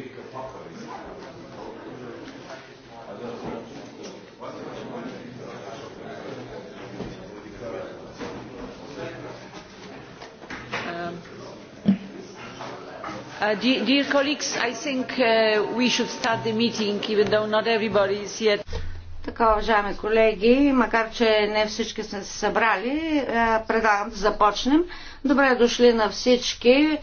Uh, uh, dear colleagues i think uh, we should start the meeting even though not everybody is yet така, уважаеми колеги, макар че не всички сме се събрали, предлагам да започнем. Добре дошли на всички.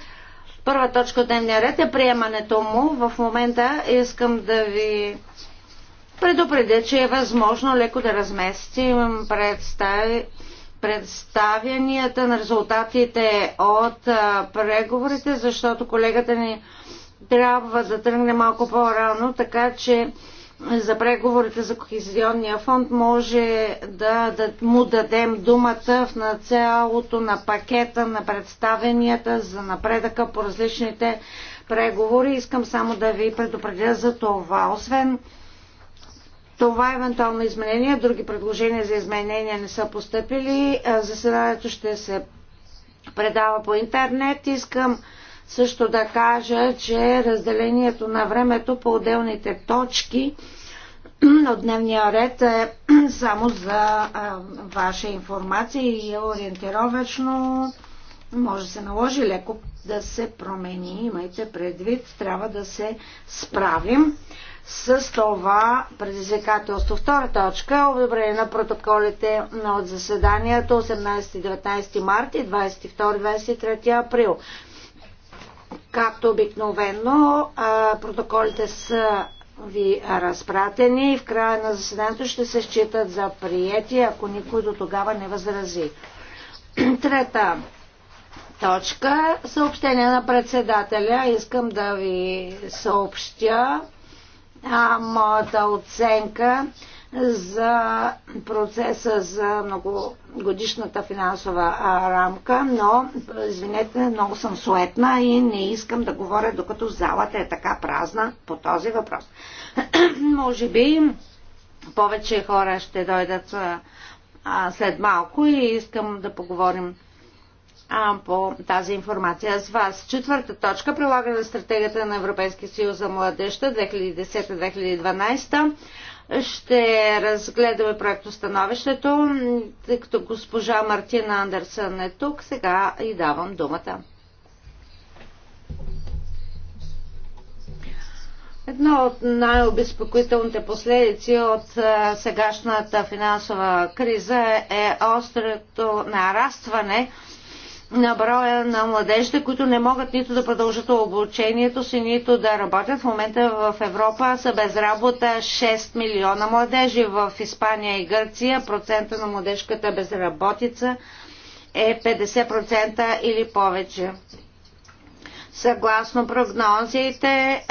Първа точка от дневния ред е приемането му. В момента искам да ви предупредя, че е възможно леко да разместим представи, представянията на резултатите от а, преговорите, защото колегата ни трябва да тръгне малко по-рано, така че за преговорите за кохезионния фонд може да, да му дадем думата в началото на пакета на представенията за напредъка по различните преговори. Искам само да ви предупредя за това. Освен това евентуално изменение, други предложения за изменения не са поступили. Заседанието ще се предава по интернет. Искам също да кажа, че разделението на времето по отделните точки от дневния ред е само за а, ваша информация и е ориентировачно. Може да се наложи леко да се промени. Имайте предвид, трябва да се справим с това предизвикателство. Втора точка е – одобрение на протоколите от заседанието 18-19 марта и 22-23 април. Както обикновено, протоколите са ви разпратени и в края на заседанието ще се считат за приети, ако никой до тогава не възрази. Трета точка. Съобщение на председателя. Искам да ви съобщя а, моята оценка за процеса за многогодишната финансова рамка, но, извинете, много съм суетна и не искам да говоря, докато залата е така празна по този въпрос. Може би повече хора ще дойдат след малко и искам да поговорим а, по тази информация с вас. Четвърта точка. Прилагане на стратегията на Европейския съюз за младеща 2010-2012 ще разгледаме проектостановището, тъй като госпожа Мартина Андерсън е тук. Сега и давам думата. Едно от най-обезпокоителните последици от сегашната финансова криза е острото нарастване на броя на младежите, които не могат нито да продължат обучението си, нито да работят. В момента в Европа са без работа 6 милиона младежи. В Испания и Гърция процента на младежката безработица е 50% или повече. Съгласно прогнозите, е,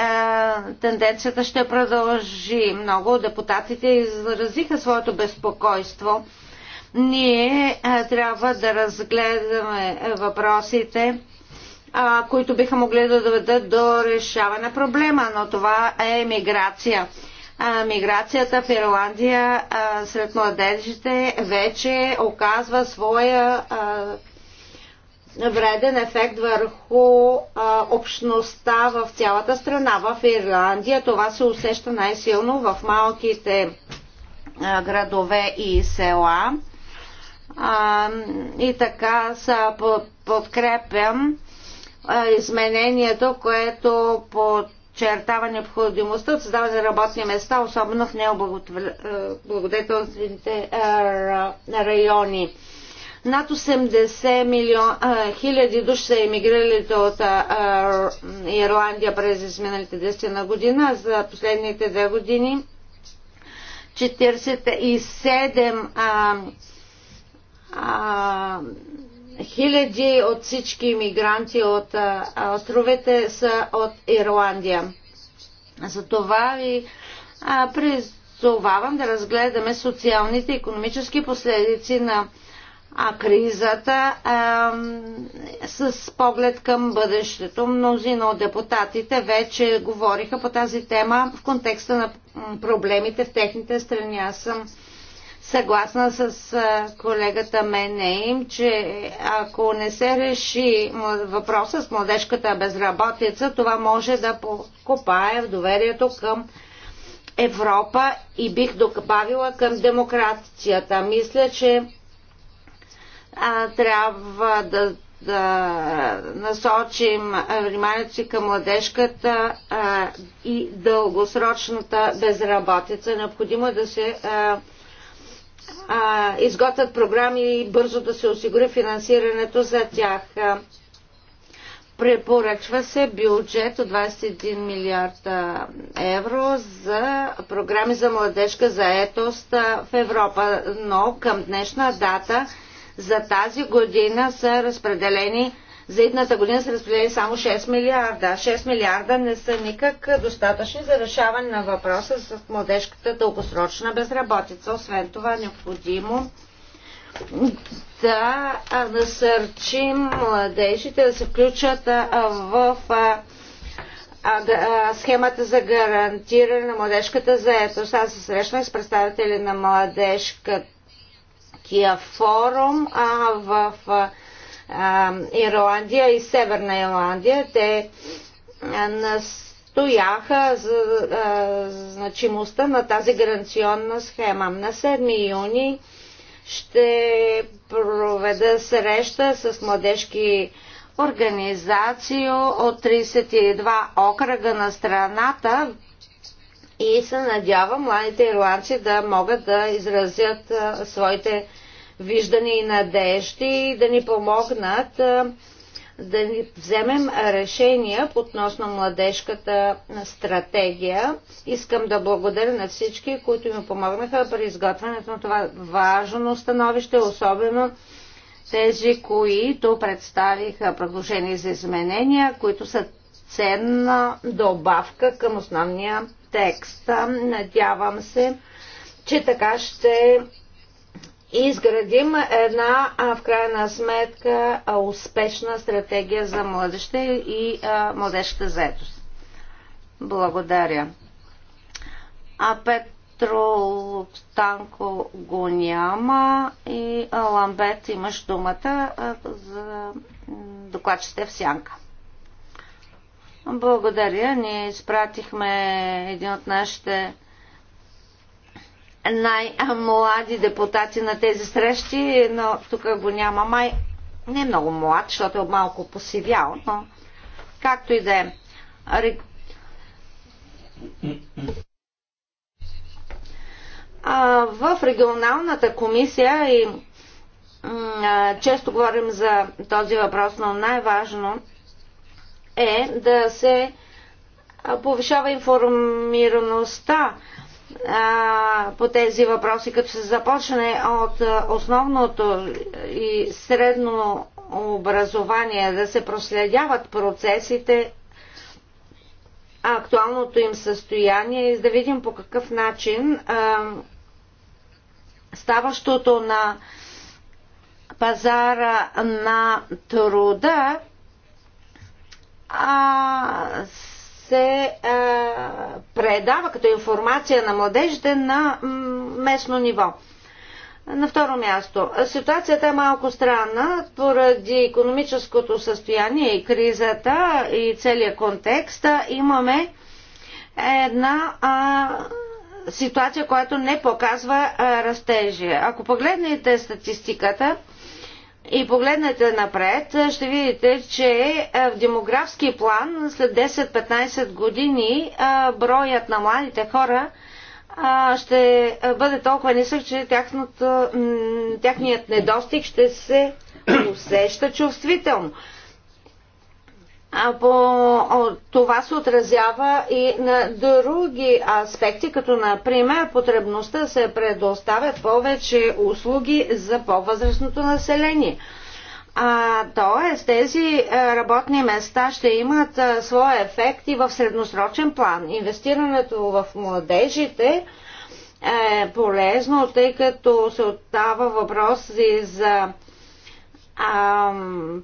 тенденцията ще продължи. Много депутатите изразиха своето безпокойство ние трябва да разгледаме въпросите, които биха могли да доведат до решаване на проблема, но това е миграция. Миграцията в Ирландия сред младежите вече оказва своя вреден ефект върху а, общността в цялата страна. В Ирландия това се усеща най-силно в малките а, градове и села. А, и така са подкрепям изменението, което подчертава необходимостта от създаване на работни места, особено в необлагодетелствените райони. Над 80 милион, хиляди души са емигрирали от а, Ирландия през изминалите 10 на година. За последните две години 47 а, а, хиляди от всички иммигранти от а, островете са от Ирландия. Затова ви а, призовавам да разгледаме социалните и економически последици на а кризата а, с поглед към бъдещето. Мнозина от депутатите вече говориха по тази тема в контекста на проблемите в техните страни. Аз съм Съгласна с колегата Менейм, че ако не се реши въпроса с младежката безработица, това може да покопае в доверието към Европа и бих добавила към демокрацията. Мисля, че а, трябва да, да насочим вниманието си към младежката а, и дългосрочната безработица. Необходимо е да се а, а, изготвят програми и бързо да се осигури финансирането за тях. Препоръчва се бюджет от 21 милиарда евро за програми за младежка заетост в Европа, но към днешна дата за тази година са разпределени за едната година са разпределени само 6 милиарда. 6 милиарда не са никак достатъчни за решаване на въпроса с младежката дългосрочна безработица. Освен това е необходимо да насърчим младежите да се включат в схемата за гарантиране на младежката заетост. Аз се срещнах с представители на младежката форум, а, Ирландия и Северна Ирландия. Те настояха за значимостта на тази гаранционна схема. На 7 юни ще проведа среща с младежки организации от 32 окръга на страната и се надявам младите ирландци да могат да изразят своите виждани и надежди, да ни помогнат да ни вземем решения относно младежката стратегия. Искам да благодаря на всички, които ми помогнаха при изготвянето на това важно становище, особено тези, които представиха предложения за изменения, които са ценна добавка към основния текст. Надявам се, че така ще изградим една, в крайна сметка, успешна стратегия за младеща и младежката заедост. Благодаря. А Петро Станко го няма и Ламбет имаш думата за докладчите в сянка. Благодаря. Ние изпратихме един от нашите най-млади депутати на тези срещи, но тук го няма май. Не е много млад, защото е малко посивял, но както и да е. в регионалната комисия и често говорим за този въпрос, но най-важно е да се повишава информираността по тези въпроси, като се започне от основното и средно образование, да се проследяват процесите, актуалното им състояние и да видим по какъв начин ставащото на пазара на труда а, се а, е, предава като информация на младежите на местно ниво. На второ място, ситуацията е малко странна поради економическото състояние и кризата и целият контекст. Имаме една а, ситуация, която не показва а, растежи. Ако погледнете статистиката, и погледнете напред, ще видите, че в демографски план след 10-15 години броят на младите хора ще бъде толкова нисък, че тяхният недостиг ще се усеща чувствително по това се отразява и на други аспекти, като например потребността да се предоставят повече услуги за по-възрастното население. А, тоест, тези е, работни места ще имат а, е, своя ефект и в средносрочен план. Инвестирането в младежите е полезно, тъй като се отдава въпрос и за а,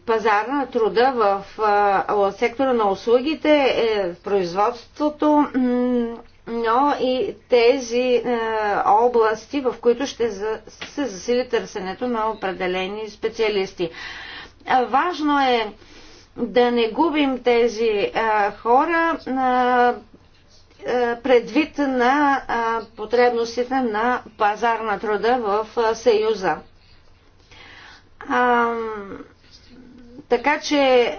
пазара на труда в а, сектора на услугите, е, в производството, но и тези е, области, в които ще за, се засили търсенето на определени специалисти. А, важно е да не губим тези е, хора. е, предвид на потребностите на пазар на труда в Съюза така че е,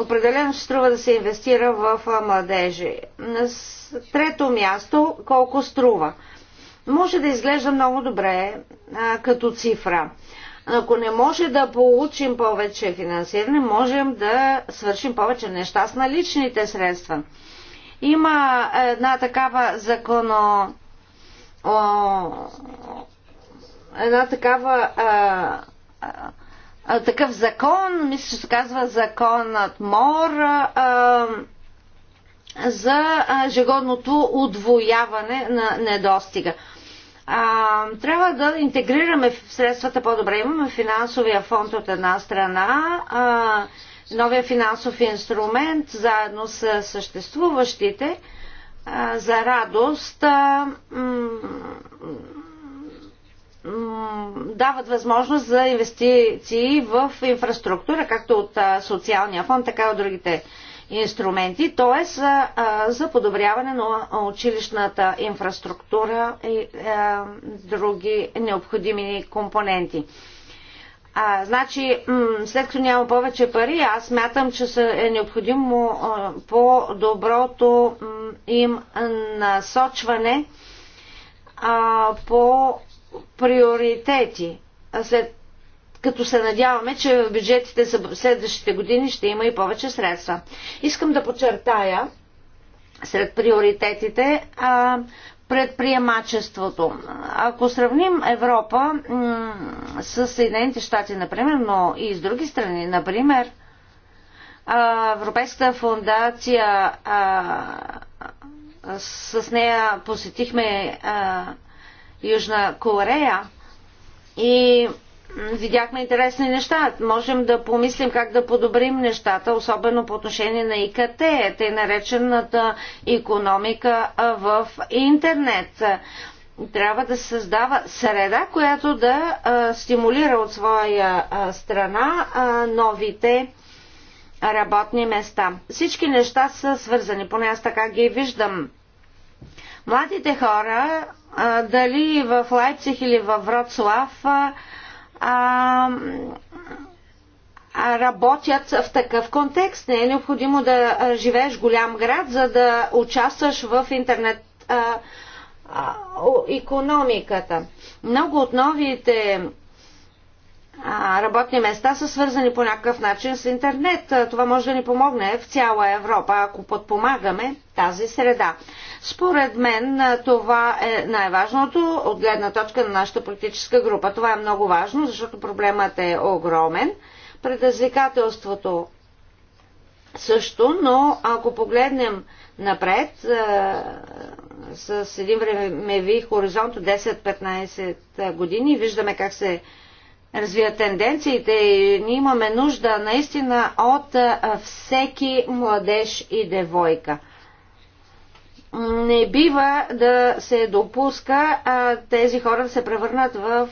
определено ще струва да се инвестира в младежи. На трето място, колко струва? Може да изглежда много добре а, като цифра. Ако не може да получим повече финансиране, можем да свършим повече неща с наличните средства. Има една такава законо... О, една такава а, такъв закон, мисля, че се казва законът МОР, а, за ежегодното удвояване на недостига. А, трябва да интегрираме в средствата по-добре. Имаме финансовия фонд от една страна, а, новия финансов инструмент, заедно с съществуващите, а, за радост. А, дават възможност за инвестиции в инфраструктура, както от социалния фонд, така и от другите инструменти, т.е. За, за подобряване на училищната инфраструктура и други необходими компоненти. А, значи, след като няма повече пари, аз мятам, че е необходимо по-доброто им насочване а, по приоритети, а след като се надяваме, че в бюджетите за следващите години ще има и повече средства. Искам да подчертая сред приоритетите а, предприемачеството. Ако сравним Европа с Съединените щати, например, но и с други страни, например, а, Европейската фундация а, с нея посетихме а, Южна Корея и видяхме интересни неща. Можем да помислим как да подобрим нещата, особено по отношение на ИКТ, тъй наречената економика в интернет. Трябва да се създава среда, която да стимулира от своя страна новите работни места. Всички неща са свързани, поне аз така ги виждам. Младите хора а, дали в Лайпциг или в Вроцлав а, а, работят в такъв контекст. Не е необходимо да живееш голям град, за да участваш в интернет а, а, економиката. Много от новите работни места са свързани по някакъв начин с интернет. Това може да ни помогне в цяла Европа, ако подпомагаме тази среда. Според мен това е най-важното от гледна точка на нашата политическа група. Това е много важно, защото проблемът е огромен. Предизвикателството също, но ако погледнем напред с един времеви хоризонт от 10-15 години, виждаме как се развият тенденциите и ние имаме нужда наистина от всеки младеж и девойка. Не бива да се допуска тези хора да се превърнат в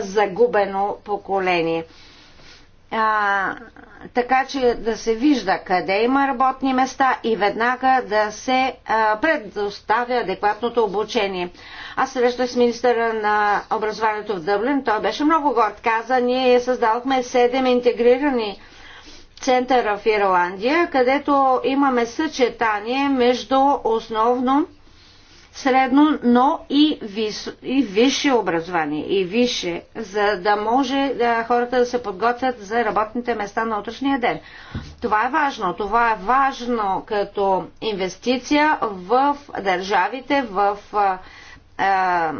загубено поколение а, така че да се вижда къде има работни места и веднага да се а, предоставя адекватното обучение. Аз срещах с министъра на образованието в Дъблин, той беше много горд. Каза, ние създадохме 7 интегрирани центъра в Ирландия, където имаме съчетание между основно средно, но и, вис, и висше образование, и висше, за да може да, хората да се подготвят за работните места на утрешния ден. Това е важно. Това е важно като инвестиция в държавите, в а, а,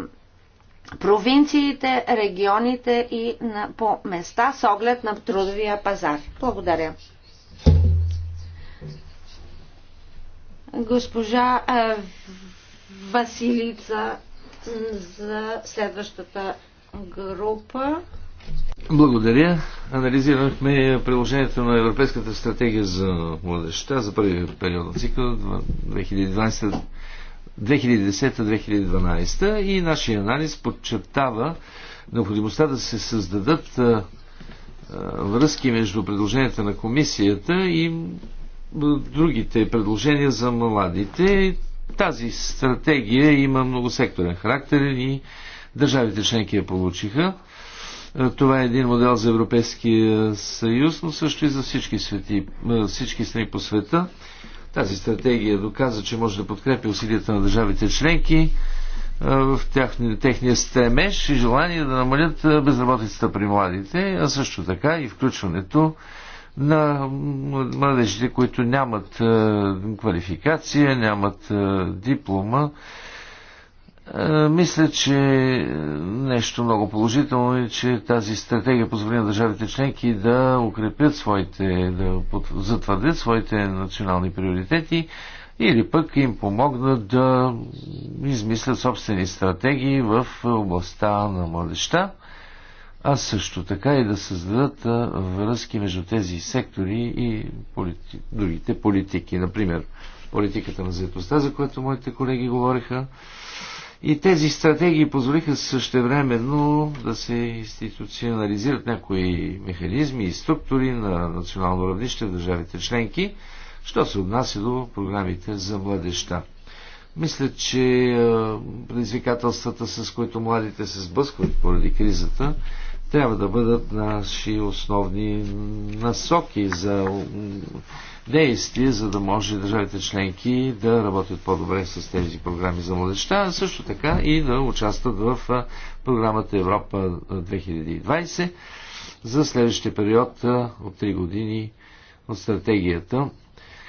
провинциите, регионите и на, по места с оглед на трудовия пазар. Благодаря. Госпожа а, Василица за следващата група. Благодаря. Анализирахме приложението на Европейската стратегия за младеща за първи период на цикъл 2010-2012 и нашия анализ подчертава необходимостта да се създадат връзки между предложенията на комисията и другите предложения за младите. Тази стратегия има многосекторен характер и държавите членки я получиха. Е, това е един модел за Европейския съюз, но също и за всички, свети, е, всички страни по света. Тази стратегия доказа, че може да подкрепи усилията на държавите членки е, в техния стремеж и желание да намалят безработицата при младите, а също така и включването на младежите, които нямат е, квалификация, нямат е, диплома. Е, мисля, че нещо много положително е, че тази стратегия позволи на държавите членки да укрепят своите, да затвърдят своите национални приоритети или пък им помогнат да измислят собствени стратегии в областта на младеща а също така и да създадат връзки между тези сектори и полити... другите политики. Например, политиката на заедостта, за което моите колеги говориха. И тези стратегии позволиха същевременно да се институционализират някои механизми и структури на национално равнище в държавите членки, що се отнася до програмите за младеща. Мисля, че предизвикателствата, с които младите се сблъскват поради кризата, трябва да бъдат наши основни насоки за действие, за да може държавите членки да работят по-добре с тези програми за младеща, а също така и да участват в програмата Европа 2020 за следващия период от 3 години от стратегията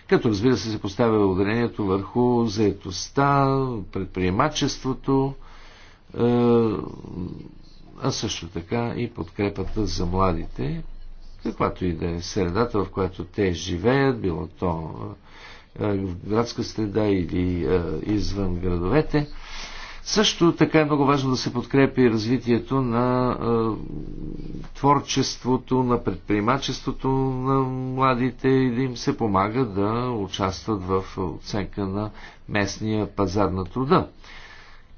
като разбира се се поставя ударението върху заетостта, предприемачеството, а също така и подкрепата за младите, каквато и да е средата, в която те живеят, било то в градска среда или извън градовете. Също така е много важно да се подкрепи развитието на е, творчеството, на предприемачеството на младите и да им се помага да участват в оценка на местния пазар на труда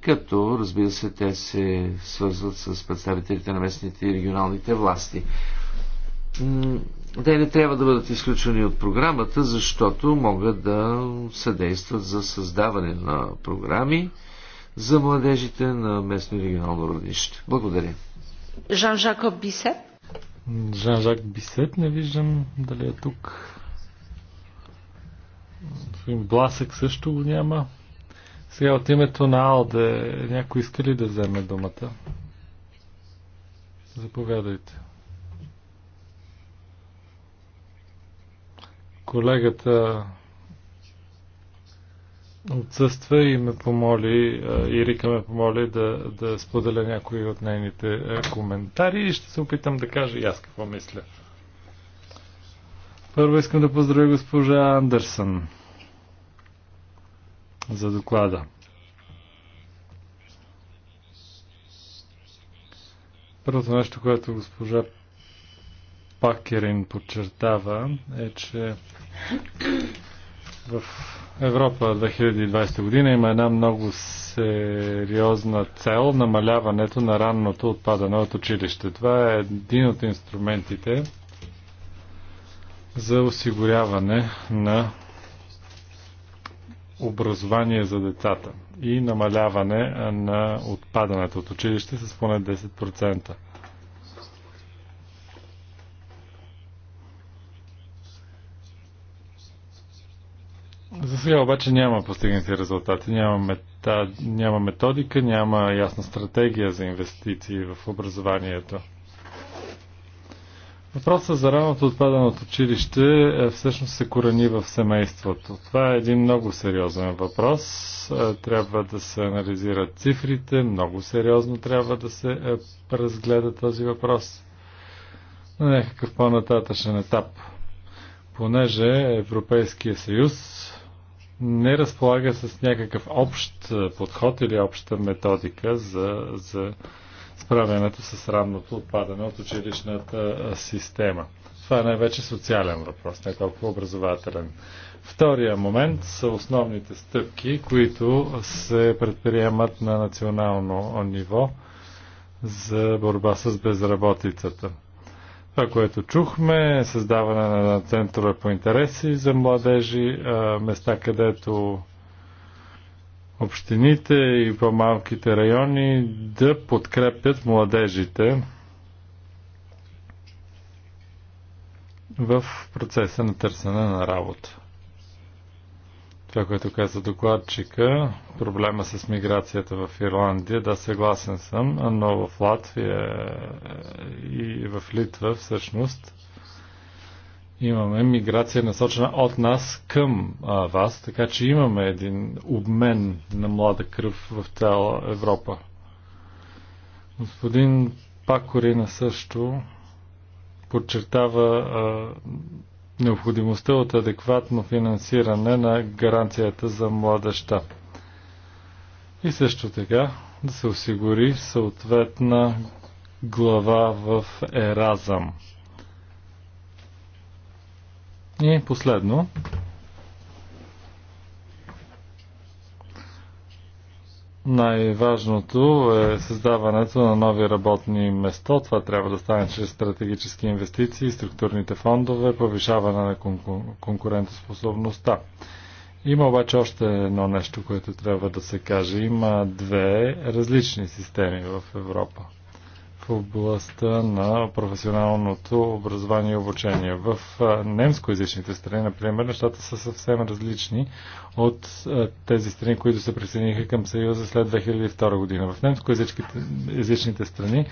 като разбира се те се свързват с представителите на местните и регионалните власти. Те не трябва да бъдат изключени от програмата, защото могат да съдействат за създаване на програми за младежите на местно и регионално родище. Благодаря. Жан-Жакоб Бисет? Жан-Жак Бисет не виждам дали е тук. Блясък Бласък също го няма. Сега от името на Алде, някой иска ли да вземе думата? Заповядайте. Колегата отсъства и ме помоли, Ирика ме помоли да, да споделя някои от нейните коментари и ще се опитам да кажа и аз какво мисля. Първо искам да поздравя госпожа Андерсън за доклада. Първото нещо, което госпожа Пакерин подчертава е, че в Европа 2020 година има една много сериозна цел намаляването на ранното отпадане от училище. Това е един от инструментите за осигуряване на образование за децата и намаляване на отпадането от училище с поне 10%. За сега обаче няма постигнати резултати, няма, мета... няма методика, няма ясна стратегия за инвестиции в образованието. Въпросът за раното отпадане от училище е, всъщност се корени в семейството. Това е един много сериозен въпрос. Е, трябва да се анализират цифрите, много сериозно трябва да се е, разгледа този въпрос на някакъв по-нататъчен етап. Понеже Европейския съюз не разполага с някакъв общ подход или обща методика за, за справянето с ранното отпадане от училищната система. Това е най-вече социален въпрос, не е толкова образователен. Втория момент са основните стъпки, които се предприемат на национално ниво за борба с безработицата. Това, което чухме, е създаване на центрове по интереси за младежи, места, където общините и по-малките райони да подкрепят младежите в процеса на търсене на работа. Това, което каза докладчика, проблема с миграцията в Ирландия, да, съгласен съм, но в Латвия и в Литва всъщност Имаме миграция насочена от нас към а, вас, така че имаме един обмен на млада кръв в цяла Европа. Господин Пакорина също подчертава а, необходимостта от адекватно финансиране на гаранцията за младеща. И също така да се осигури съответна глава в Еразъм. И последно, най-важното е създаването на нови работни места. Това трябва да стане чрез стратегически инвестиции, структурните фондове, повишаване на конкурентоспособността. Има обаче още едно нещо, което трябва да се каже. Има две различни системи в Европа в областта на професионалното образование и обучение. В немскоязичните страни, например, нещата са съвсем различни от тези страни, които се присъединиха към Съюза след 2002 година. В немскоязичните страни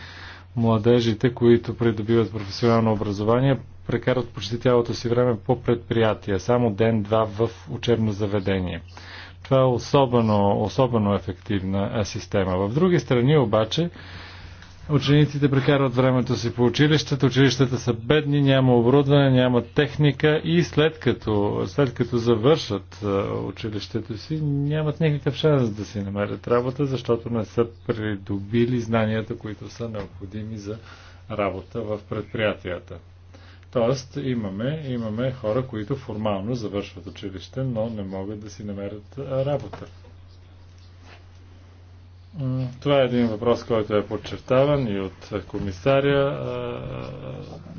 младежите, които придобиват професионално образование, прекарат почти цялото си време по предприятия, само ден-два в учебно заведение. Това е особено, особено ефективна система. В други страни обаче Учениците прекарват времето си по училищата, училищата са бедни, няма оборудване, няма техника и след като, след като завършат е, училището си, нямат никакъв шанс да си намерят работа, защото не са придобили знанията, които са необходими за работа в предприятията. Тоест имаме, имаме хора, които формално завършват училище, но не могат да си намерят работа. Това е един въпрос, който е подчертаван и от комисаря.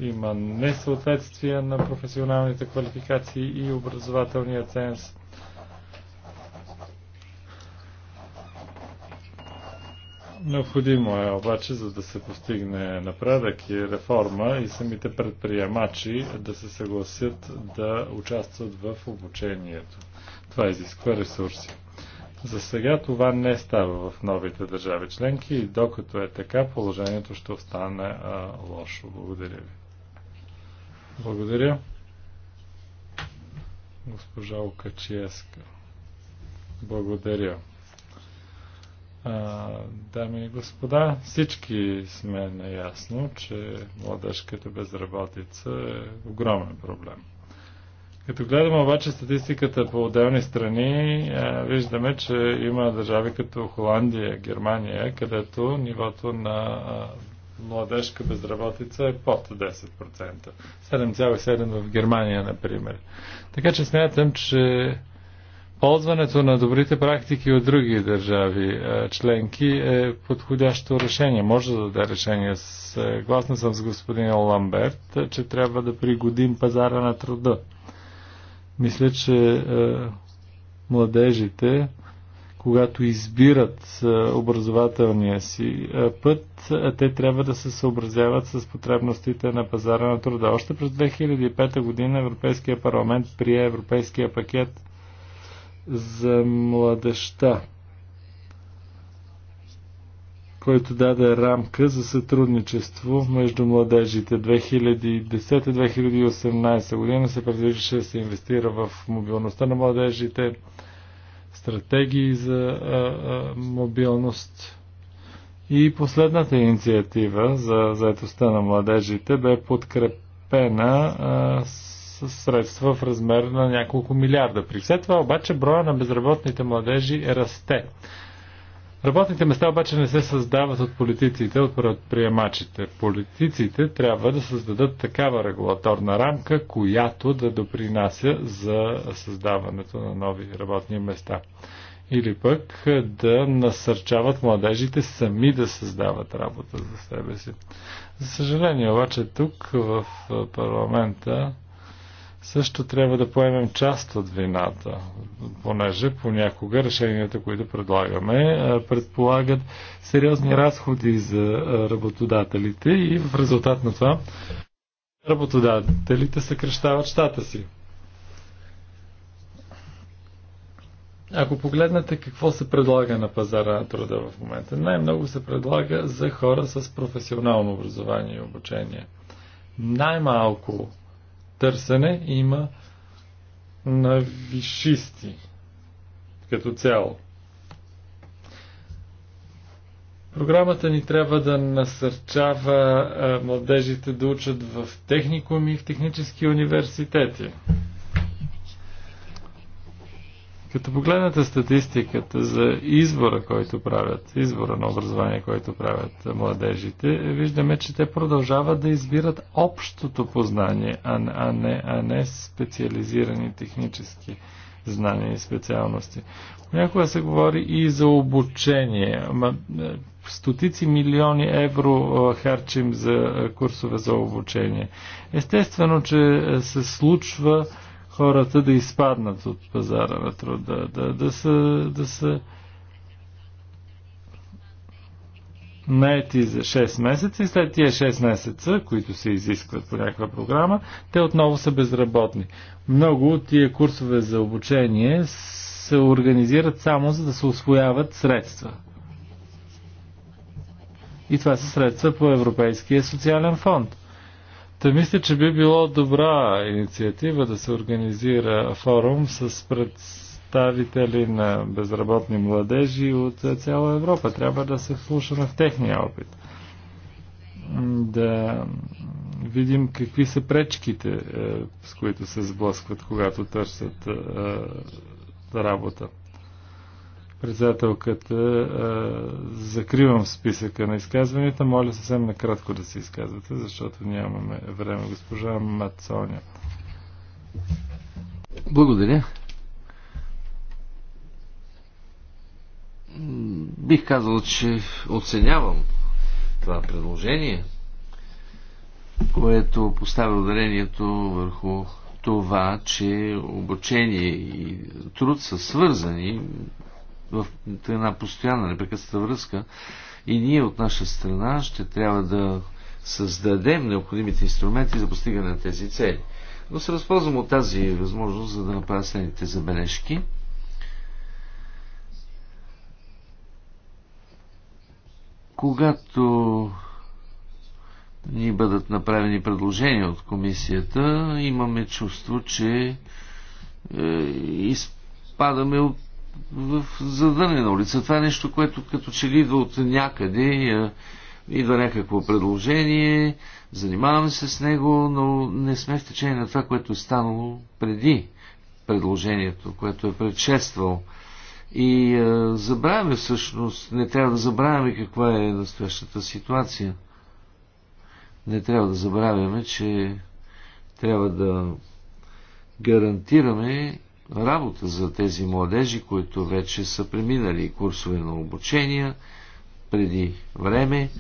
Има несъответствие на професионалните квалификации и образователния ценз. Необходимо е обаче, за да се постигне напредък и реформа и самите предприемачи да се съгласят да участват в обучението. Това изисква ресурси. За сега това не става в новите държави членки и докато е така, положението ще остане а, лошо. Благодаря ви. Благодаря. Госпожа Окачиеска. Благодаря. А, дами и господа, всички сме наясно, че младежката безработица е огромен проблем. Като гледаме обаче статистиката по отделни страни, е, виждаме, че има държави като Холандия, Германия, където нивото на е, младежка безработица е под 10%. 7,7% в Германия, например. Така че смятам, че ползването на добрите практики от други държави е, членки е подходящо решение. Може да даде решение. Съгласна съм с господин Ламберт, че трябва да пригодим пазара на труда мисля, че е, младежите, когато избират е, образователния си е, път, е, те трябва да се съобразяват с потребностите на пазара на труда. Още през 2005 година Европейския парламент прие Европейския пакет за младеща който даде рамка за сътрудничество между младежите. 2010-2018 година се предвиждаше да се инвестира в мобилността на младежите, стратегии за а, а, мобилност. И последната инициатива за заетостта на младежите бе подкрепена а, с средства в размер на няколко милиарда. При все това обаче броя на безработните младежи расте. Работните места обаче не се създават от политиците, от предприемачите. Политиците трябва да създадат такава регулаторна рамка, която да допринася за създаването на нови работни места. Или пък е, да насърчават младежите сами да създават работа за себе си. За съжаление обаче тук в е, парламента също трябва да поемем част от вината, понеже понякога решенията, които предлагаме, е, предполагат сериозни разходи за е, работодателите и в резултат на това работодателите съкрещават щата си. Ако погледнете какво се предлага на пазара на труда в момента, най-много се предлага за хора с професионално образование и обучение. Най-малко търсене, има на вишисти като цяло. Програмата ни трябва да насърчава младежите да учат в техникуми и в технически университети. Като погледнете статистиката за избора, който правят, избора на образование, който правят младежите, виждаме, че те продължават да избират общото познание, а не, а не специализирани технически знания и специалности. Понякога се говори и за обучение. Е, стотици милиони евро е, харчим за е, курсове за обучение. Естествено, че се случва хората да изпаднат от пазара на труда, да, да са, да са наети за 6 месеца и след тия 6 месеца, които се изискват по някаква програма, те отново са безработни. Много от тия курсове за обучение се организират само за да се освояват средства. И това са средства по Европейския социален фонд. Та мисля, че би било добра инициатива да се организира форум с представители на безработни младежи от цяла Европа. Трябва да се вслушаме в техния опит. Да видим какви са пречките, е, с които се сблъскват, когато търсят е, работа. Председателката, закривам списъка на изказванията. Моля съвсем накратко да се изказвате, защото нямаме време. Госпожа Мацоня. Благодаря. Бих казал, че оценявам това предложение, което поставя ударението върху това, че обучение и труд са свързани в една постоянна непрекъсната връзка и ние от наша страна ще трябва да създадем необходимите инструменти за постигане на тези цели. Но се възползвам от тази възможност, за да направя следните забележки. Когато ни бъдат направени предложения от комисията, имаме чувство, че е, изпадаме от в задънена улица. Това е нещо, което като че ли идва от някъде, идва някакво предложение, занимаваме се с него, но не сме в течение на това, което е станало преди предложението, което е предшествало. И е, забравяме всъщност, не трябва да забравяме каква е настоящата ситуация. Не трябва да забравяме, че трябва да гарантираме работа за тези младежи, които вече са преминали курсове на обучения преди време.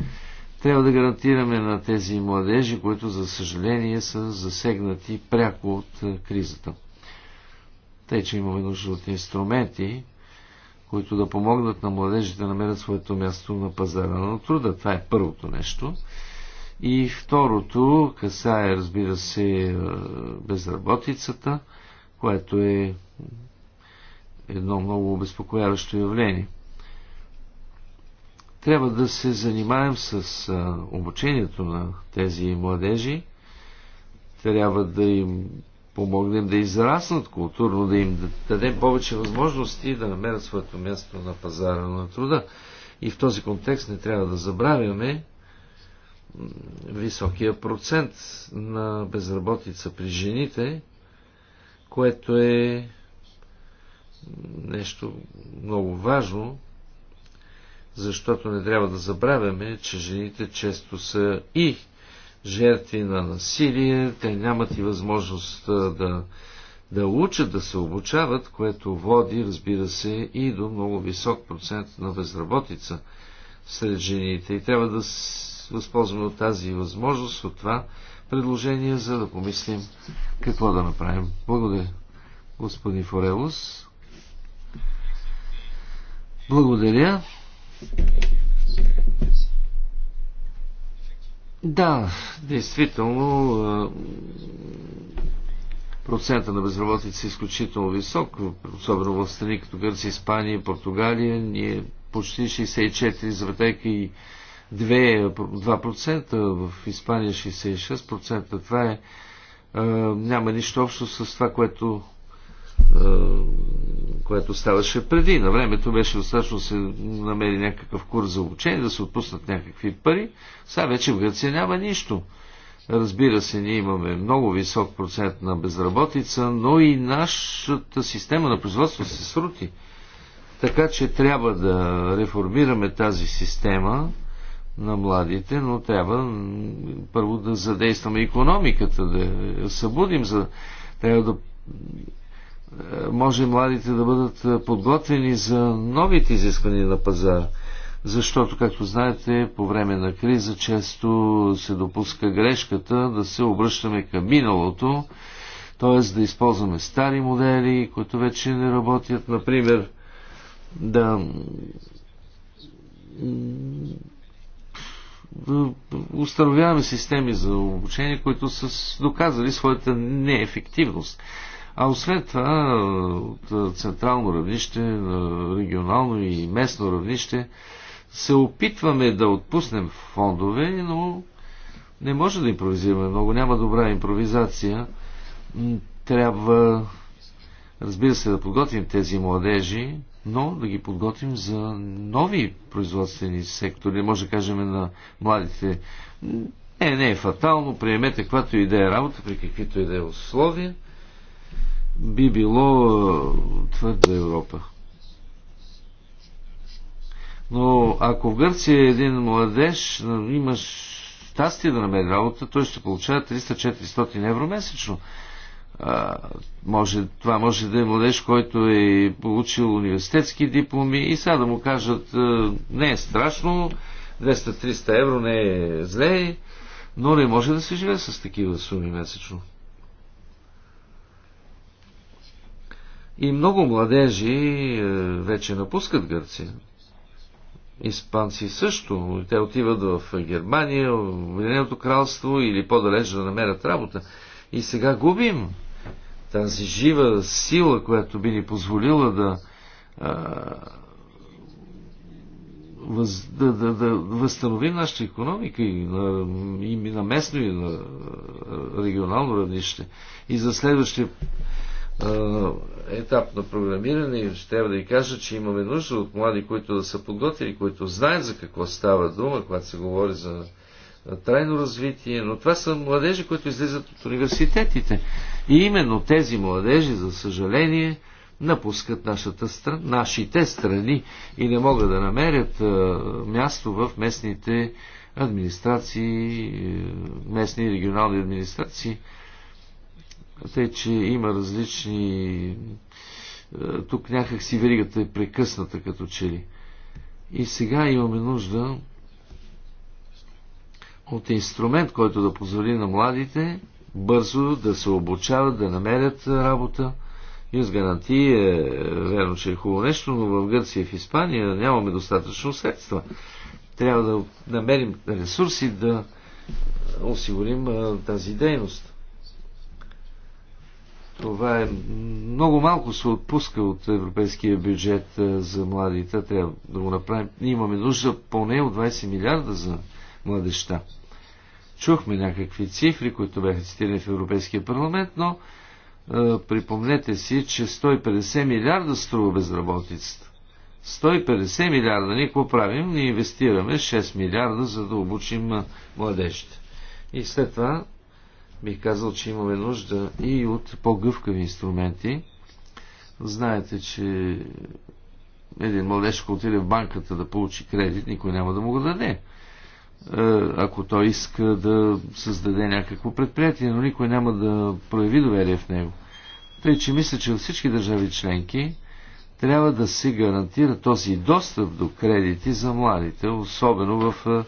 Трябва да гарантираме на тези младежи, които за съжаление са засегнати пряко от е, кризата. Те че имаме нужда от инструменти, които да помогнат на младежите да намерят своето място на пазара на труда. Това е първото нещо. И второто касае, разбира се, е, безработицата – което е едно много обезпокояващо явление. Трябва да се занимаем с обучението на тези младежи. Трябва да им помогнем да израснат културно, да им дадем повече възможности да намерят своето място на пазара на труда. И в този контекст не трябва да забравяме високия процент на безработица при жените, което е нещо много важно, защото не трябва да забравяме, че жените често са и жертви на насилие, те нямат и възможност да, да учат, да се обучават, което води, разбира се, и до много висок процент на безработица сред жените. И трябва да възползваме от тази възможност, от това предложения, за да помислим какво да направим. Благодаря, господин Форелос. Благодаря. Да, действително процента на безработица е изключително висок, особено в страни като Гърция, Испания, Португалия. Ние почти 64 и. 2%, в Испания 66%. Това е, а, няма нищо общо с това, което, а, което ставаше преди. На времето беше достатъчно да се намери някакъв курс за обучение, да се отпуснат някакви пари. Сега вече в Гърция няма нищо. Разбира се, ние имаме много висок процент на безработица, но и нашата система на производство се срути. Така че трябва да реформираме тази система, на младите, но трябва първо да задействаме економиката, да я събудим, за, трябва да може младите да бъдат е, подготвени за новите изисквания на пазара. Защото, както знаете, по време на криза често се допуска грешката да се обръщаме към миналото, т.е. да използваме стари модели, които вече не работят. Например, да установяваме системи за обучение, които са доказали своята неефективност. А освен това, от централно равнище, регионално и местно равнище, се опитваме да отпуснем фондове, но не може да импровизираме много. Няма добра импровизация. Трябва, разбира се, да подготвим тези младежи, но да ги подготвим за нови производствени сектори. Може да кажем на младите, не, не е фатално, приемете каквато и да е работа, при каквито и да е условия, би било твърда Европа. Но ако в Гърция е един младеж имаш щастие да намери работа, той ще получава 300-400 евро месечно може, това може да е младеж, който е получил университетски дипломи и сега да му кажат а, не е страшно, 200-300 евро не е зле, но не може да се живее с такива суми месечно. И много младежи е, вече напускат Гърция. Испанци също. Те отиват в Германия, в Обединеното кралство или по-далеч да намерят работа. И сега губим тази жива сила, която би ни позволила да, а, въз, да, да, да възстановим нашата економика и на, и на местно и на регионално равнище. И за следващия етап на програмиране ще трябва да ви кажа, че имаме нужда от млади, които да са подготвили, които знаят за какво става дума, когато се говори за трайно развитие, но това са младежи, които излизат от университетите. И именно тези младежи, за съжаление, напускат нашата страна, нашите страни и не могат да намерят място в местните администрации, е, местни и регионални администрации. Тъй, че има различни... Е, тук някак си веригата е прекъсната като че ли. И сега имаме нужда от инструмент, който да позволи на младите бързо да се обучават, да намерят работа. с гарантии е, е верно, че е хубаво нещо, но в Гърция и в Испания нямаме достатъчно средства. Трябва да намерим ресурси да е, осигурим е, тази дейност. Това е много малко се отпуска от европейския бюджет за младите. Трябва да го направим. Имаме нужда поне от 20 милиарда за младеща. Чухме някакви цифри, които бяха цитирани в Европейския парламент, но е, припомнете си, че 150 милиарда струва безработицата. 150 милиарда ние какво правим? Ние инвестираме 6 милиарда, за да обучим е, младежите. И след това бих казал, че имаме нужда и от по-гъвкави инструменти. Знаете, че един младеж, ако отиде в банката да получи кредит, никой няма да му го даде. Е, ако той иска да създаде някакво предприятие, но никой няма да прояви доверие в него. Тъй, че мисля, че във всички държави членки трябва да се гарантира този достъп до кредити за младите, особено в е,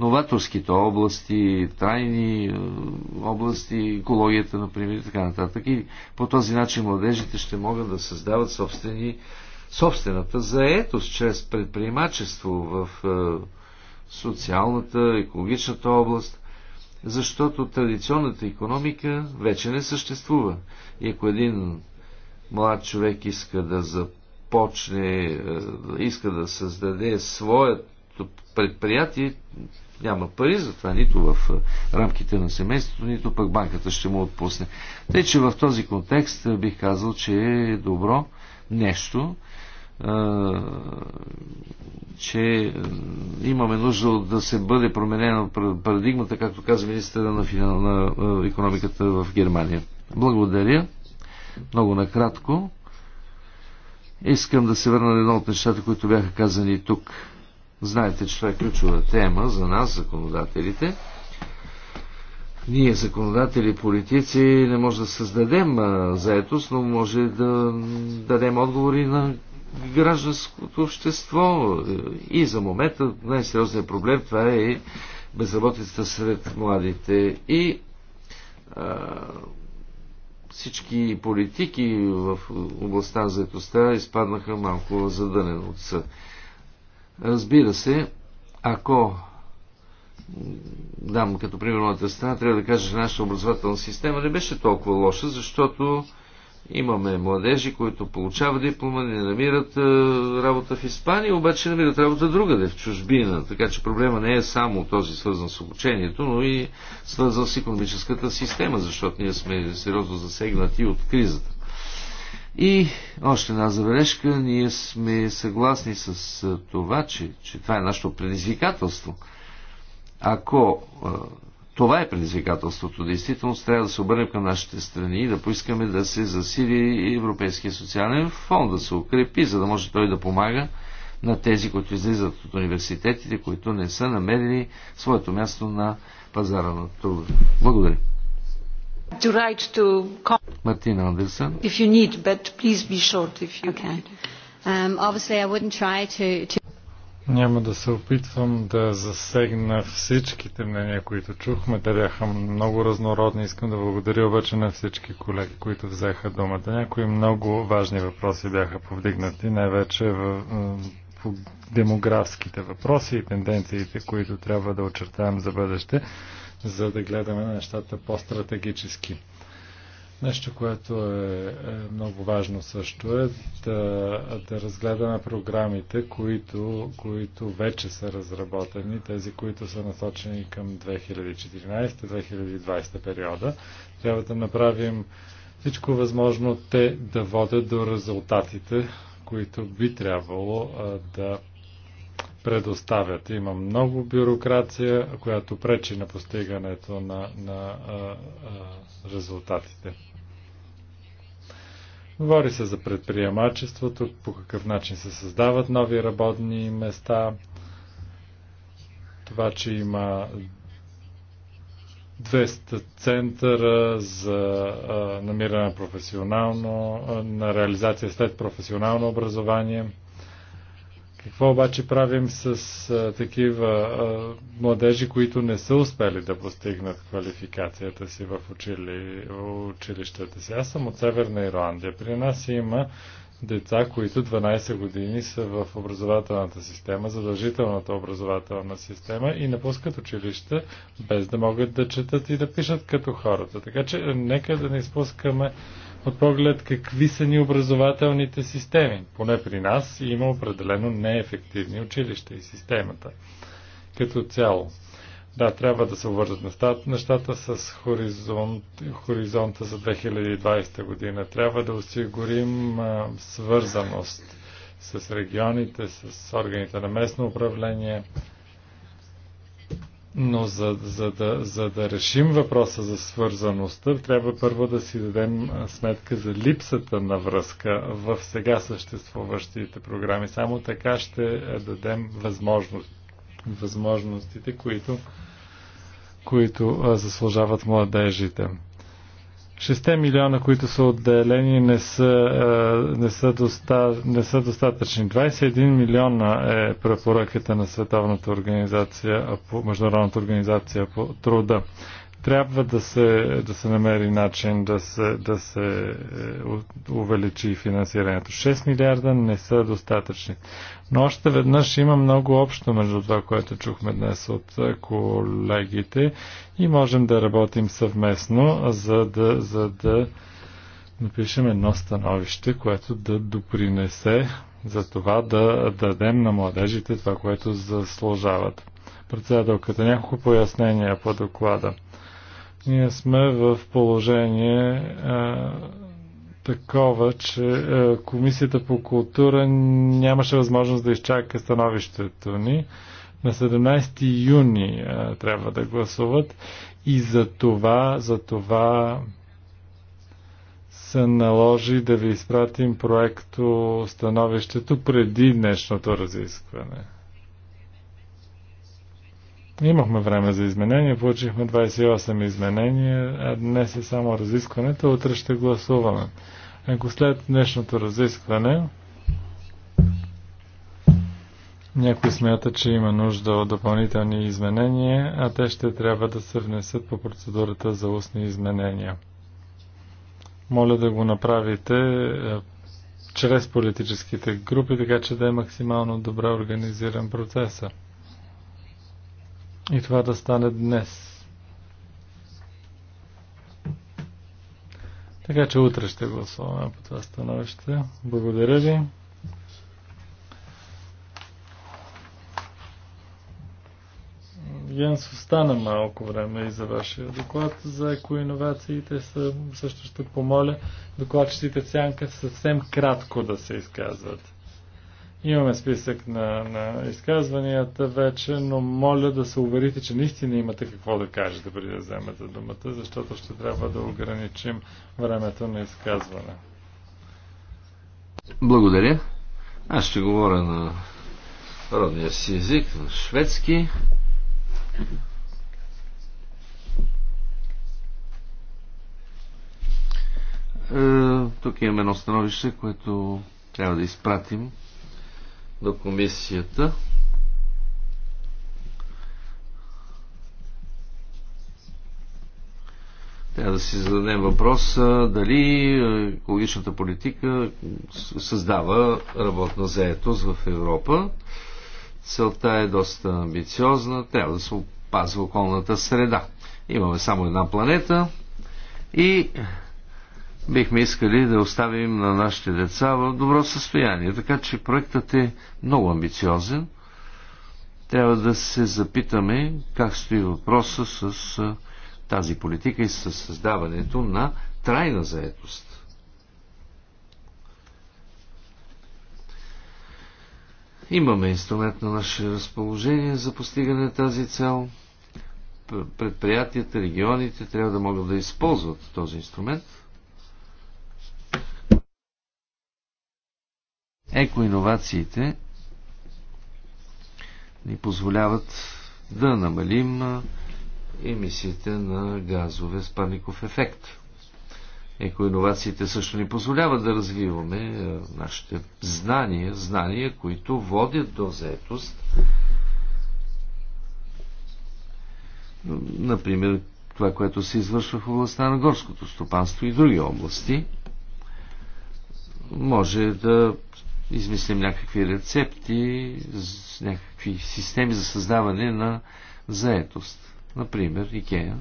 новаторските области, тайни е, области, екологията, например, и така нататък. И по този начин младежите ще могат да създават собствени, собствената заетост чрез предприемачество в социалната, екологичната област, защото традиционната економика вече не съществува. И ако един млад човек иска да започне, е, иска да създаде своето предприятие, няма пари за това, нито в е, рамките на семейството, нито пък банката ще му отпусне. Тъй, че в този контекст е, бих казал, че е добро нещо че имаме нужда да се бъде променена парадигмата, както каза министъра на, финал, на економиката в Германия. Благодаря. Много накратко. Искам да се върна на едно от нещата, които бяха казани тук. Знаете, че това е ключова тема за нас, законодателите. Ние, законодатели, политици, не може да създадем заетост, но може да дадем отговори на гражданското общество. И за момента най-сериозният проблем това е безработицата сред младите. И а, всички политики в областта на заедостта изпаднаха малко задънен от съд. Разбира се, ако дам като пример моята страна, трябва да кажа, че нашата образователна система не беше толкова лоша, защото Имаме младежи, които получават диплома, не намират е, работа в Испания, обаче намират работа другаде, в чужбина. Така че проблема не е само този свързан с обучението, но и свързан с економическата система, защото ние сме сериозно засегнати от кризата. И още една забележка, ние сме съгласни с е, това, че, че това е нашето предизвикателство. Ако е, това е предизвикателството. Действително трябва да се обърнем към нашите страни и да поискаме да се засили Европейския социален фонд, да се укрепи, за да може той да помага на тези, които излизат от университетите, които не са намерили своето място на пазара на труда. Благодаря. To to... Мартина Андерсън. If you need, but please be short if you okay. can. Um, obviously, I wouldn't try to, to... Няма да се опитвам да засегна всичките мнения, които чухме. Те бяха много разнородни. Искам да благодаря обаче на всички колеги, които взеха думата. Някои много важни въпроси бяха повдигнати, най-вече в, по демографските въпроси и тенденциите, които трябва да очертаем за бъдеще, за да гледаме нещата по-стратегически. Нещо, което е, е много важно също е да, да разгледаме програмите, които, които вече са разработени, тези, които са насочени към 2014-2020 периода. Трябва да направим всичко възможно те да водят до резултатите, които би трябвало да предоставят. Има много бюрокрация, която пречи на постигането на, на а, а, резултатите. Говори се за предприемачеството, по какъв начин се създават нови работни места, това, че има 200 центъра за намиране на професионално, на реализация след професионално образование – какво обаче правим с а, такива а, младежи, които не са успели да постигнат квалификацията си в учили, училищата си? Аз съм от Северна Ирландия. При нас има деца, които 12 години са в образователната система, задължителната образователна система и напускат училища без да могат да четат и да пишат като хората. Така че нека да не изпускаме от поглед какви са ни образователните системи. Поне при нас има определено неефективни училища и системата като цяло. Да, трябва да се обвържат нещата, нещата с хоризонт, хоризонта за 2020 година. Трябва да осигурим а, свързаност с регионите, с органите на местно управление, но за, за, да, за да решим въпроса за свързаността, трябва първо да си дадем сметка за липсата на връзка в сега съществуващите програми. Само така ще е, дадем възможност, възможностите, които, които заслужават младежите. 6 милиона, които са отделени, не са, е, не са, доста, не са достатъчни. 21 милиона е препоръката на Световната организация, Международната организация по труда. Трябва да се, да се намери начин да се, да се е, увеличи финансирането. 6 милиарда не са достатъчни. Но още веднъж има много общо между това, което чухме днес от е, колегите и можем да работим съвместно, за да, за да напишем едно становище, което да допринесе за това да дадем на младежите това, което заслужават. Председателката, няколко пояснения по доклада. Ние сме в положение е, такова, че е, Комисията по култура нямаше възможност да изчака становището ни. На 17 юни е, трябва да гласуват и за това, за това се наложи да ви изпратим проекто становището преди днешното разискване. Имахме време за изменения, получихме 28 изменения, а днес е само разискването, утре ще гласуваме. Ако след днешното разискване някой смята, че има нужда от допълнителни изменения, а те ще трябва да се внесат по процедурата за устни изменения. Моля да го направите чрез политическите групи, така че да е максимално добре организиран процеса. И това да стане днес. Така че утре ще гласуваме по това становище. Благодаря ви. Генс, остана малко време и за вашия доклад за екоинновациите. Също ще помоля докладчиците сянка съвсем кратко да се изказват. Имаме списък на, на изказванията вече, но моля да се уверите, че наистина имате какво да кажете преди да вземете думата, защото ще трябва да ограничим времето на изказване. Благодаря. Аз ще говоря на родния си език, на шведски. Е, тук имаме едно становище, което трябва да изпратим на комисията. Трябва да си зададем въпроса дали е, екологичната политика създава работна заетост в Европа. Целта е доста амбициозна. Трябва да се опазва околната среда. Имаме само една планета и бихме искали да оставим на нашите деца в добро състояние. Така че проектът е много амбициозен. Трябва да се запитаме как стои въпроса с тази политика и с създаването на трайна заетост. Имаме инструмент на наше разположение за постигане на тази цел. Предприятията, регионите трябва да могат да използват този инструмент – Екоиновациите ни позволяват да намалим емисиите на газове с парников ефект. Екоиновациите също ни позволяват да развиваме нашите знания, знания, които водят до заетост. Например, това, което се извършва в областта на горското стопанство и други области, може да измислим някакви рецепти, някакви системи за създаване на заетост. Например, Икея.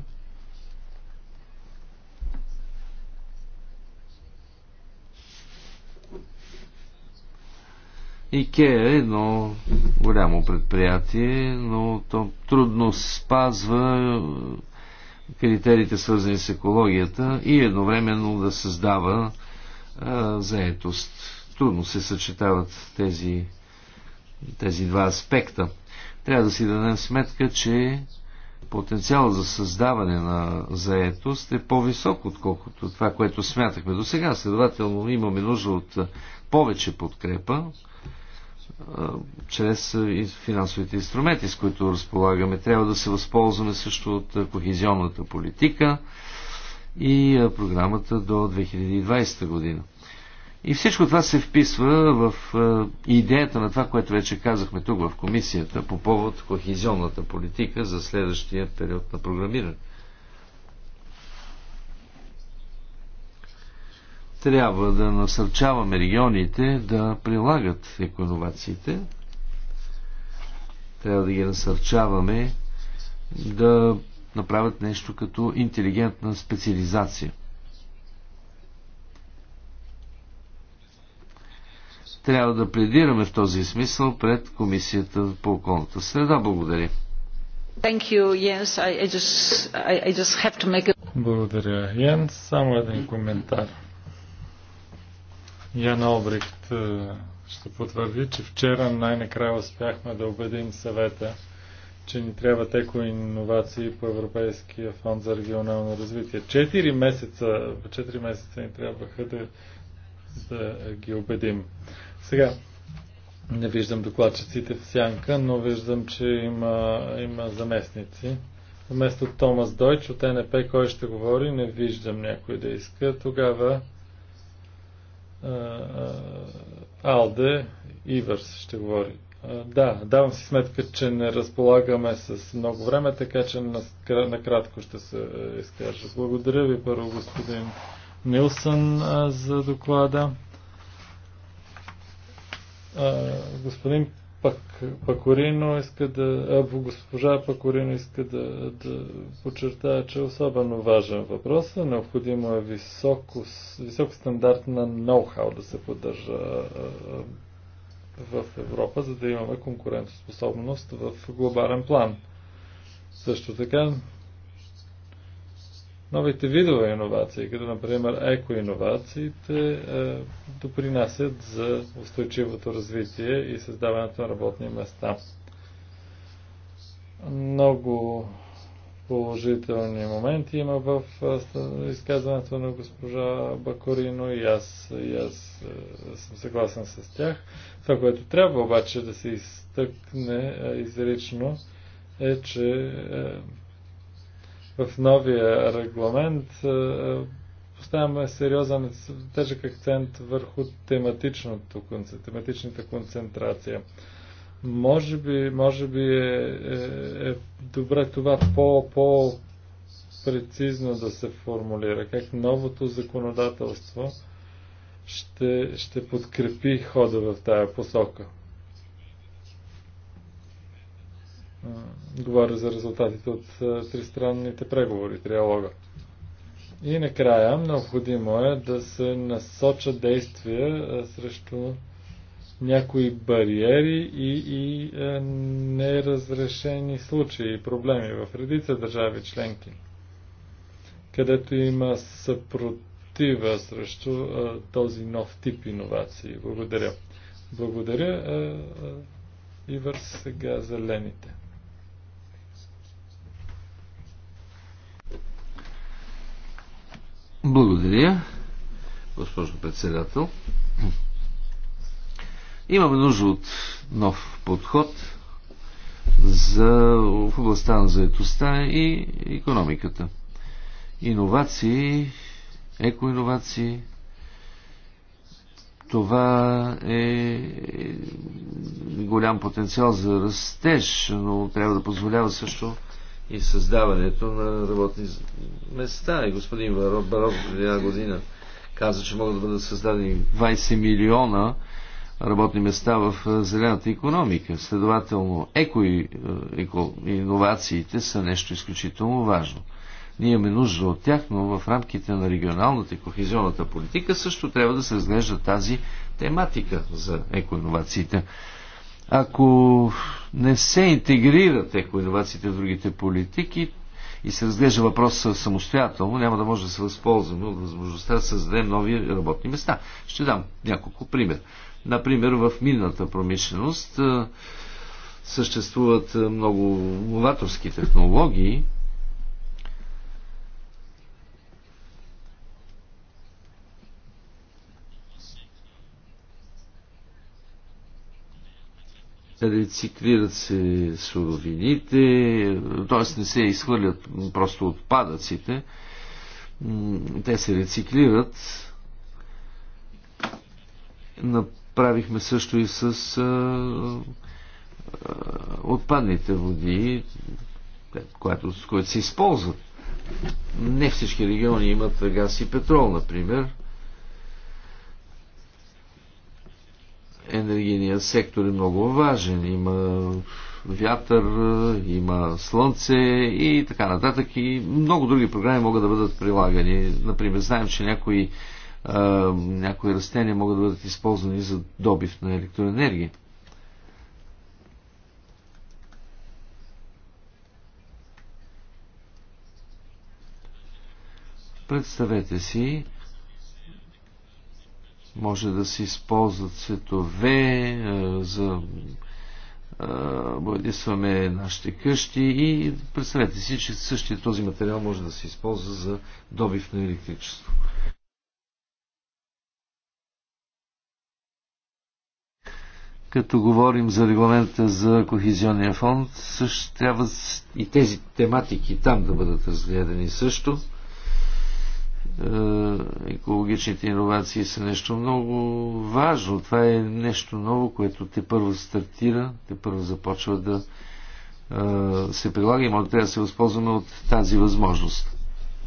Икея е едно голямо предприятие, но то трудно спазва е, критериите свързани с екологията и едновременно да създава а, е, заетост трудно се съчетават тези, тези два аспекта. Трябва да си дадем сметка, че потенциал за създаване на заетост е по-висок, отколкото това, което смятахме до сега. Следователно имаме нужда от повече подкрепа чрез финансовите инструменти, с които разполагаме. Трябва да се възползваме също от кохезионната политика и програмата до 2020 година. И всичко това се вписва в е, идеята на това, което вече казахме тук в комисията по повод кохезионната политика за следващия период на програмиране. Трябва да насърчаваме регионите да прилагат еконовациите. Трябва да ги насърчаваме да направят нещо като интелигентна специализация. трябва да пледираме в този смисъл пред Комисията по околната среда. Благодаря. I, I just, I, just a... Благодаря, Ян. Само един коментар. Ян Обрихт е, ще потвърди, че вчера най-накрая успяхме да убедим съвета, че ни трябва теко инновации по Европейския фонд за регионално развитие. Четири месеца, четири месеца ни трябваха да, да ги убедим. Сега, не виждам докладчиците в сянка, но виждам, че има, има заместници. Вместо Томас Дойч от НП, кой ще говори, не виждам някой да иска. Тогава а, а, Алде Ивърс ще говори. А, да, давам си сметка, че не разполагаме с много време, така че накратко ще се изкажа. Благодаря ви първо господин Нилсън за доклада господин Пак, Пакорино иска да, а, госпожа Пакорино иска да, да подчертая, че е особено важен въпрос. Необходимо е високо, висок стандарт на ноу-хау да се поддържа в Европа, за да имаме конкурентоспособност в глобален план. Също така новите видове иновации, като например екоиновациите, е, допринасят за устойчивото развитие и създаването на работни места. Много положителни моменти има в е, изказването на госпожа Бакорино и аз, и аз е, съм съгласен с тях. Това, което трябва обаче да се изтъкне изрично е, че в новия регламент е, поставяме сериозен тежък акцент върху тематичното, тематичната концентрация. Може би, може би е, е, е добре това по, по прецизно да се формулира, как новото законодателство ще, ще подкрепи хода в тая посока. Говоря за резултатите от тристранните преговори, триалога. И накрая, необходимо е да се насочат действия срещу някои бариери и, и е, неразрешени случаи и проблеми в редица държави членки, където има съпротива срещу е, този нов тип иновации. Благодаря. Благодаря, е, е, сега зелените. Благодаря, госпожо председател. Имаме нужда от нов подход за, в областта на заедостта и економиката. Иновации, екоиновации, това е голям потенциал за растеж, но трябва да позволява също и създаването на работни места. И господин Баров преди една година каза, че могат да бъдат създадени 20 милиона работни места в зелената економика. Следователно, еко, еко иновациите са нещо изключително важно. Ние имаме нужда от тях, но в рамките на регионалната и кохезионната политика също трябва да се разглежда тази тематика за екоиновациите. Ако не се интегрират екоинновациите в другите политики и се разглежда въпроса самостоятелно, няма да може да се възползваме от възможността да създадем нови работни места. Ще дам няколко пример. Например, в минната промишленост съществуват много новаторски технологии, рециклират се суровините, т.е. не се изхвърлят просто отпадъците, те се рециклират. Направихме също и с отпадните води, което, с които се използват. Не всички региони имат газ и петрол, например. енергийният сектор е много важен. Има вятър, има слънце и така нататък. И много други програми могат да бъдат прилагани. Например, знаем, че някои, а, някои растения могат да бъдат използвани за добив на електроенергия. Представете си, може да се използват цветове, за боядисваме нашите къщи и представете си, че същия този материал може да се използва за добив на електричество. Като говорим за регламента за Кохизионния фонд, също трябва и тези тематики там да бъдат разгледани също. Е, екологичните иновации са нещо много важно. Това е нещо ново, което те първо стартира, те първо започва да е, се прилага и може да се възползваме от тази възможност.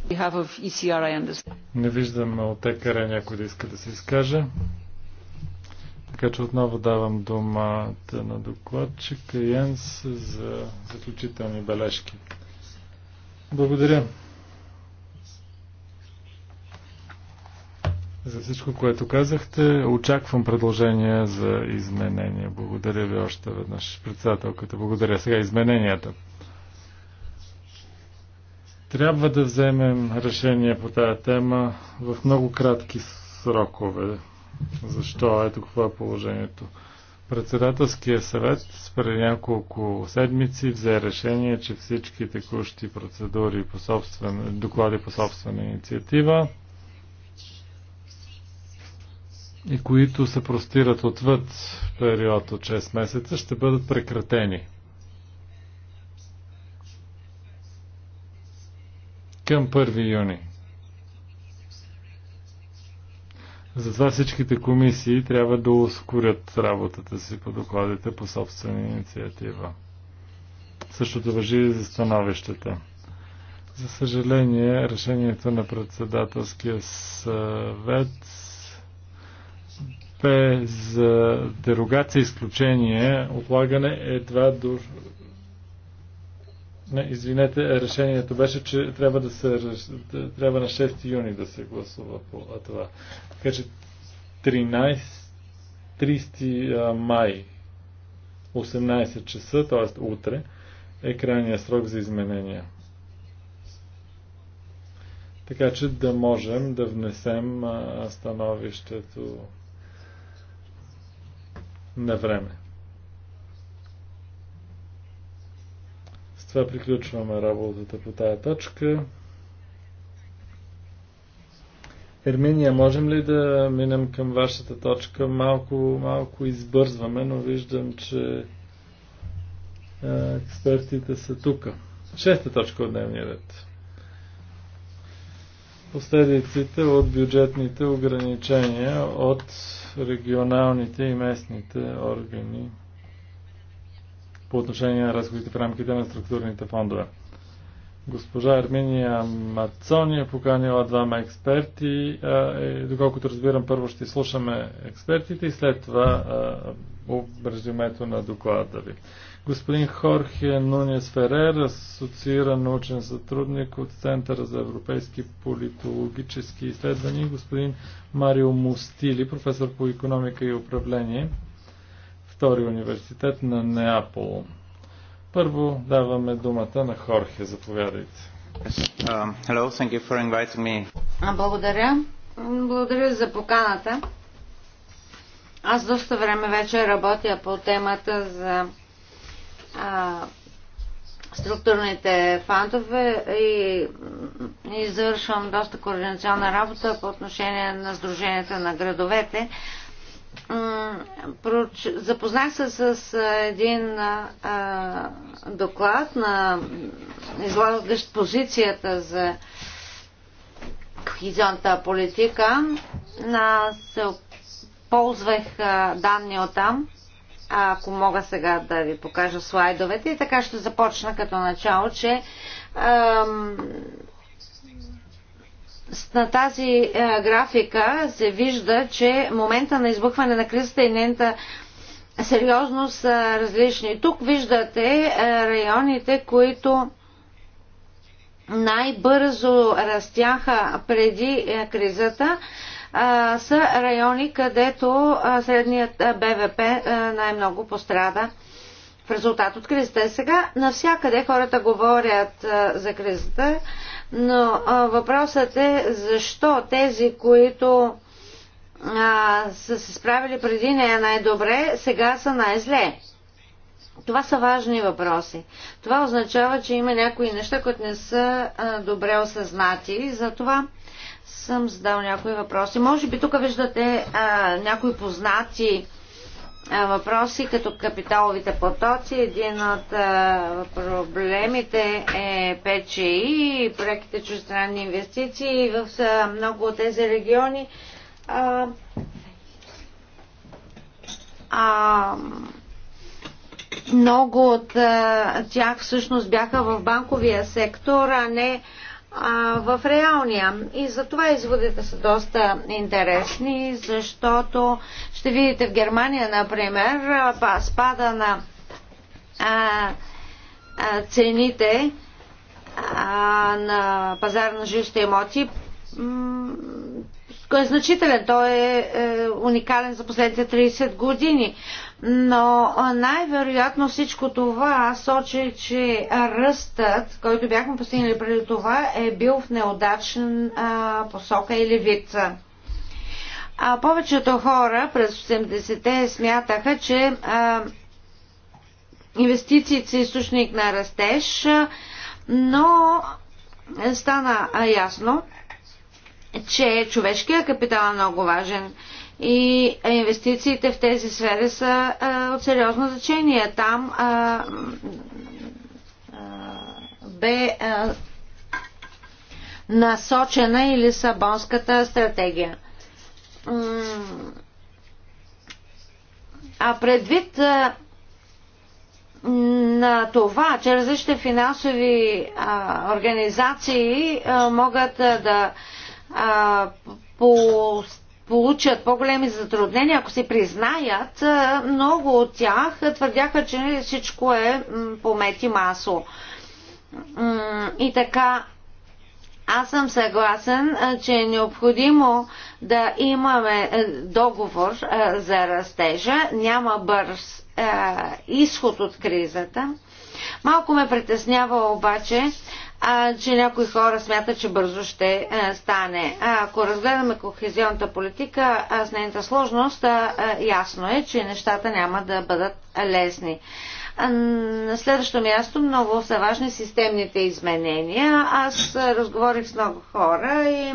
E Не виждам от ЕКР някой да иска да се изкаже. Така че отново давам думата на докладчика Йенс за заключителни бележки. Благодаря. за всичко, което казахте. Очаквам предложения за изменения. Благодаря ви още веднъж, председателката. Благодаря. Сега измененията. Трябва да вземем решение по тая тема в много кратки срокове. Защо? Ето какво е положението. Председателския съвет преди няколко седмици взе решение, че всички текущи процедури по собствен, доклади по собствена инициатива и които се простират отвъд в период от 6 месеца, ще бъдат прекратени. Към 1 юни. Затова всичките комисии трябва да ускорят работата си по докладите по собствена инициатива. Същото въжи и за становищата. За съжаление, решението на председателския съвет е за дерогация, изключение, отлагане едва до... Не, извинете, решението беше, че трябва, да се, трябва на 6 юни да се гласува по това. Така че 13, 30 май 18 часа, т.е. утре, е крайния срок за изменения. Така че да можем да внесем становището на време. С това приключваме работата по тая точка. Ерминия, можем ли да минем към вашата точка? Малко, малко избързваме, но виждам, че експертите са тук. Шеста точка от дневния ред. Последиците от бюджетните ограничения от регионалните и местните органи по отношение на разходите в рамките на структурните фондове. Госпожа Арминия Мацони е поканила двама експерти. Е, доколкото разбирам, първо ще слушаме експертите и след това а, на доклада ви господин Хорхе Нунес Ферер, асоцииран научен сътрудник от Центъра за европейски политологически изследвания, господин Марио Мустили, професор по економика и управление, Втори университет на Неапол. Първо даваме думата на Хорхе. Заповядайте. Um, hello, thank you for inviting me. Благодаря. Благодаря за поканата. Аз доста време вече работя по темата за структурните фантове и извършвам доста координационна работа по отношение на сдруженията на градовете. Запознах се с един доклад на излагащ позицията за хизонта политика. На, се ползвах данни от там а ако мога сега да ви покажа слайдовете, и така ще започна като начало, че ам, на тази а, е, графика се вижда, че момента на избухване на кризата и нейната сериозно са различни. Тук виждате е, районите, които най-бързо растяха преди е, кризата са райони, където средният БВП най-много пострада в резултат от кризата. Сега навсякъде хората говорят за кризата, но въпросът е защо тези, които са се справили преди нея най-добре, сега са най-зле. Това са важни въпроси. Това означава, че има някои неща, които не са а, добре осъзнати. Затова съм задал някои въпроси. Може би тук виждате а, някои познати а, въпроси, като капиталовите потоци. Един от а, проблемите е ПЧИ и проектите чуждестранни инвестиции в а, много от тези региони. А, а, много от а, тях всъщност бяха в банковия сектор, а не а, а, в реалния. И за това изводите са доста интересни, защото ще видите в Германия, например, спада на а, а, цените а, на пазар на жилища имоти е значителен. Той е, е уникален за последните 30 години. Но най-вероятно всичко това сочи, че ръстът, който бяхме постигнали преди това, е бил в неудачен а, посока или вид. А повечето хора през 80-те смятаха, че а, инвестициите са източник на растеж, но е, стана ясно, че човешкият капитал е много важен и инвестициите в тези сфери са а, от сериозно значение. Там а, а, бе а, насочена и Лисабонската стратегия. А предвид а, на това, че различните финансови а, организации а, могат а, да а, а, по, получат по-големи затруднения, ако се признаят, много от тях твърдяха, че всичко е помети масло. И така, аз съм съгласен, че е необходимо да имаме е, договор за растежа. Няма бърз изход от кризата. Малко ме притеснява обаче а, че някои хора смятат, че бързо ще а, е, стане. А, ако разгледаме кохезионната политика а, с нейната сложност, а, а, ясно е, че нещата няма да бъдат лесни. На следващо място много са важни системните изменения. Аз разговорих с много хора и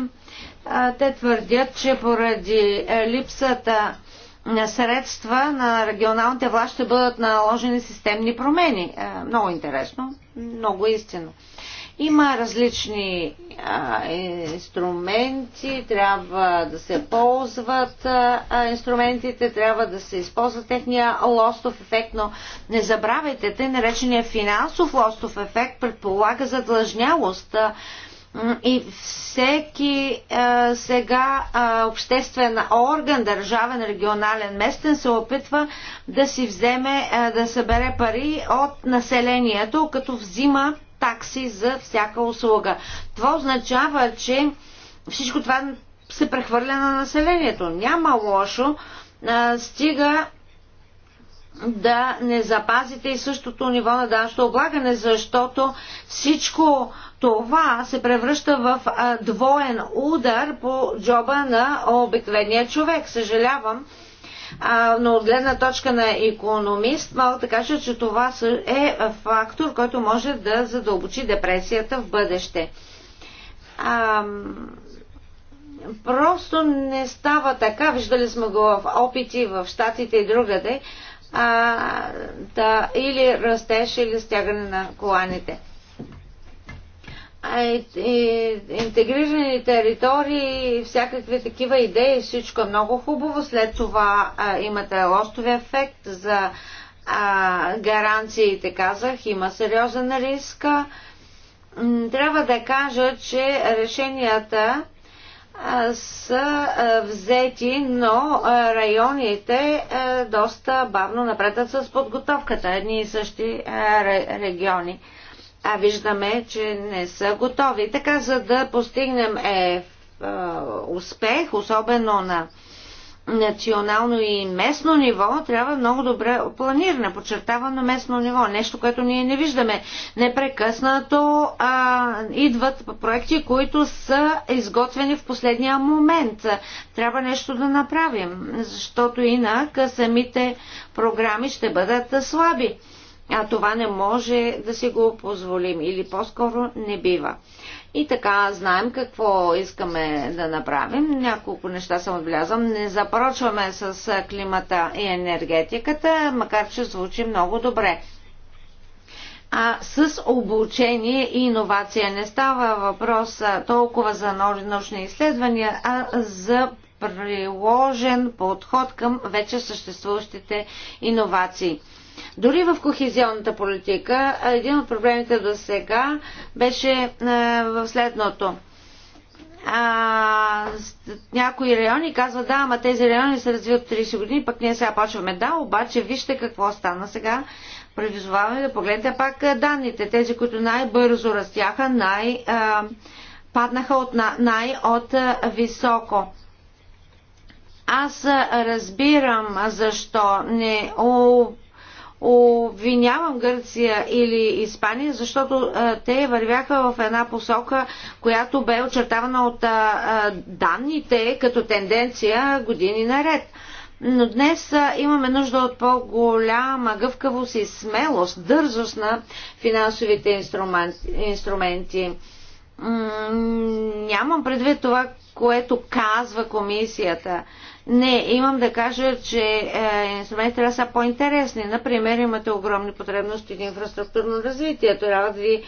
а, те твърдят, че поради е, липсата на средства на регионалните власти ще бъдат наложени системни промени. Е, много интересно, много истинно. Има различни а, инструменти, трябва да се ползват а, инструментите, трябва да се използват техния лостов ефект, но не забравяйте, те наречения финансов лостов ефект предполага задлъжнялост. А, и всеки а, сега а, обществен орган, държавен, регионален, местен се опитва да си вземе, а, да събере пари от населението, като взима такси за всяка услуга. Това означава, че всичко това се прехвърля на населението. Няма лошо, а, стига да не запазите и същото ниво на данъчно облагане, защото всичко това се превръща в двоен удар по джоба на обикновения човек. Съжалявам, а, но от гледна точка на економист мога да кажа, че това е фактор, който може да задълбочи депресията в бъдеще. А, просто не става така, виждали сме го в опити в Штатите и другаде, а, да, или растеж, или стягане на коланите интегрирани територии, всякакви такива идеи, всичко е много хубаво. След това а, имате лостови ефект за а, гаранциите, казах, има сериозен риск. Трябва да кажа, че решенията а, са а, взети, но а, районите доста бавно напредат с подготовката, едни и същи региони а виждаме, че не са готови. Така, за да постигнем е, е, успех, особено на национално и местно ниво, трябва много добре планиране, подчертавам на местно ниво, нещо, което ние не виждаме. Непрекъснато а, идват проекти, които са изготвени в последния момент. Трябва нещо да направим, защото инак самите програми ще бъдат слаби. А това не може да си го позволим или по-скоро не бива. И така знаем какво искаме да направим. Няколко неща съм отбелязам. Не запорочваме с климата и енергетиката, макар че звучи много добре. А с обучение и иновация не става въпрос толкова за научни изследвания, а за приложен подход към вече съществуващите иновации. Дори в кохезионната политика, един от проблемите до сега беше в следното – а, някои райони казват, да, ама тези райони се развиват 30 години, пък ние сега почваме. Да, обаче вижте какво стана сега. Превизоваваме да погледнете пак данните. Тези, които най-бързо растяха, най- а, паднаха от, най- от високо. Аз разбирам защо не обвинявам Гърция или Испания, защото а, те вървяха в една посока, която бе очертавана от а, а, данните като тенденция години наред. Но днес а, имаме нужда от по-голяма гъвкавост и смелост, дързост на финансовите инструменти. М- нямам предвид това, което казва комисията. Не, имам да кажа, че е, инструментите трябва да са по-интересни. Например, имате огромни потребности от инфраструктурно развитие. Трябва да ви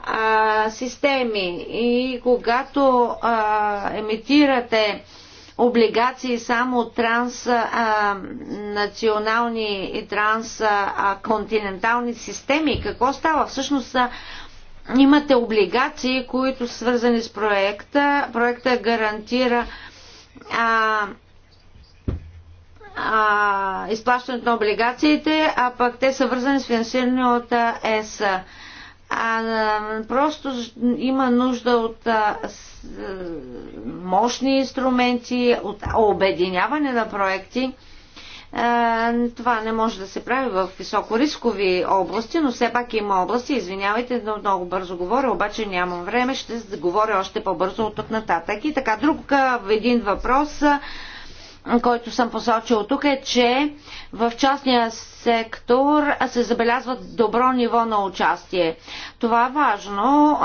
а, системи. И когато а, емитирате облигации само от транснационални и трансконтинентални системи, какво става? Всъщност имате облигации, които са свързани с проекта. Проекта гарантира а, а, изплащането на облигациите, а пък те са вързани с финансиране от ЕС. -а. А, просто има нужда от а, с, мощни инструменти, от обединяване на проекти. А, това не може да се прави в високорискови области, но все пак има области. Извинявайте, но много бързо говоря, обаче нямам време. Ще говоря още по-бързо от тук нататък. И така, друг един въпрос. А, който съм посочил тук е, че в частния сектор се забелязва добро ниво на участие. Това е важно,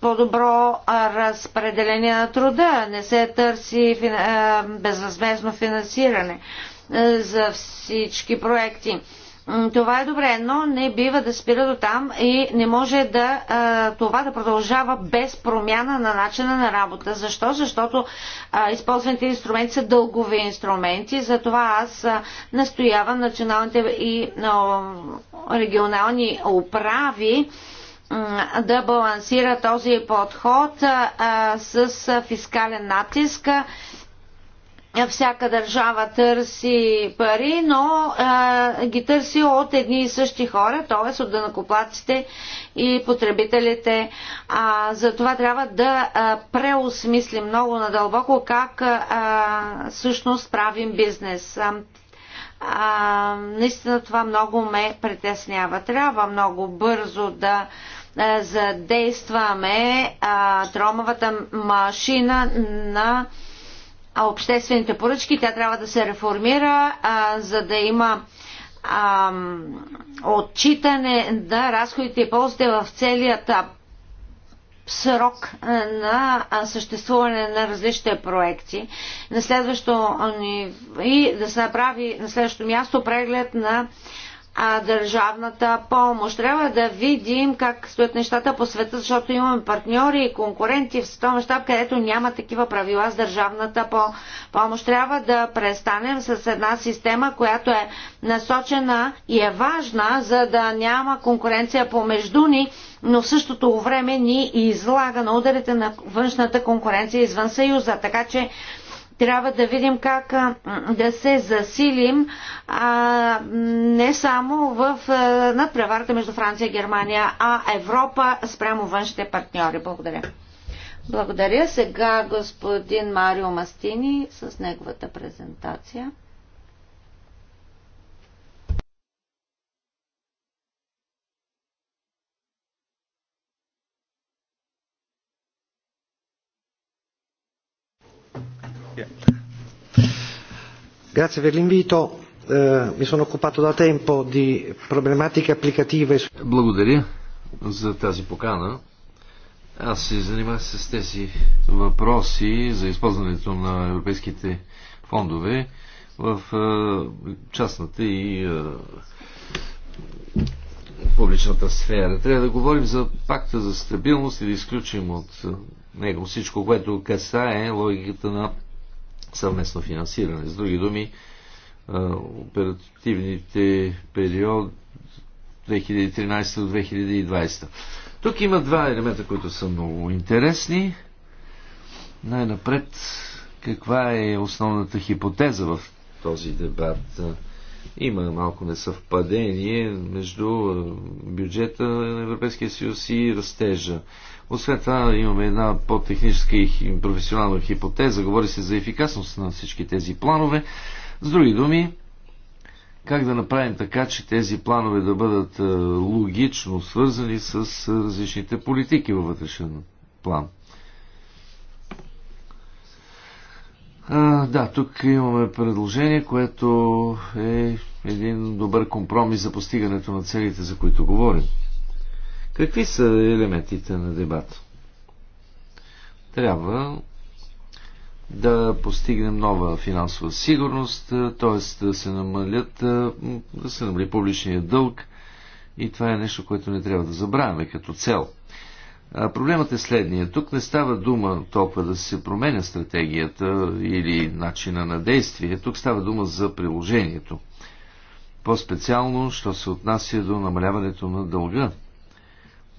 по-добро разпределение на труда, не се търси безвъзмезно финансиране за всички проекти. Това е добре, но не бива да спира до там и не може да, това да продължава без промяна на начина на работа. Защо? Защото а, използваните инструменти са дългови инструменти, затова аз а, настоявам националните и а, регионални управи да балансира този подход а, с фискален натиск всяка държава търси пари, но а, ги търси от едни и същи хора, т.е. от дънакоплаците и потребителите. А, за това трябва да а, преосмислим много надълбоко как а, всъщност правим бизнес. А, наистина това много ме притеснява. Трябва много бързо да а, задействаме а, тромавата машина на а обществените поръчки, тя трябва да се реформира, а, за да има а, отчитане на разходите и ползите в целият срок на съществуване на различните проекти. На следващо и да се направи на следващото място преглед на а, държавната помощ. Трябва да видим как стоят нещата по света, защото имаме партньори и конкуренти в световен щаб, където няма такива правила с държавната помощ. Трябва да престанем с една система, която е насочена и е важна, за да няма конкуренция помежду ни, но в същото време ни излага на ударите на външната конкуренция извън Съюза. Така че трябва да видим как да се засилим а, не само в надпреварата между Франция и Германия, а Европа спрямо външните партньори. Благодаря. Благодаря. Сега господин Марио Мастини с неговата презентация. Grazie per l'invito. Eh, mi sono occupato da tempo di problematiche applicative. Благодаря за тази покана. Аз се занимах с тези въпроси за използването на европейските фондове в е, частната и е, публичната сфера. Трябва да говорим за пакта за стабилност и да изключим от него всичко, което касае логиката на съвместно финансиране. С други думи, е, оперативните период 2013 до 2020. Тук има два елемента, които са много интересни. Най-напред, каква е основната хипотеза в този дебат? Има малко несъвпадение между е, бюджета на Европейския съюз и растежа. Освен това имаме една по-техническа и професионална хипотеза. Говори се за ефикасност на всички тези планове. С други думи, как да направим така, че тези планове да бъдат е, логично свързани с е, различните политики във вътрешен план. А, да, тук имаме предложение, което е един добър компромис за постигането на целите, за които говорим. Какви са елементите на дебат? Трябва да постигнем нова финансова сигурност, е, т.е. да се намалят, е, да се намали публичния дълг и това е нещо, което не трябва да забравяме като цел. проблемът е следния. Тук не става дума толкова да се променя стратегията или начина на действие. Тук става дума за приложението. По-специално, що се отнася до намаляването на дълга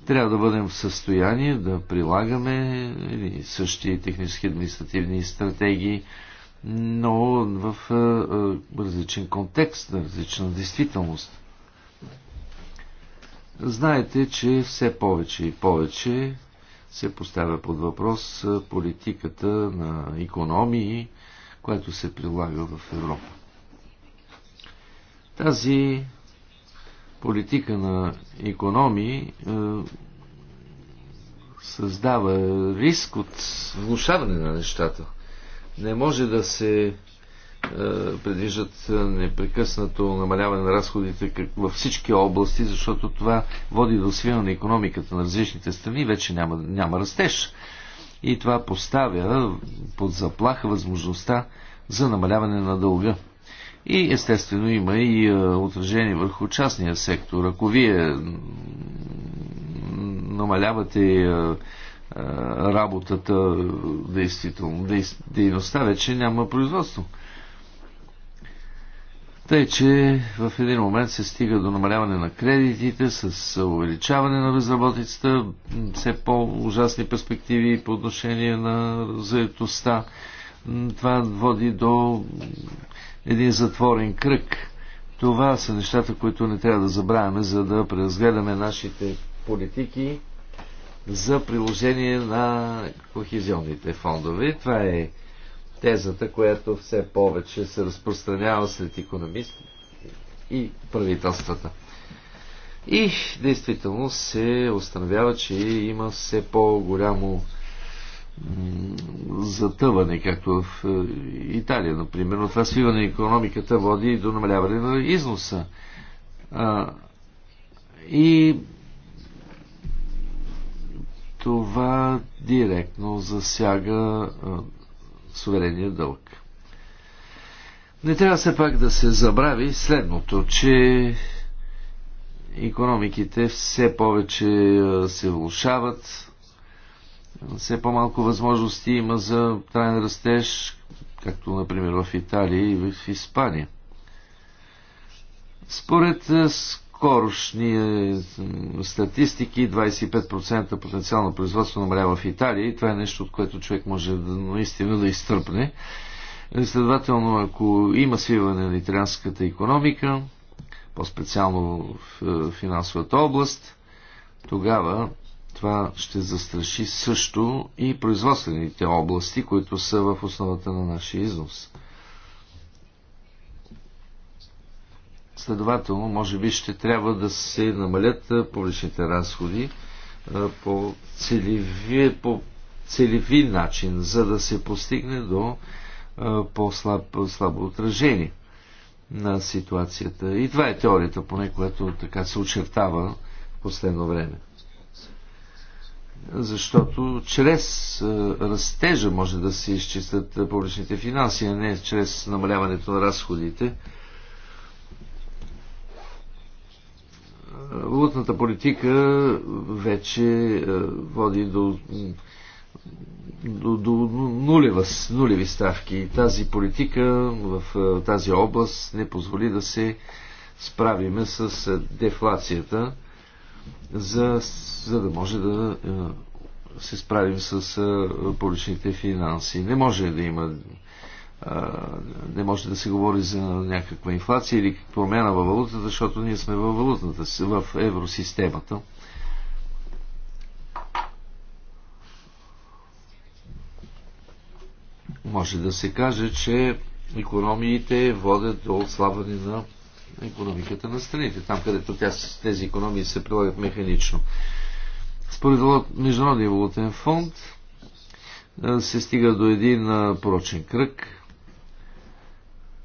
трябва да бъдем в състояние да прилагаме същи технически административни стратегии, но в е, е, различен контекст, на различна действителност. Знаете, че все повече и повече се поставя под въпрос е, политиката на економии, която се прилага в Европа. Тази политика на економии е, създава риск от влушаване на нещата. Не може да се е, предвиждат е, непрекъснато намаляване на разходите във всички области, защото това води до свиване на економиката на различните страни, вече няма, няма растеж. И това поставя под заплаха възможността за намаляване на дълга. И естествено има и е, отражение върху частния сектор. Ако вие намалявате е, е, работата, действително, дейността вече няма производство. Тъй, че в един момент се стига до намаляване на кредитите, с увеличаване на безработицата, все по-ужасни перспективи по отношение на заедостта. Това води до един затворен кръг. Това са нещата, които не трябва да забравяме, за да преразгледаме нашите политики за приложение на кохезионните фондове. Това е тезата, която все повече се разпространява след економисти и правителствата. И действително се установява, че има все по-голямо затъване, както в е, Италия, например. Но това свиване на економиката води и до намаляване на износа. А, и това директно засяга а, суверения дълг. Не трябва все пак да се забрави следното, че економиките все повече се влушават, все по-малко възможности има за траен растеж, както например в Италия и в Испания. Според е, скорошни е, статистики 25% потенциално производство намалява в Италия и това е нещо, от което човек може да, наистина да изтърпне. Е, следователно, ако има свиване на италианската економика, по-специално в финансовата област, тогава това ще застраши също и производствените области, които са в основата на нашия износ. Следователно, може би ще трябва да се намалят публичните разходи по целеви, по целеви начин, за да се постигне до по-слабо -слаб, отражение на ситуацията. И това е теорията, поне която така се очертава в последно време защото чрез е, растежа може да се изчистят е, публичните финанси, а не чрез намаляването на разходите. Е, валутната политика вече води до, до, до нулева, нулеви ставки. Тази политика в тази област не позволи да се справиме с дефлацията за, за да може да е, се справим с е, публичните финанси. Не може да има е, не може да се говори за някаква инфлация или промяна във валутата, защото ние сме във валутната, в евросистемата. Може да се каже, че економиите водят до отслабване на економиката на страните, там където тя, тези економии се прилагат механично. Според Международния валутен фонд се стига до един порочен кръг,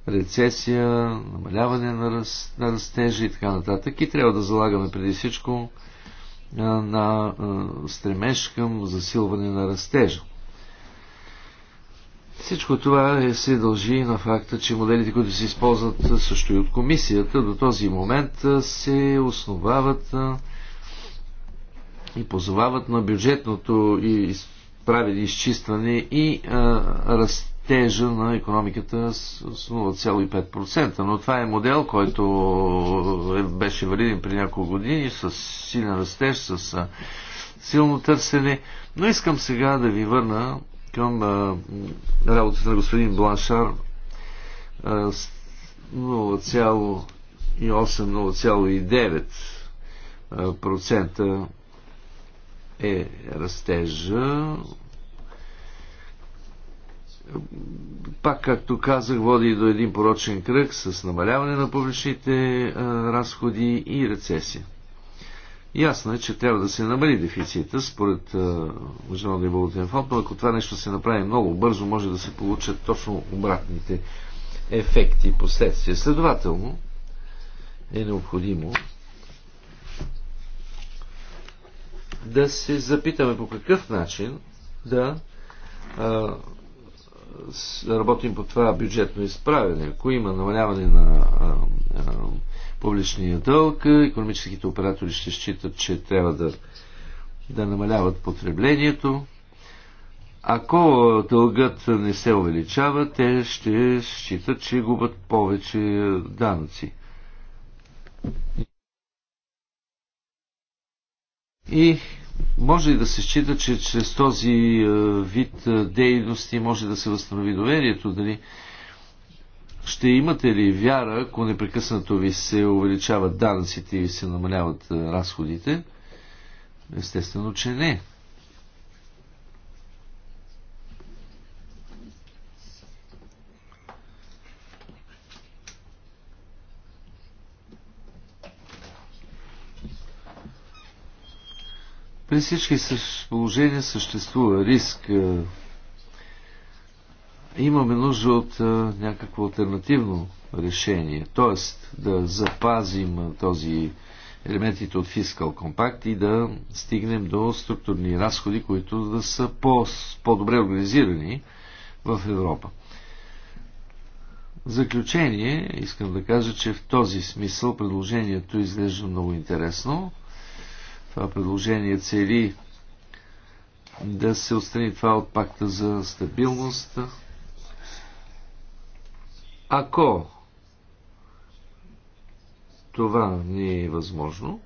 рецесия, намаляване на, раз, на растежа и така нататък. И трябва да залагаме преди всичко на стремеж към засилване на растежа. Всичко това е, се дължи на факта, че моделите, които се използват също и от комисията, до този момент се основават и позовават на бюджетното и правили изчистване и растежа на економиката с 0,5%. Но това е модел, който е, беше валиден при няколко години, с силен растеж, с силно търсене. Но искам сега да ви върна към а, работата на господин Бланшар 0,8-0,9% е растежа. Пак, както казах, води до един порочен кръг с намаляване на публичните разходи и рецесия. Ясно е, че трябва да се намали дефицита според е, Международния валутен фонд, но ако това нещо се направи много бързо, може да се получат точно обратните ефекти и последствия. Следователно е необходимо да се запитаме по какъв начин да а, е, работим по това бюджетно изправяне. Ако има намаляване на а, е, а, публичния дълг. Економическите оператори ще считат, че трябва да, да намаляват потреблението. Ако дългът не се увеличава, те ще считат, че губят повече данъци. И може и да се счита, че чрез този вид дейности може да се възстанови доверието, дали ще имате ли вяра, ако непрекъснато ви се увеличават данъците и се намаляват е, разходите? Естествено, че не. При всички положения съществува риск е, имаме нужда от някакво альтернативно решение. т.е. да запазим този елементите от фискал компакт и да стигнем до структурни разходи, които да са по, по-добре организирани в Европа. В заключение искам да кажа, че в този смисъл предложението изглежда много интересно. Това предложение цели да се отстрани това от пакта за стабилност, ако това не е възможно,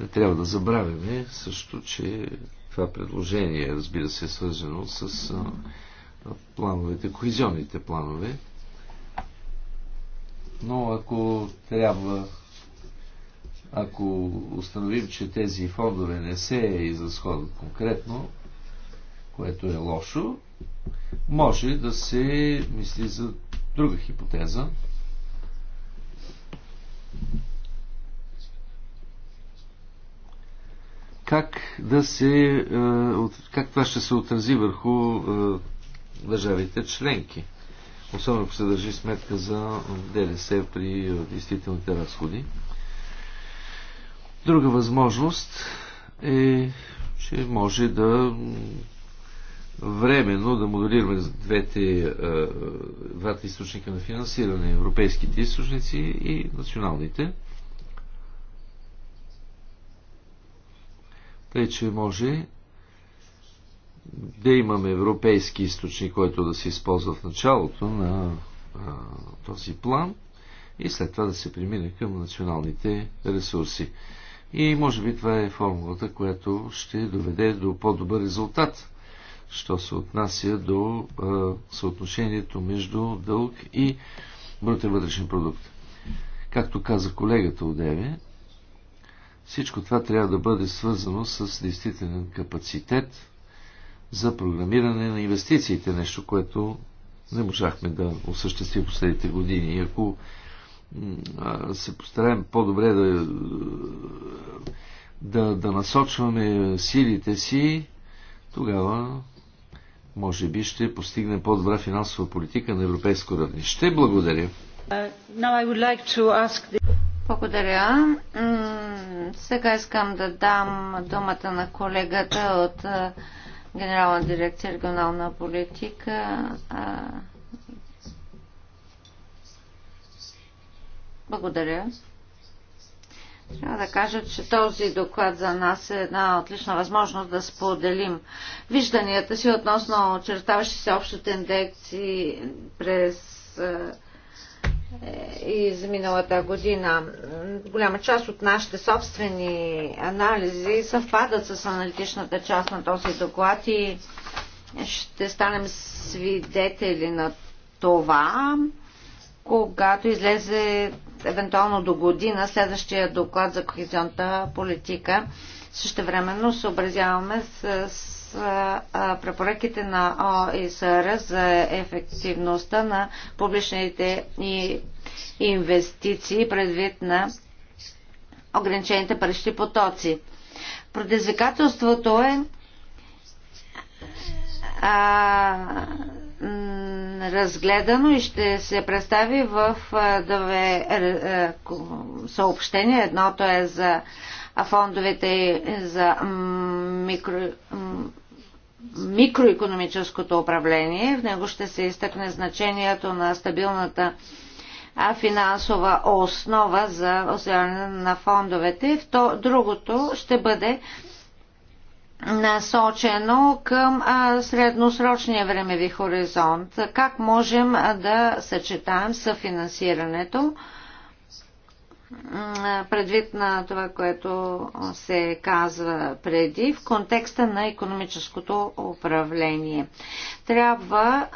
не трябва да забравяме също, че това предложение, разбира се, е свързано с плановете, коизионните планове. Но ако трябва, ако установим, че тези фондове не се изразходват конкретно, което е лошо, може да се мисли за Друга хипотеза как да се, е, как това ще се отрази върху е, държавите членки. Особено ако се държи сметка за ДДС при е, действителните разходи. Друга възможност е, че може да временно да моделираме двете, е, е, двата източника на финансиране, европейските източници и националните. Тъй, че може да имаме европейски източник, който да се използва в началото на а, е, този план и след това да се премине към националните ресурси. И може би това е формулата, която ще доведе до по-добър резултат що се отнася до съотношението между дълг и брутен вътрешен продукт. Както каза колегата Одеве, всичко това трябва да бъде свързано с действителен капацитет за програмиране на инвестициите, нещо, което не можахме да осъществим последните години. И ако се постараем по-добре да, да, да насочваме силите си, тогава може би ще постигне по-добра финансова политика на европейско равнище. Благодаря. Uh, благодаря. Сега искам да дам думата на колегата от Генерална дирекция регионална политика. Благодаря. Трябва да кажа, че този доклад за нас е една отлична възможност да споделим вижданията си относно очертаващи се общо тенденции през е, изминалата година. Голяма част от нашите собствени анализи съвпадат с аналитичната част на този доклад и ще станем свидетели на това, когато излезе евентуално до година, следващия доклад за кохезионната политика. Също времено съобразяваме с, с а, препоръките на ОИСР за ефективността на публичните и инвестиции предвид на ограничените парични потоци. Предизвикателството е а, разгледано и ще се представи в две съобщения. Едното е за фондовете и за микро, микроекономическото управление. В него ще се изтъкне значението на стабилната финансова основа за освояване на фондовете. Другото ще бъде насочено към средносрочния времеви хоризонт. Как можем да съчетаем съфинансирането предвид на това, което се казва преди, в контекста на економическото управление. Трябва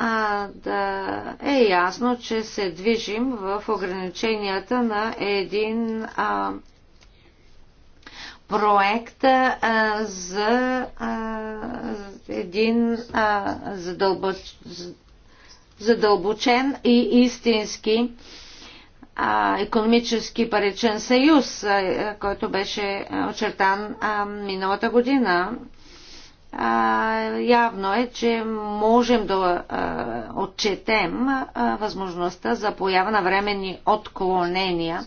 да е ясно, че се движим в ограниченията на един проекта а, за а, един а, задълбоч, задълбочен и истински а, економически паричен съюз, а, който беше очертан а, миналата година. А, явно е, че можем да а, отчетем а, възможността за поява на временни отклонения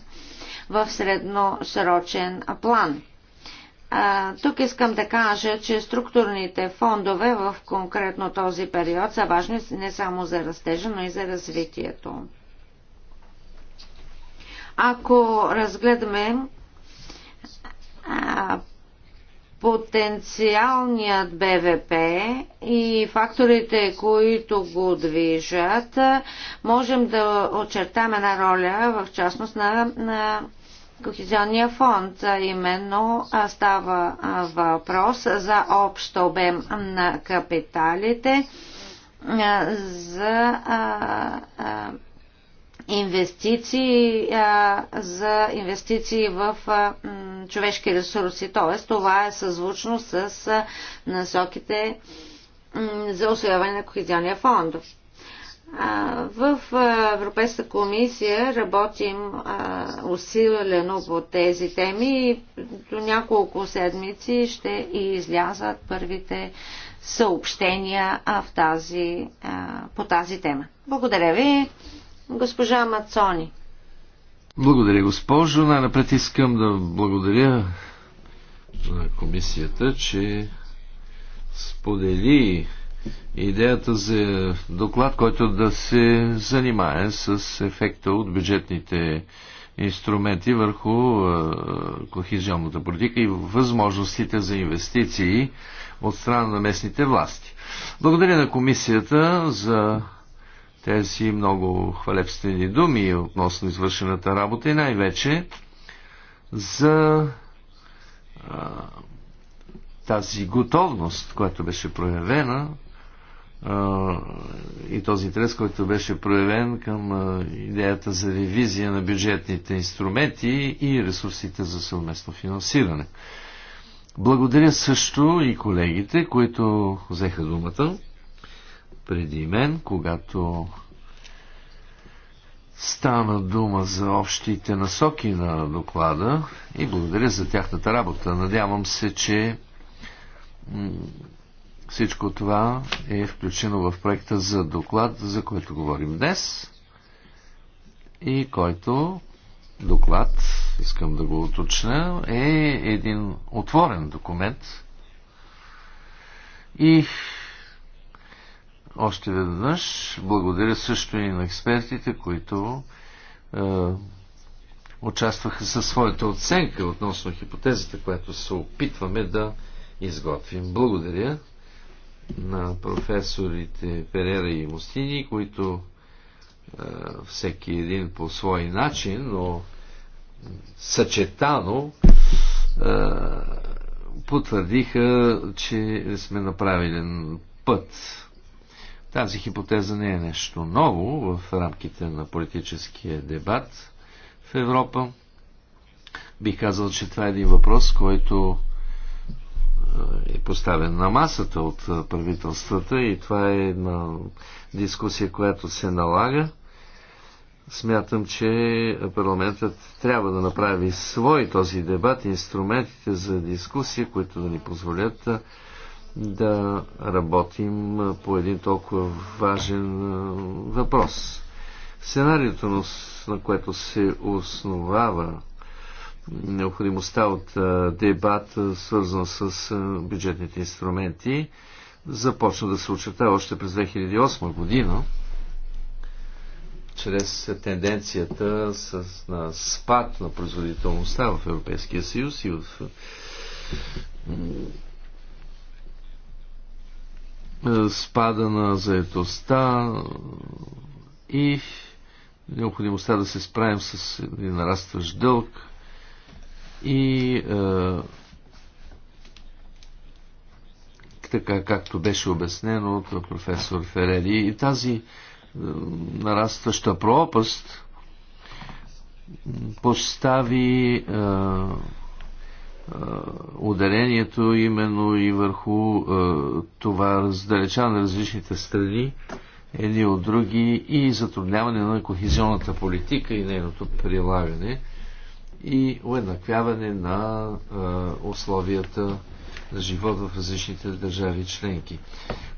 в средносрочен план. Тук искам да кажа, че структурните фондове в конкретно този период са важни не само за растежа, но и за развитието. Ако разгледаме потенциалният БВП и факторите, които го движат, можем да очертаме една роля, в частност на, на Кохезионния фонд, именно става въпрос за общ обем на капиталите, за инвестиции, за инвестиции в човешки ресурси. Т.е. това е съзвучно с насоките за усвояване на кохезионния фонд. В Европейската комисия работим усилено по тези теми и до няколко седмици ще излязат първите съобщения в тази, по тази тема. Благодаря ви, госпожа Мацони. Благодаря, госпожо. Най-напред искам да благодаря на комисията, че сподели идеята за доклад, който да се занимае с ефекта от бюджетните инструменти върху е, кохезионната политика и възможностите за инвестиции от страна на местните власти. Благодаря на комисията за тези много хвалебствени думи относно извършената работа и най-вече за а, е, тази готовност, която беше проявена и този интерес, който беше проявен към идеята за ревизия на бюджетните инструменти и ресурсите за съвместно финансиране. Благодаря също и колегите, които взеха думата преди мен, когато стана дума за общите насоки на доклада и благодаря за тяхната работа. Надявам се, че всичко това е включено в проекта за доклад, за който говорим днес и който доклад, искам да го уточня, е един отворен документ и още веднъж благодаря също и на експертите, които е, участваха със своята оценка относно хипотезата, която се опитваме да изготвим. Благодаря на професорите Перера и Мустини, които е, всеки един по свой начин, но съчетано е, потвърдиха, че сме направили път. Тази хипотеза не е нещо ново в рамките на политическия дебат в Европа. Бих казал, че това е един въпрос, който е поставен на масата от правителствата и това е една дискусия, която се налага. Смятам, че парламентът трябва да направи свой този дебат, инструментите за дискусия, които да ни позволят да работим по един толкова важен въпрос. Сценарието, на което се основава необходимостта от дебат, свързан с бюджетните инструменти, започна да се очертава още през 2008 година, чрез тенденцията с, на спад на производителността в Европейския съюз и в спада на заетостта и необходимостта да се справим с нарастващ дълг, и е, така както беше обяснено от професор Ферери. И тази е, нарастваща пропаст постави е, е, ударението именно и върху е, това раздалечаване на различните страни едни от други и затрудняване на кохезионната политика и нейното прилагане и уеднаквяване на условията на живот в различните държави членки.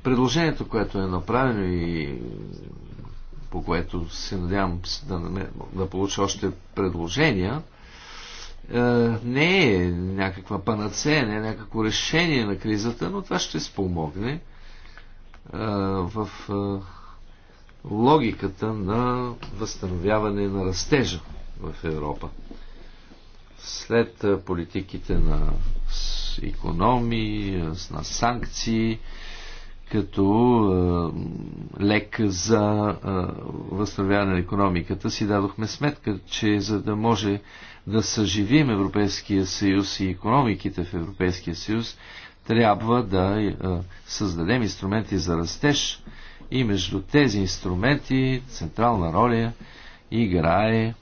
Предложението, което е направено и по което се надявам да, да получа още предложения, е, не е някаква панацея, не е някакво решение на кризата, но това ще спомогне е, в е, логиката на възстановяване на растежа в Европа. След политиките на економии, на санкции, като лек за възстановяване на економиката, си дадохме сметка, че за да може да съживим Европейския съюз и економиките в Европейския съюз, трябва да създадем инструменти за растеж и между тези инструменти централна роля играе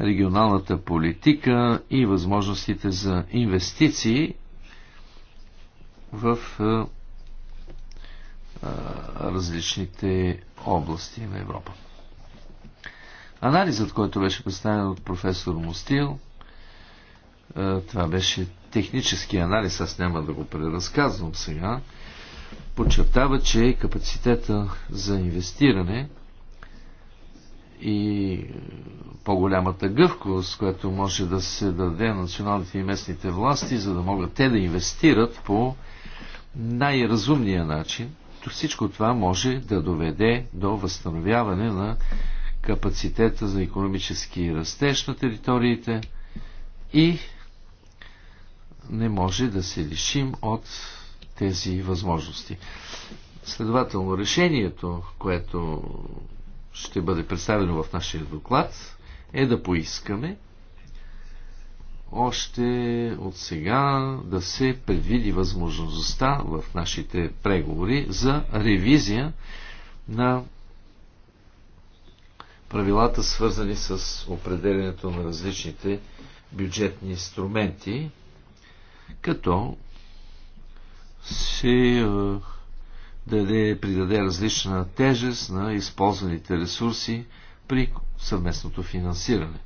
регионалната политика и възможностите за инвестиции в различните области на Европа. Анализът, който беше представен от професор Мустил, това беше технически анализ, аз няма да го преразказвам сега, подчертава, че капацитета за инвестиране – и по-голямата гъвкост, която може да се даде на националните и местните власти, за да могат те да инвестират по най-разумния начин, то всичко това може да доведе до възстановяване на капацитета за економически растеж на териториите и не може да се лишим от тези възможности. Следователно, решението, което ще бъде представено в нашия доклад, е да поискаме още от сега да се предвиди възможността в нашите преговори за ревизия на правилата, свързани с определенето на различните бюджетни инструменти, като се е, даде, придаде различна тежест на използваните ресурси при съвместното финансиране.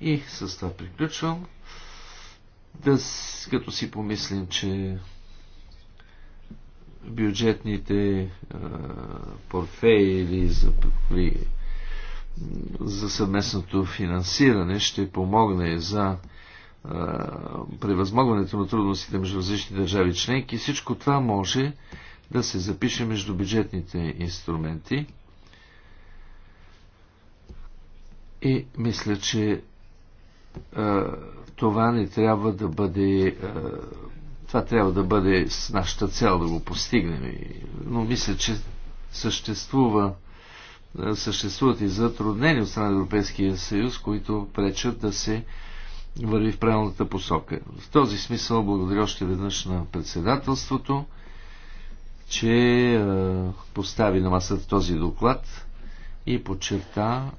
И с това приключвам. Да, като си помислим, че бюджетните а, портфейли за, при, за съвместното финансиране ще помогне за превъзмогването на трудностите между различни държави членки. Всичко това може да се запише между бюджетните инструменти. И мисля, че а, това не трябва да бъде. А, това трябва да бъде с нашата цел да го постигнем. Но мисля, че съществува съществуват и затруднения от страна на Европейския съюз, които пречат да се върви в правилната посока. В този смисъл благодаря още веднъж на председателството че постави на масата този доклад и подчерта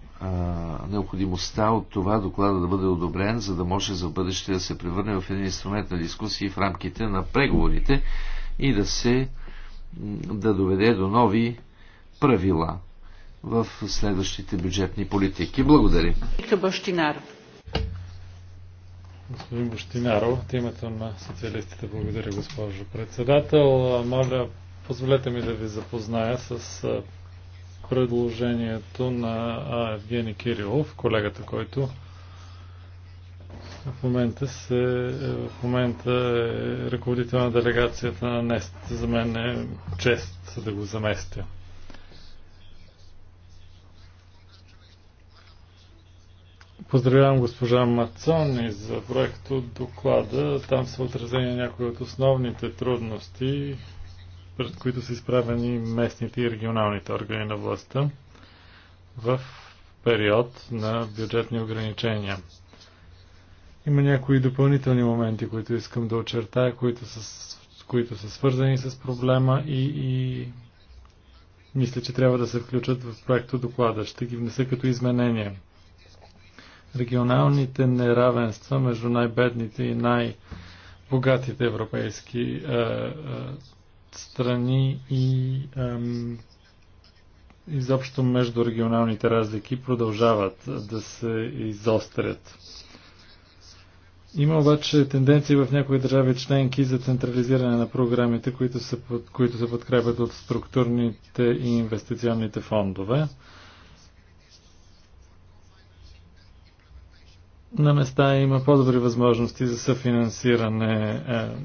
необходимостта от това доклада да бъде одобрен, за да може за бъдеще да се превърне в един инструмент на дискусии в рамките на преговорите и да се да доведе до нови правила в следващите бюджетни политики. Благодаря. Бащинар. Господин Бащинаров, от името на социалистите, благодаря, госпожо председател. Моля, Позволете ми да ви запозная с предложението на Евгений Кирилов, колегата, който в момента, се, в момента е ръководител на делегацията на НЕСТ. За мен е чест да го заместя. Поздравявам госпожа Мацони за проекто доклада. Там са отразени някои от основните трудности, пред които са изправени местните и регионалните органи на властта в период на бюджетни ограничения. Има някои допълнителни моменти, които искам да очертая, които са, които са свързани с проблема и, и мисля, че трябва да се включат в проекто доклада. Ще ги внеса като изменение. Регионалните неравенства между най-бедните и най- богатите европейски е, е, страни и ам, изобщо междурегионалните разлики продължават да се изострят. Има обаче тенденции в някои държави членки за централизиране на програмите, които се, под, които се подкрепят от структурните и инвестиционните фондове. На места има по-добри възможности за съфинансиране е,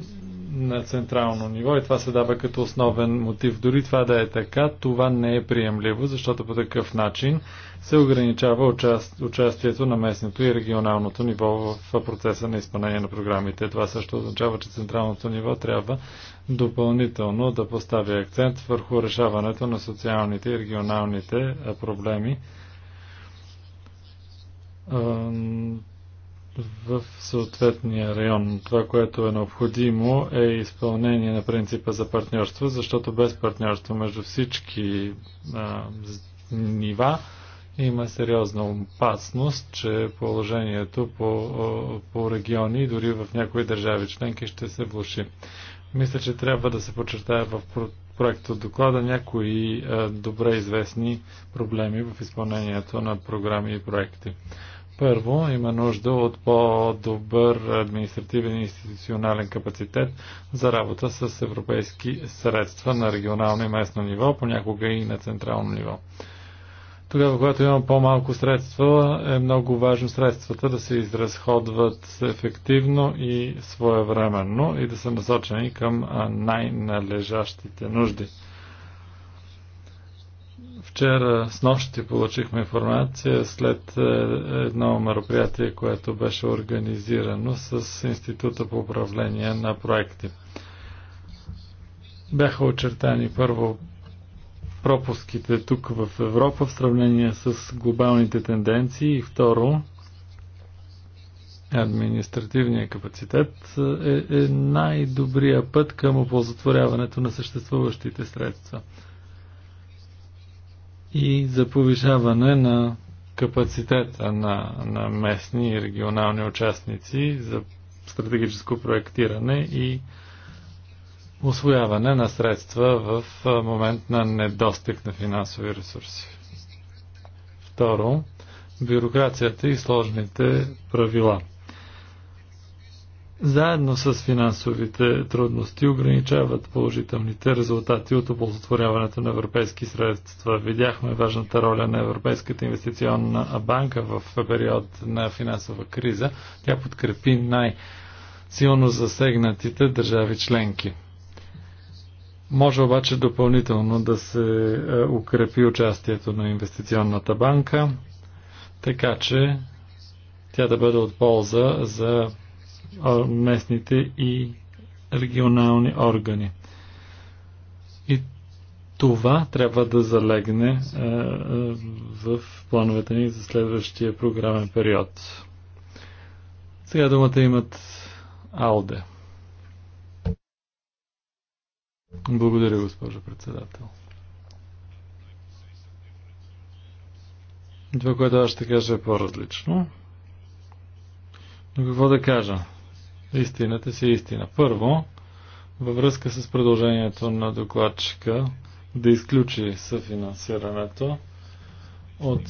на централно ниво и това се дава като основен мотив. Дори това да е така, това не е приемливо, защото по такъв начин се ограничава участието на местното и регионалното ниво в процеса на изпълнение на програмите. Това също означава, че централното ниво трябва допълнително да постави акцент върху решаването на социалните и регионалните проблеми в съответния район. Това, което е необходимо е изпълнение на принципа за партньорство, защото без партньорство между всички а, нива има сериозна опасност, че положението по, по региони и дори в някои държави членки ще се влуши. Мисля, че трябва да се подчертая в проекта доклада някои добре известни проблеми в изпълнението на програми и проекти. Първо, има нужда от по-добър административен и институционален капацитет за работа с европейски средства на регионално и местно ниво, понякога и на централно ниво. Тогава, когато има по-малко средства, е много важно средствата да се изразходват ефективно и своевременно и да са насочени към най-належащите нужди. Вчера с нощи получихме информация след е, едно мероприятие, което беше организирано с Института по управление на проекти. Бяха очертани първо пропуските тук в Европа в сравнение с глобалните тенденции и второ административния капацитет е, е най-добрия път към оползотворяването на съществуващите средства и за повишаване на капацитета на, на местни и регионални участници за стратегическо проектиране и освояване на средства в момент на недостиг на финансови ресурси. Второ, бюрокрацията и сложните правила – заедно с финансовите трудности ограничават положителните резултати от оползотворяването на европейски средства. Видяхме важната роля на Европейската инвестиционна банка в период на финансова криза. Тя подкрепи най-силно засегнатите държави членки. Може обаче допълнително да се е, укрепи участието на инвестиционната банка, така че тя да бъде от полза за местните и регионални органи. И това трябва да залегне е, е, в плановете ни за следващия програмен период. Сега думата имат Алде. Благодаря, госпожо председател. Това, което аз ще кажа е по-различно. Но какво да кажа? истината си е истина. Първо, във връзка с продължението на докладчика да изключи съфинансирането от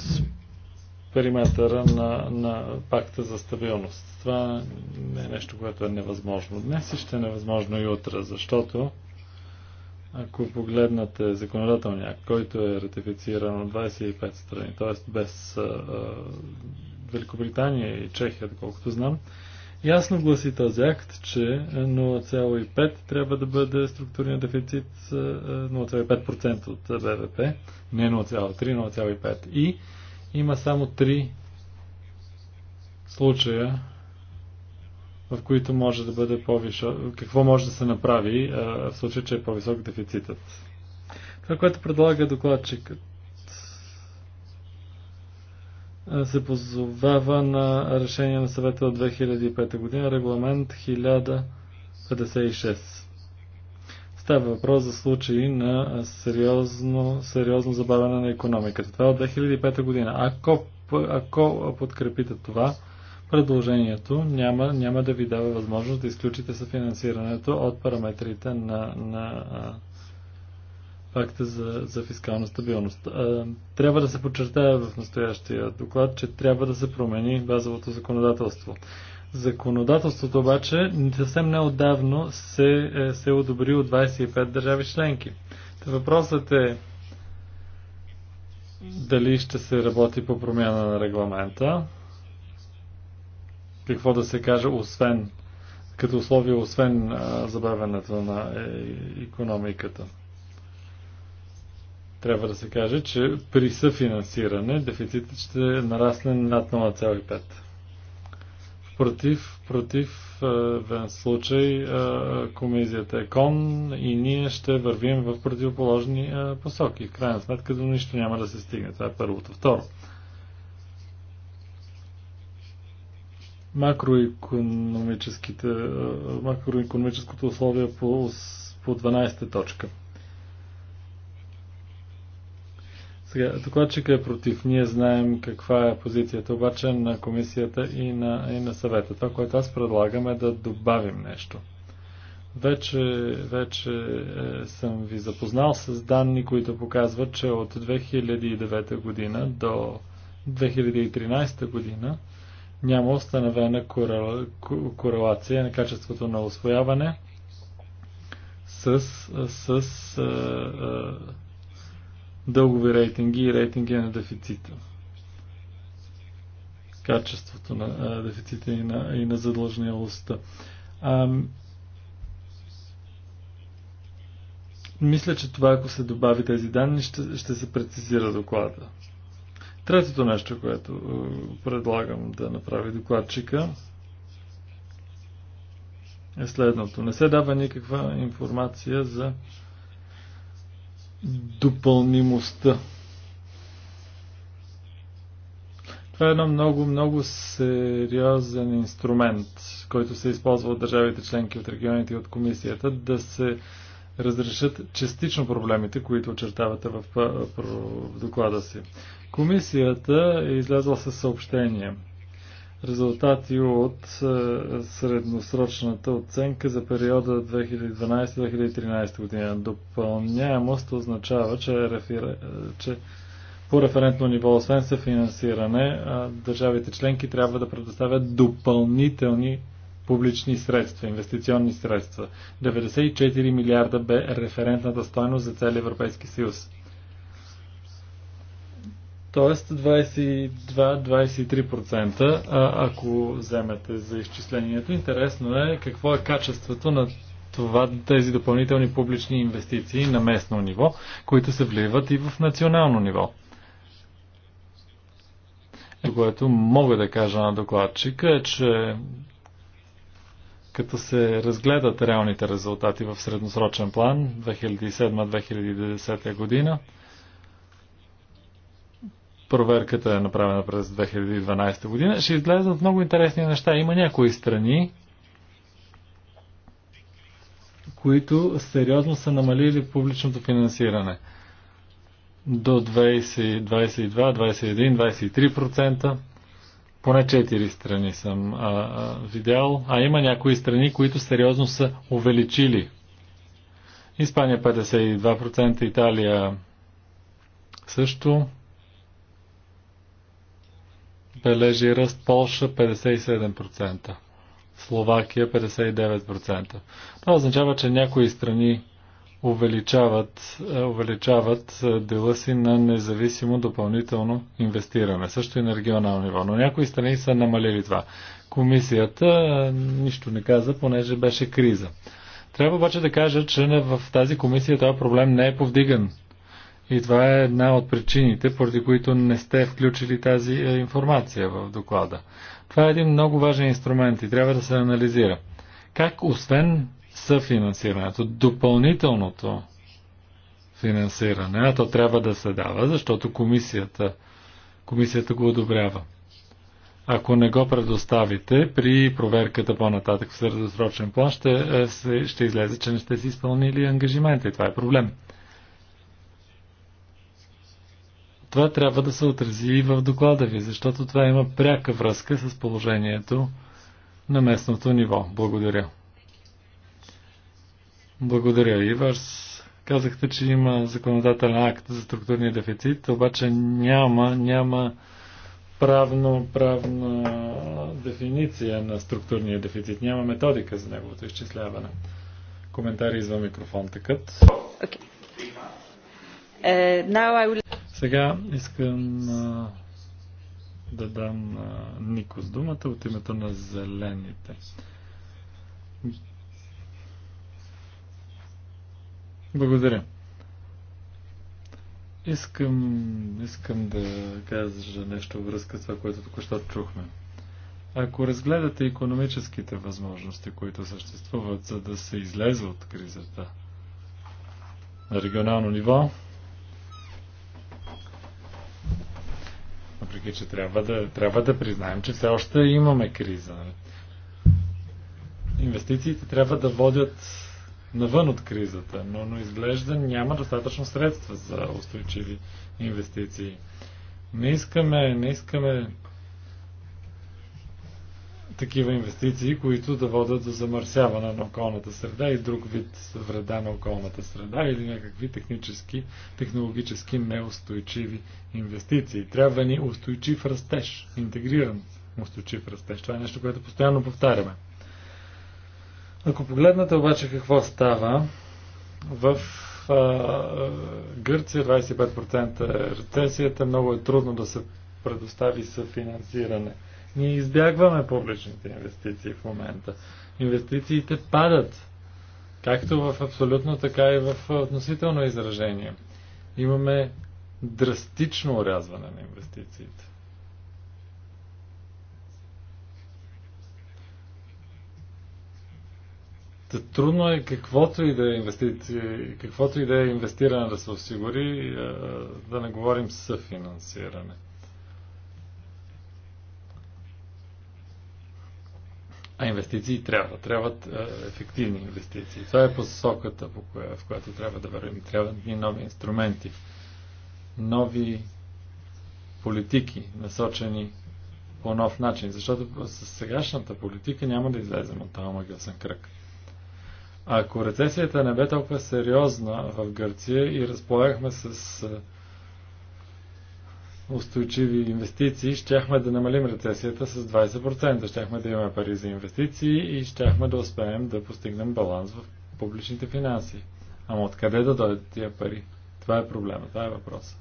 периметъра на, на пакта за стабилност. Това не е нещо, което е невъзможно днес и ще е невъзможно и утре, защото ако погледнате законодателния, който е ратифициран от 25 страни, т.е. без а, а, Великобритания и Чехия, доколкото знам, Ясно гласи този акт, че 0,5 трябва да бъде структурният дефицит 0,5% е, е, от БВП, не 0,3, 0,5. И има само 3 случая, в които може да бъде по-висок, какво може да се направи е, в случай, че е по-висок дефицитът. Това, което предлага докладчикът се позовава на решение на съвета от 2005 година, регламент 1056. Става въпрос за случаи на сериозно, сериозно забавяне на економиката. Това е от 2005 година. Ако, ако подкрепите това, предложението няма, няма да ви дава възможност да изключите съфинансирането от параметрите на, на факта за, за фискална стабилност. Трябва да се подчертая в настоящия доклад, че трябва да се промени базовото законодателство. Законодателството обаче съвсем неодавно се, е, се одобри от 25 държави членки. Въпросът е дали ще се работи по промяна на регламента, какво да се каже, освен като условие, освен а, забавянето на е, економиката трябва да се каже, че при съфинансиране дефицитът ще нарасне над 0,5. Против, против е, в случай е ЕКОН и ние ще вървим в противоположни е, посоки. В крайна сметка до нищо няма да се стигне. Това е първото. Второ. Макроекономическите, е, макроекономическото условие по, по 12 точка. Сега, докладчика е против. Ние знаем каква е позицията обаче на комисията и на, и на съвета. Това, което аз предлагам е да добавим нещо. Вече, вече е, съм ви запознал с данни, които показват, че от 2009 година до 2013 година няма установена корелация на качеството на освояване с, с, с е, е, дългови рейтинги и рейтинги на дефицита. Качеството на а, дефицита и на, и на задлъжнялостта. А, мисля, че това, ако се добави тези данни, ще, ще се прецизира доклада. Третото нещо, което предлагам да направи докладчика, е следното. Не се дава никаква информация за допълнимостта. Това е едно много, много сериозен инструмент, който се използва от държавите членки, от регионите и от комисията, да се разрешат частично проблемите, които очертавате в, доклада си. Комисията е излязла със съобщение – резултати от е, средносрочната оценка за периода 2012-2013 година. Допълняемост означава, че, рефер... че по референтно ниво, освен съфинансиране, е, държавите членки трябва да предоставят допълнителни публични средства, инвестиционни средства. 94 милиарда бе референтната стойност за целия Европейски съюз. Тоест 22-23%, ако вземете за изчислението. Интересно е какво е качеството на това, тези допълнителни публични инвестиции на местно ниво, които се вливат и в национално ниво. Което мога да кажа на докладчика е, че като се разгледат реалните резултати в средносрочен план 2007-2010 година, проверката е направена през 2012 година, ще излезат много интересни неща. Има някои страни, които сериозно са намалили публичното финансиране до 22, 21, 23%. Поне 4 страни съм а, а, видял, а има някои страни, които сериозно са увеличили. Испания 52%, Италия също бележи ръст Полша 57%, Словакия 59%. Това означава, че някои страни увеличават, е, увеличават е, дела си на независимо допълнително инвестиране, също и на регионално ниво. Но някои страни са намалили това. Комисията е, нищо не каза, понеже беше криза. Трябва обаче да кажа, че в тази комисия този проблем не е повдиган и това е една от причините, поради които не сте включили тази е, информация в доклада. Това е един много важен инструмент и трябва да се анализира. Как освен съфинансирането, допълнителното финансиране, а то трябва да се дава, защото комисията, комисията го одобрява. Ако не го предоставите при проверката по-нататък в средосрочен план, ще, е, ще излезе, че не сте си изпълнили ангажимента и това е проблем. Това трябва да се отрази и в доклада ви, защото това има пряка връзка с положението на местното ниво. Благодаря. Благодаря, и вас. Казахте, че има законодателен акт за структурния дефицит, обаче няма, няма правно, правна дефиниция на структурния дефицит. Няма методика за неговото изчисляване. Коментари извън микрофон такът. Okay. Uh, will... Сега искам а, да дам а, Никос думата от името на зелените. Благодаря. Искам, искам да кажа нещо във връзка с това, което току-що чухме. Ако разгледате економическите възможности, които съществуват, за да се излезе от кризата на регионално ниво, въпреки че трябва да, трябва да признаем, че все още имаме криза. Инвестициите трябва да водят навън от кризата, но, но изглежда няма достатъчно средства за устойчиви инвестиции. Не искаме, не искаме такива инвестиции, които да водят до замърсяване на околната среда и друг вид вреда на околната среда или някакви технически, технологически неустойчиви инвестиции. Трябва ни устойчив растеж, интегриран устойчив растеж. Това е нещо, което постоянно повтаряме. Ако погледнете обаче какво става в а, Гърция 25% е рецесията, много е трудно да се предостави съфинансиране – ние избягваме публичните инвестиции в момента. Инвестициите падат, както в абсолютно, така и в относително изражение. Имаме драстично урязване на инвестициите. трудно е каквото и да е инвестиции, каквото и да е инвестиране да се осигури, да не говорим съфинансиране. А инвестиции трябва. Трябват ефективни инвестиции. Това е посоката, по коя, в която трябва да вървим. Трябват ни нови инструменти, нови политики, насочени по нов начин, защото с сегашната политика няма да излезем от този магиосен кръг. Ако рецесията не бе толкова сериозна в Гърция и разполагахме с устойчиви инвестиции, щяхме да намалим рецесията с 20%. Щяхме да имаме пари за инвестиции и щяхме да успеем да постигнем баланс в публичните финанси. Ама откъде да дойдат тия пари? Това е проблема, това е въпрос.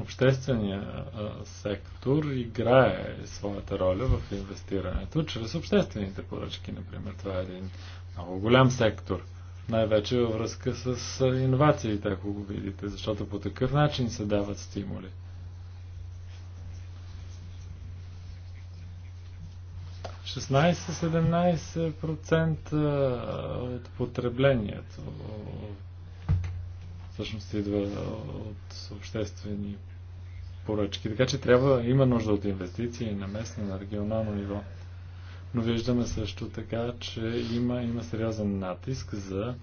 Обществения сектор играе своята роля в инвестирането чрез обществените поръчки, например. Това е един много голям сектор – най-вече във връзка с иновациите, ако го видите, защото по такъв начин се дават стимули. от потреблението всъщност идва от обществени поръчки. Така че трябва, има нужда от инвестиции на местно, на регионално ниво но виждаме също така, че има, има сериозен натиск за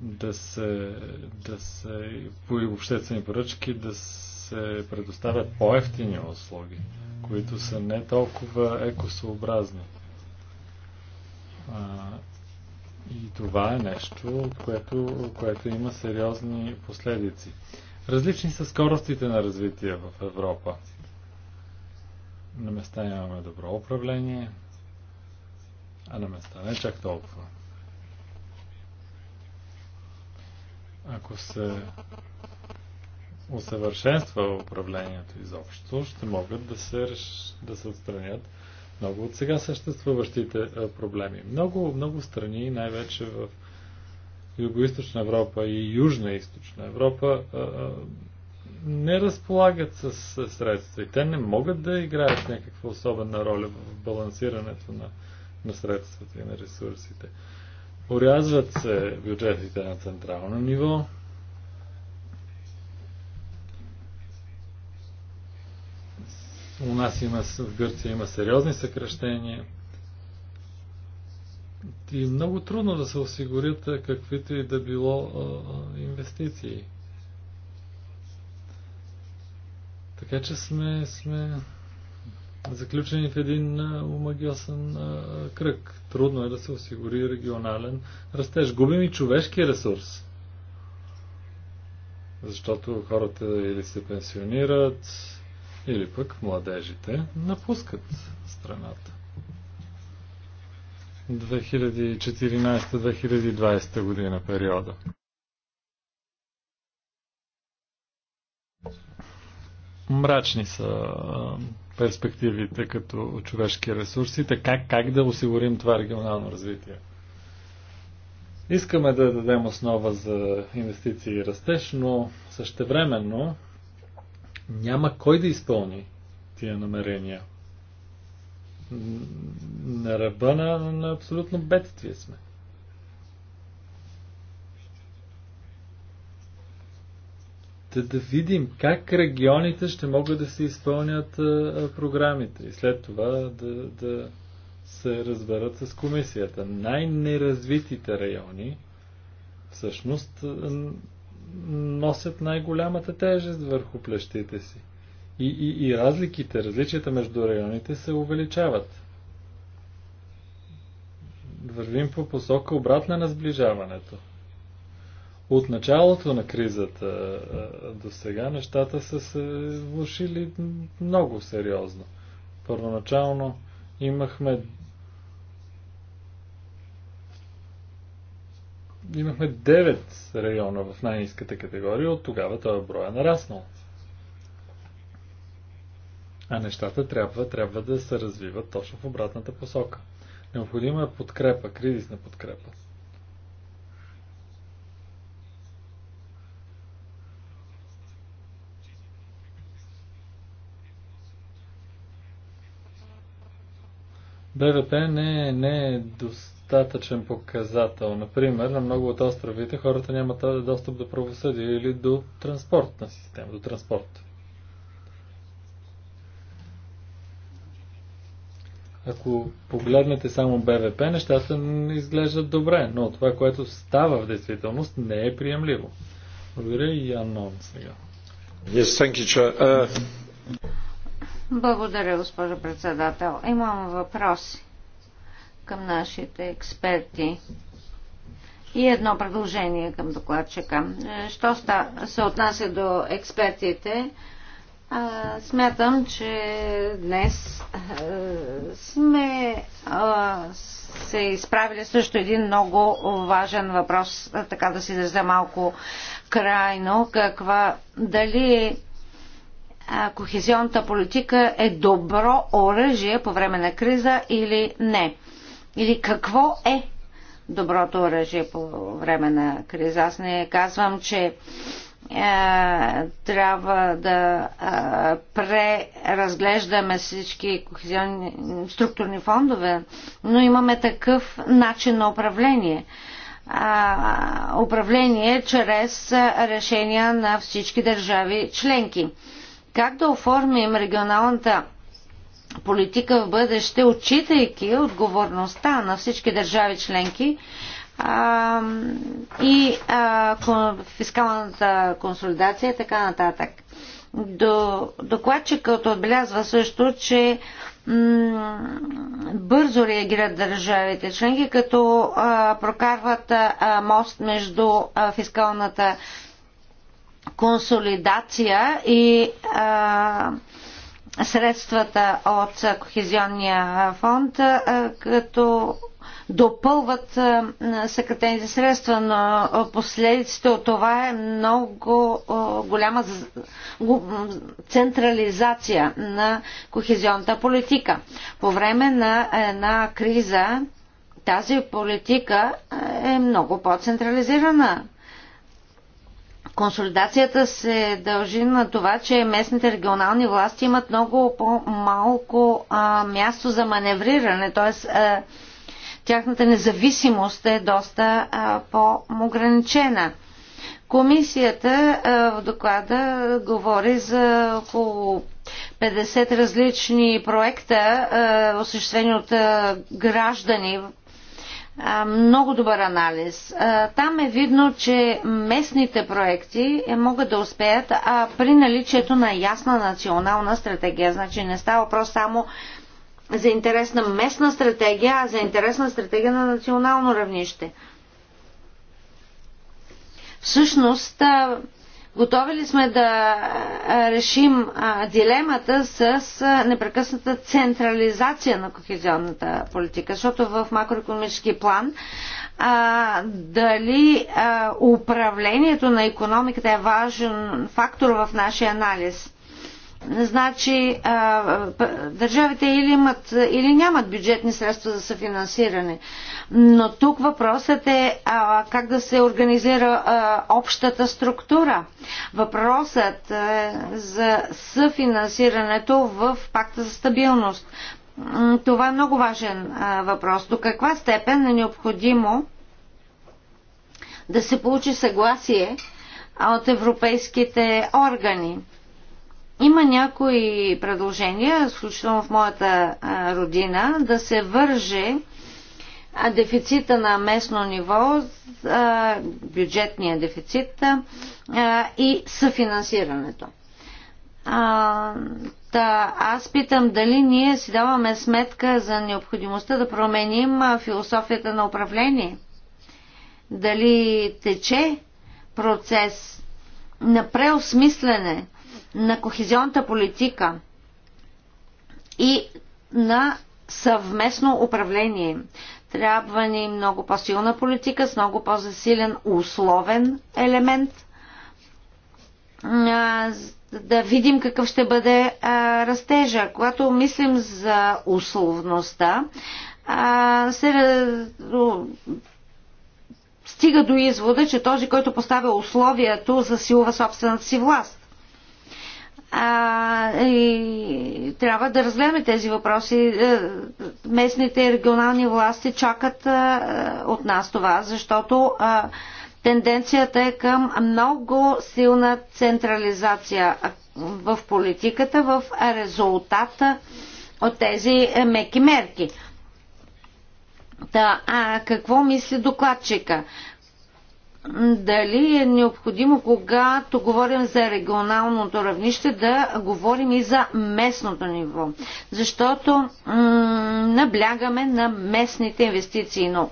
да се, да се по обществени поръчки да се предоставят по-ефтини услуги, които са не толкова екосообразни. А, и това е нещо, което, което има сериозни последици. Различни са скоростите на развитие в Европа. На места имаме добро управление, а на места не чак толкова. Ако се усъвършенства управлението изобщо, ще могат да се, да се отстранят много от сега съществуващите проблеми. Много, много страни, най-вече в Юго-Источна Европа и Южна Източна Европа не разполагат с средства и те не могат да играят някаква особена роля в балансирането на, на средствата и на ресурсите. Орязват се бюджетите на централно ниво. У нас има, в Гърция има сериозни съкръщения. И много трудно да се осигурят каквито и да било инвестиции. Така че сме, сме заключени в един омагиосен кръг. Трудно е да се осигури регионален растеж. Губим и човешки ресурс. Защото хората или се пенсионират, или пък младежите напускат страната. 2014-2020 година периода. Мрачни са перспективите като човешки ресурси, така как да осигурим това регионално развитие. Искаме да дадем основа за инвестиции и растеж, но същевременно няма кой да изпълни тия намерения – на ръба на, на абсолютно бедствие сме. Да, да видим как регионите ще могат да се изпълнят а, програмите и след това да, да се разберат с комисията. Най-неразвитите райони всъщност носят най-голямата тежест върху плещите си. И, и, и разликите, различията между районите се увеличават. Вървим по посока обратна на сближаването. От началото на кризата до сега нещата са се влушили много сериозно. Първоначално имахме имахме 9 района в най-низката категория, от тогава този брой е нараснал. А нещата трябва, трябва да се развиват точно в обратната посока. Необходима е подкрепа, кризисна подкрепа. БВП не, е, не е достатъчен показател. Например, на много от островите хората нямат достъп до правосъдие или до транспортна система, до транспорт. Ако погледнете само БВП, нещата не изглеждат добре, но това, което става в действителност, не е приемливо. Благодаря и Анон сега. Yes, thank you, uh... Благодаря, госпожо председател. Имам въпроси към нашите експерти и едно предложение към докладчика. Е, що ста, се отнася до експертите, а, смятам, че днес а, сме а, се изправили също един много важен въпрос, така да се изразя малко крайно, каква дали кохезионната политика е добро оръжие по време на криза или не. Или какво е доброто оръжие по време на криза. Аз не казвам, че е, трябва да е, преразглеждаме всички кохезионни структурни фондове, но имаме такъв начин на управление. Управление чрез решения на всички държави членки. Как да оформим регионалната политика в бъдеще, отчитайки отговорността на всички държави членки а, и фискалната консолидация и така нататък. До, докладчикът отбелязва също, че бързо реагират държавите членки, като а, прокарват а, мост между а, фискалната консолидация и а, средствата от Кохезионния фонд, а, като допълват съкратените средства, но последиците от това е много голяма централизация на кохезионната политика. По време на една криза тази политика е много по-централизирана. Консолидацията се дължи на това, че местните регионални власти имат много по-малко място за маневриране, т.е тяхната независимост е доста по-ограничена. Комисията в доклада говори за около 50 различни проекта, осъществени от граждани. Много добър анализ. Там е видно, че местните проекти е, могат да успеят при наличието на ясна национална стратегия. Значи не става въпрос само за интересна местна стратегия, а за интересна стратегия на национално равнище. Всъщност, готови ли сме да решим дилемата с непрекъсната централизация на кохезионната политика? Защото в макроекономически план а, дали а, управлението на економиката е важен фактор в нашия анализ. Значи, държавите или, имат, или нямат бюджетни средства за съфинансиране. Но тук въпросът е а, как да се организира а, общата структура. Въпросът е за съфинансирането в пакта за стабилност. Това е много важен а, въпрос. До каква степен е необходимо да се получи съгласие от европейските органи? Има някои предложения, включително в моята родина, да се върже дефицита на местно ниво, бюджетния дефицит и съфинансирането. Та, аз питам дали ние си даваме сметка за необходимостта да променим философията на управление. Дали тече процес на преосмислене на кохезионната политика и на съвместно управление. Трябва ни много по-силна политика с много по-засилен условен елемент. Да видим какъв ще бъде растежа. Когато мислим за условността, се стига до извода, че този, който поставя условието, засилва собствената си власт а, и трябва да разгледаме тези въпроси. Е, местните и регионални власти чакат а, е, от нас това, защото а, е, тенденцията е към много силна централизация в политиката в резултата от тези меки мерки. Да, а какво мисли докладчика? дали е необходимо, когато говорим за регионалното равнище, да говорим и за местното ниво. Защото наблягаме на местните инвестиции, но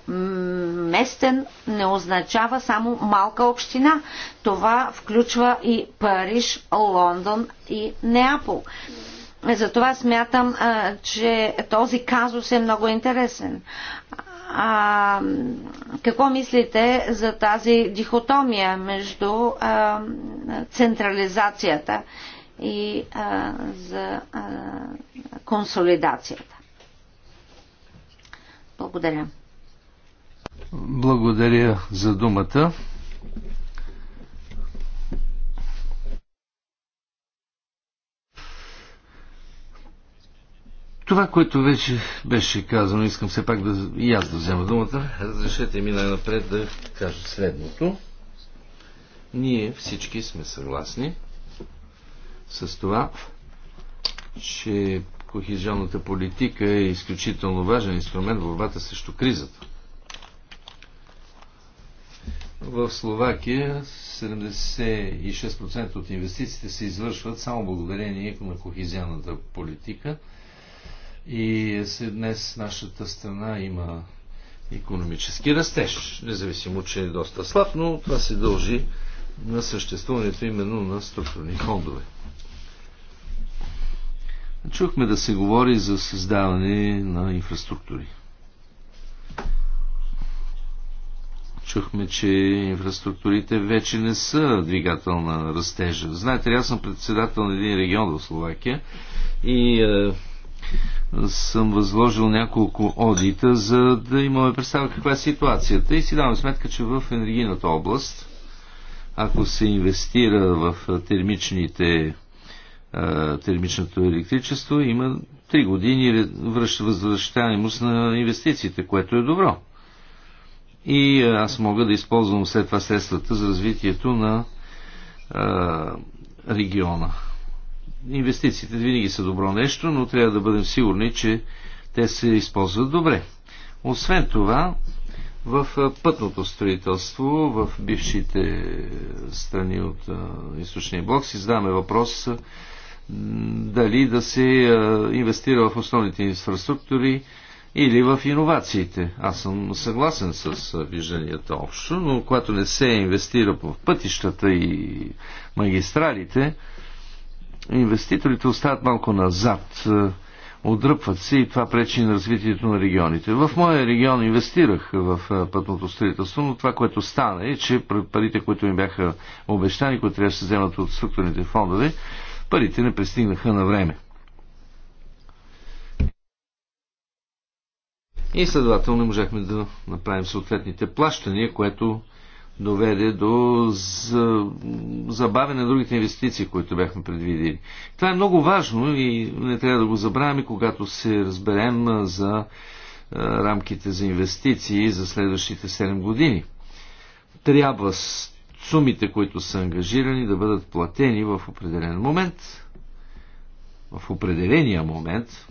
местен не означава само малка община. Това включва и Париж, Лондон и Неапол. Затова смятам, че този казус е много интересен. А, какво мислите за тази дихотомия между а, централизацията и а, за а, консолидацията? Благодаря. Благодаря за думата. Това, което вече беше казано, искам все пак да и аз да взема думата. Разрешете ми най-напред да кажа следното. Ние всички сме съгласни с това, че кохезионната политика е изключително важен инструмент в борбата срещу кризата. В Словакия 76% от инвестициите се извършват само благодарение на кохезионната политика – и днес нашата страна има економически растеж, независимо, че е доста слаб, но това се дължи на съществуването именно на структурни фондове. Чухме да се говори за създаване на инфраструктури. Чухме, че инфраструктурите вече не са двигател на растежа. Знаете, аз съм председател на един регион в Словакия и е, съм възложил няколко одита, за да имаме представа каква е ситуацията. И си давам сметка, че в енергийната област, ако се инвестира в термичните, термичното електричество, има 3 години възвръщаемост на инвестициите, което е добро. И аз мога да използвам след това средствата за развитието на региона. Инвестициите винаги са добро нещо, но трябва да бъдем сигурни, че те се използват добре. Освен това, в пътното строителство, в бившите е, страни от източния блок, си задаваме въпрос дали да се инвестира в основните инфраструктури или в иновациите. Аз съм съгласен с вижданията общо, но когато не се инвестира в пътищата и магистралите, инвеститорите остават малко назад, е, отдръпват се и това пречи на развитието на регионите. В моя регион инвестирах в е, пътното строителство, но това, което стана е, че парите, които им бяха обещани, които трябваше да се вземат от структурните фондове, парите не пристигнаха на време. И следователно не можахме да направим съответните плащания, което доведе до забавяне на другите инвестиции, които бяхме предвидили. Това е много важно и не трябва да го забравяме, когато се разберем за рамките за инвестиции за следващите 7 години. Трябва сумите, които са ангажирани, да бъдат платени в определен момент, в определения момент,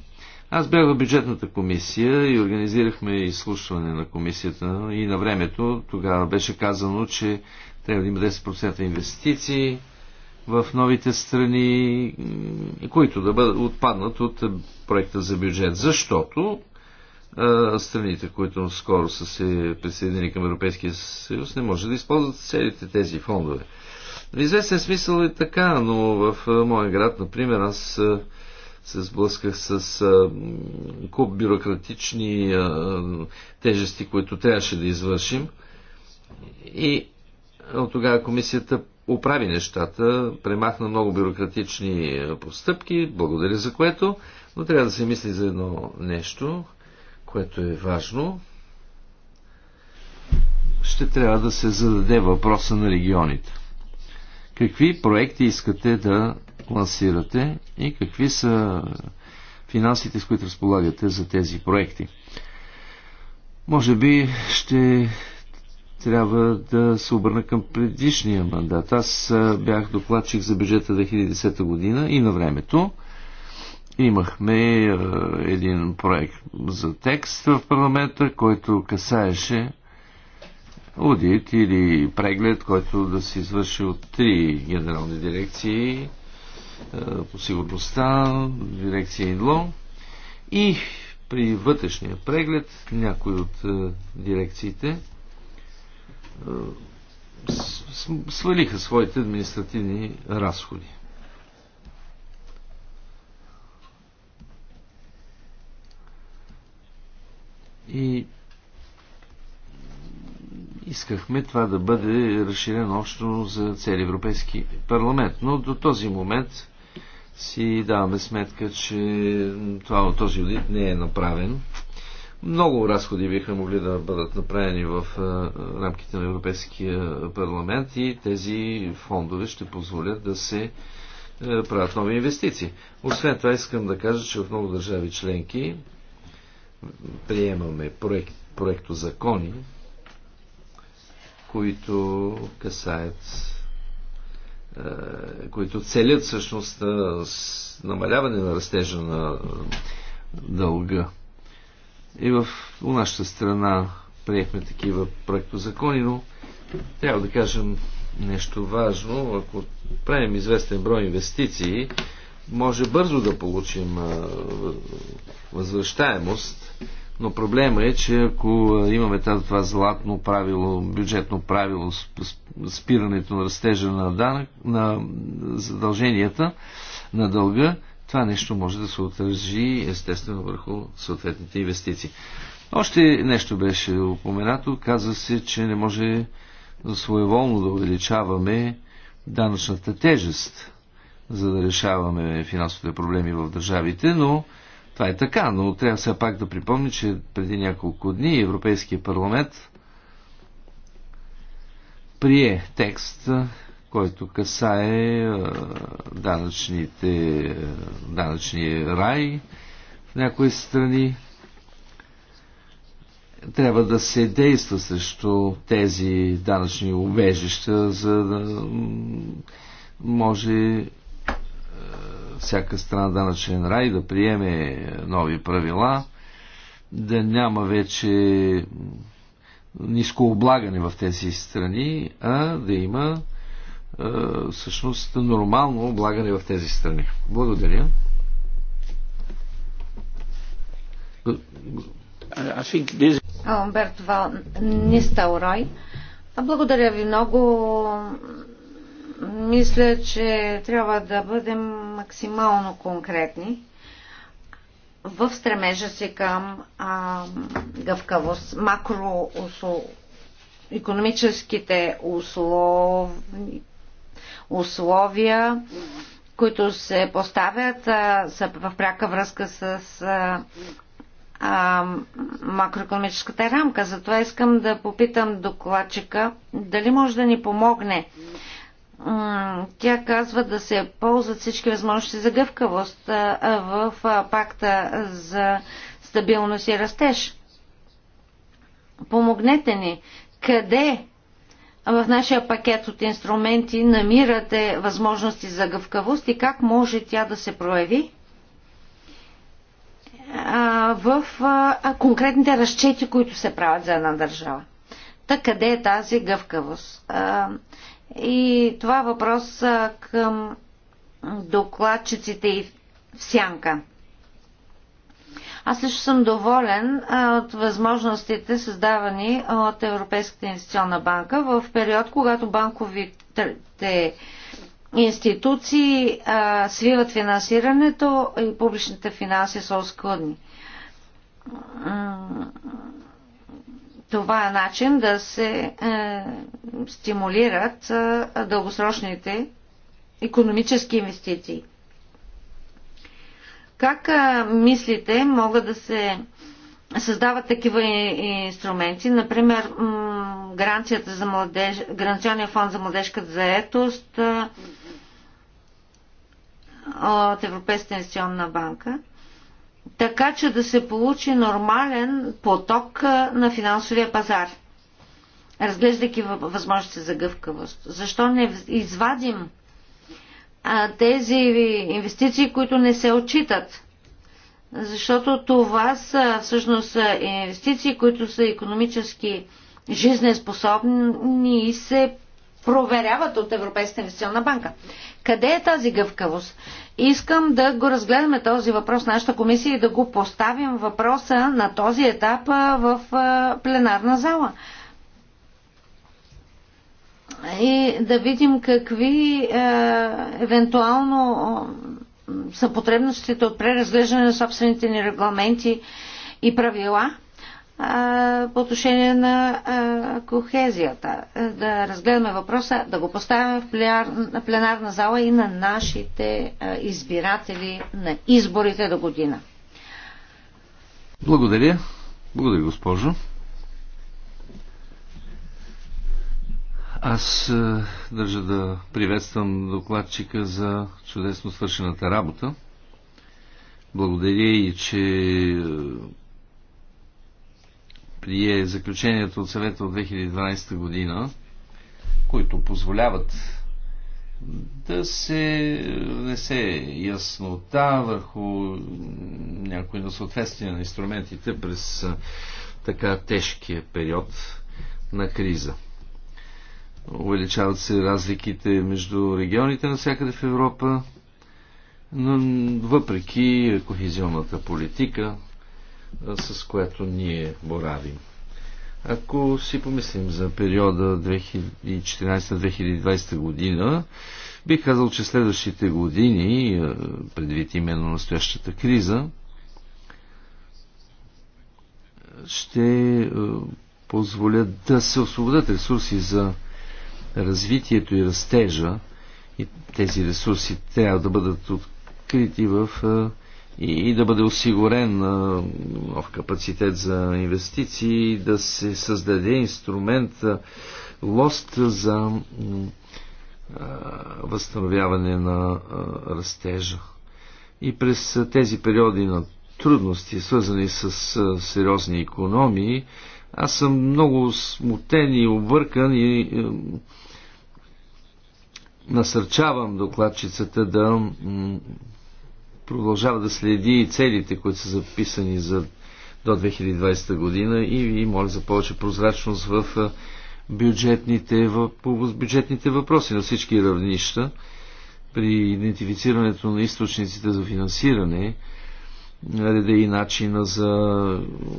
аз бях в бюджетната комисия и организирахме изслушване на комисията и на времето тогава беше казано, че трябва да има 10% инвестиции в новите страни, които да бъдат отпаднат от проекта за бюджет. Защото страните, които скоро са се присъединили към Европейския съюз, не може да използват целите тези фондове. В известен смисъл е така, но в моя град, например, аз се сблъсках с а, куп бюрократични а, тежести, които трябваше да извършим. И от тогава комисията оправи нещата, премахна много бюрократични постъпки, благодаря за което, но трябва да се мисли за едно нещо, което е важно. Ще трябва да се зададе въпроса на регионите. Какви проекти искате да лансирате и какви са финансите, с които разполагате за тези проекти. Може би ще трябва да се обърна към предишния мандат. Аз бях докладчик за бюджета 2010 година и на времето имахме един проект за текст в парламента, който касаеше аудит или преглед, който да се извърши от три генерални дирекции е, по сигурността, дирекция ИНЛО. И при вътрешния преглед някои от е, дирекциите е, свалиха своите административни разходи. И искахме това да бъде разширено общо за цели Европейски парламент. Но до този момент си даваме сметка, че това, този одит не е направен. Много разходи биха могли да бъдат направени в рамките на Европейския парламент и тези фондове ще позволят да се правят нови инвестиции. Освен това искам да кажа, че в много държави членки приемаме проект, проекто закони, които касаят е, които целят всъщност е, намаляване на растежа на дълга. И в у нашата страна приехме такива проектозакони, но трябва да кажем нещо важно. Ако правим известен брой инвестиции, може бързо да получим е, възвръщаемост но проблема е, че ако е, имаме тази, това златно правило, бюджетно правило, спирането на растежа на, данък, на задълженията, на дълга, това нещо може да се отражи естествено върху съответните инвестиции. Още нещо беше упоменато. Каза се, че не може своеволно да увеличаваме данъчната тежест, за да решаваме финансовите проблеми в държавите, но това е така, но трябва все пак да припомня, че преди няколко дни Европейския парламент прие текст, който касае данъчните, данъчния рай в някои страни. Трябва да се действа срещу тези данъчни убежища, за да може всяка страна данъчен рай да приеме нови правила, да няма вече ниско облагане в тези страни, а да има всъщност нормално облагане в тези страни. Благодаря. This... Умберт Ван Нисталрой. Благодаря ви много мисля, че трябва да бъдем максимално конкретни в стремежа си към а, гъвкавост, макро економическите услов, условия, които се поставят, а, са в пряка връзка с а, а, макроекономическата рамка. Затова искам да попитам докладчика дали може да ни помогне тя казва да се ползват всички възможности за гъвкавост в пакта за стабилност и растеж. Помогнете ни. Къде в нашия пакет от инструменти намирате възможности за гъвкавост и как може тя да се прояви в конкретните разчети, които се правят за една държава? Та къде е тази гъвкавост? И това е въпрос към докладчиците и в сянка. Аз също съм доволен от възможностите създавани от Европейската инвестиционна банка в период, когато банковите институции свиват финансирането и публичните финанси са оскъдни. Това е начин да се е, стимулират е, дългосрочните економически инвестиции. Как е, мислите могат да се създават такива инструменти, например гаранцията за младеж, гаранционния фонд за младежката заетост е, от Европейската инвестиционна банка? така че да се получи нормален поток на финансовия пазар, разглеждайки възможности за гъвкавост. Защо не извадим а, тези инвестиции, които не се отчитат? Защото това са всъщност инвестиции, които са економически жизнеспособни и се проверяват от Европейската инвестиционна банка. Къде е тази гъвкавост? Искам да го разгледаме този въпрос в нашата комисия и да го поставим въпроса на този етап в пленарна зала. И да видим какви е, евентуално са потребностите от преразглеждане на собствените ни регламенти и правила по отношение на кохезията. Е, да разгледаме въпроса, да го поставим в пленарна зала и на нашите избиратели на изборите до година. Благодаря. Благодаря, госпожо. Аз е, държа да приветствам докладчика за чудесно свършената работа. Благодаря и, че е, прие заключението от съвета от 2012 година, които позволяват да се внесе яснота върху някои съответствие на инструментите през така тежкия период на криза. Увеличават се разликите между регионите навсякъде в Европа, но въпреки кохезионната политика, с което ние боравим. Ако си помислим за периода 2014-2020 година, бих казал, че следващите години, е, предвид именно настоящата криза, ще е, позволят да се освободят ресурси за развитието и растежа и тези ресурси трябва да бъдат открити в е, и да бъде осигурен нов капацитет за инвестиции, да се създаде инструмент лост за възстановяване на растежа. И през тези периоди на трудности, свързани с сериозни економии, аз съм много смутен и объркан и насърчавам докладчицата да продължава да следи и целите, които са записани за до 2020 година и ви моля за повече прозрачност в бюджетните, в, бюджетните въпроси на всички равнища при идентифицирането на източниците за финансиране, реда и начина за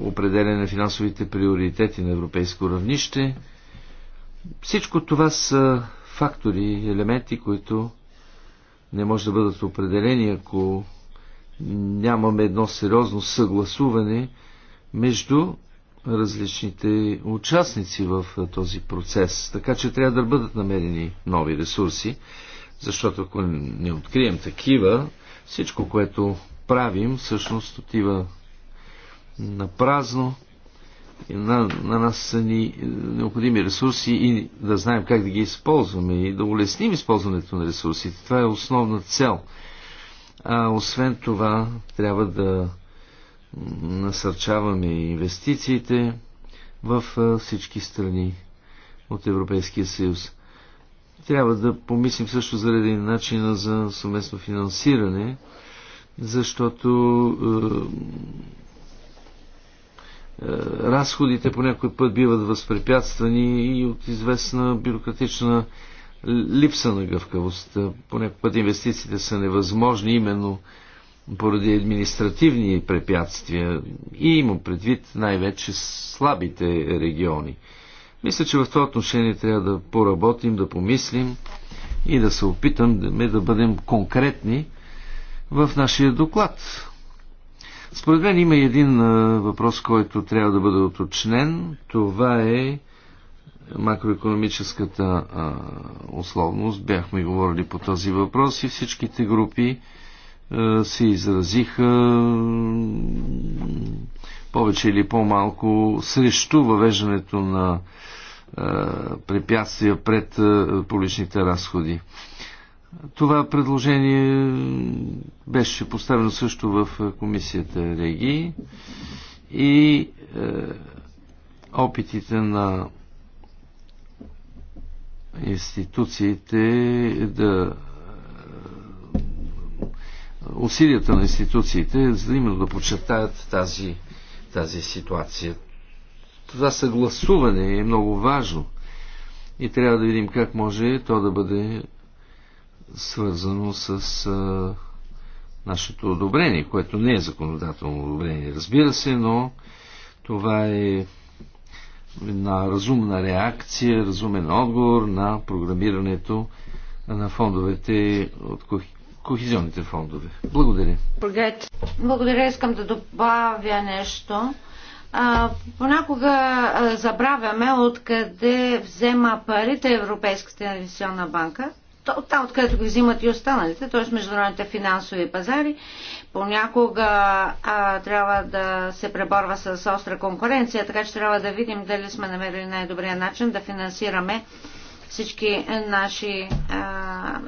определене на финансовите приоритети на европейско равнище. Всичко това са фактори, елементи, които не може да бъдат определени, ако нямаме едно сериозно съгласуване между различните участници в този процес. Така че трябва да бъдат намерени нови ресурси, защото ако не открием такива, всичко, което правим, всъщност отива на празно. И на, на нас са ни е, необходими ресурси и да знаем как да ги използваме и да улесним използването на ресурсите. Това е основна цел – а освен това, трябва да насърчаваме инвестициите в всички страни от Европейския съюз. Трябва да помислим също заради начина за съвместно финансиране, защото е, разходите по някой път биват възпрепятствани и от известна бюрократична е, липса на гъвкавост. Поне път инвестициите са невъзможни именно поради административни препятствия и има предвид най-вече слабите региони. Мисля, че в това отношение трябва да поработим, да помислим и да се опитаме да бъдем конкретни в нашия доклад. Според мен има един въпрос, който трябва да бъде уточнен. Това е макроекономическата а, условност. Бяхме говорили по този въпрос и всичките групи а, се изразиха повече или по-малко срещу въвеждането на а, препятствия пред а, публичните разходи. Това предложение беше поставено също в комисията Реги и е, опитите на институциите да е, усилията на институциите, за да именно да подчертаят тази, тази ситуация. Това съгласуване е много важно и трябва да видим как може то да бъде свързано с а, нашето одобрение, което не е законодателно одобрение, разбира се, но това е една разумна реакция, разумен отговор на програмирането на фондовете от кохизионните фондове. Благодаря. Благодаря. Искам да добавя нещо. А, понякога а, забравяме откъде взема парите Европейската инвестиционна банка там откъдето ги взимат и останалите, т.е. международните финансови пазари. Понякога а, трябва да се преборва с остра конкуренция, така че трябва да видим дали сме намерили най-добрия начин да финансираме всички наши а,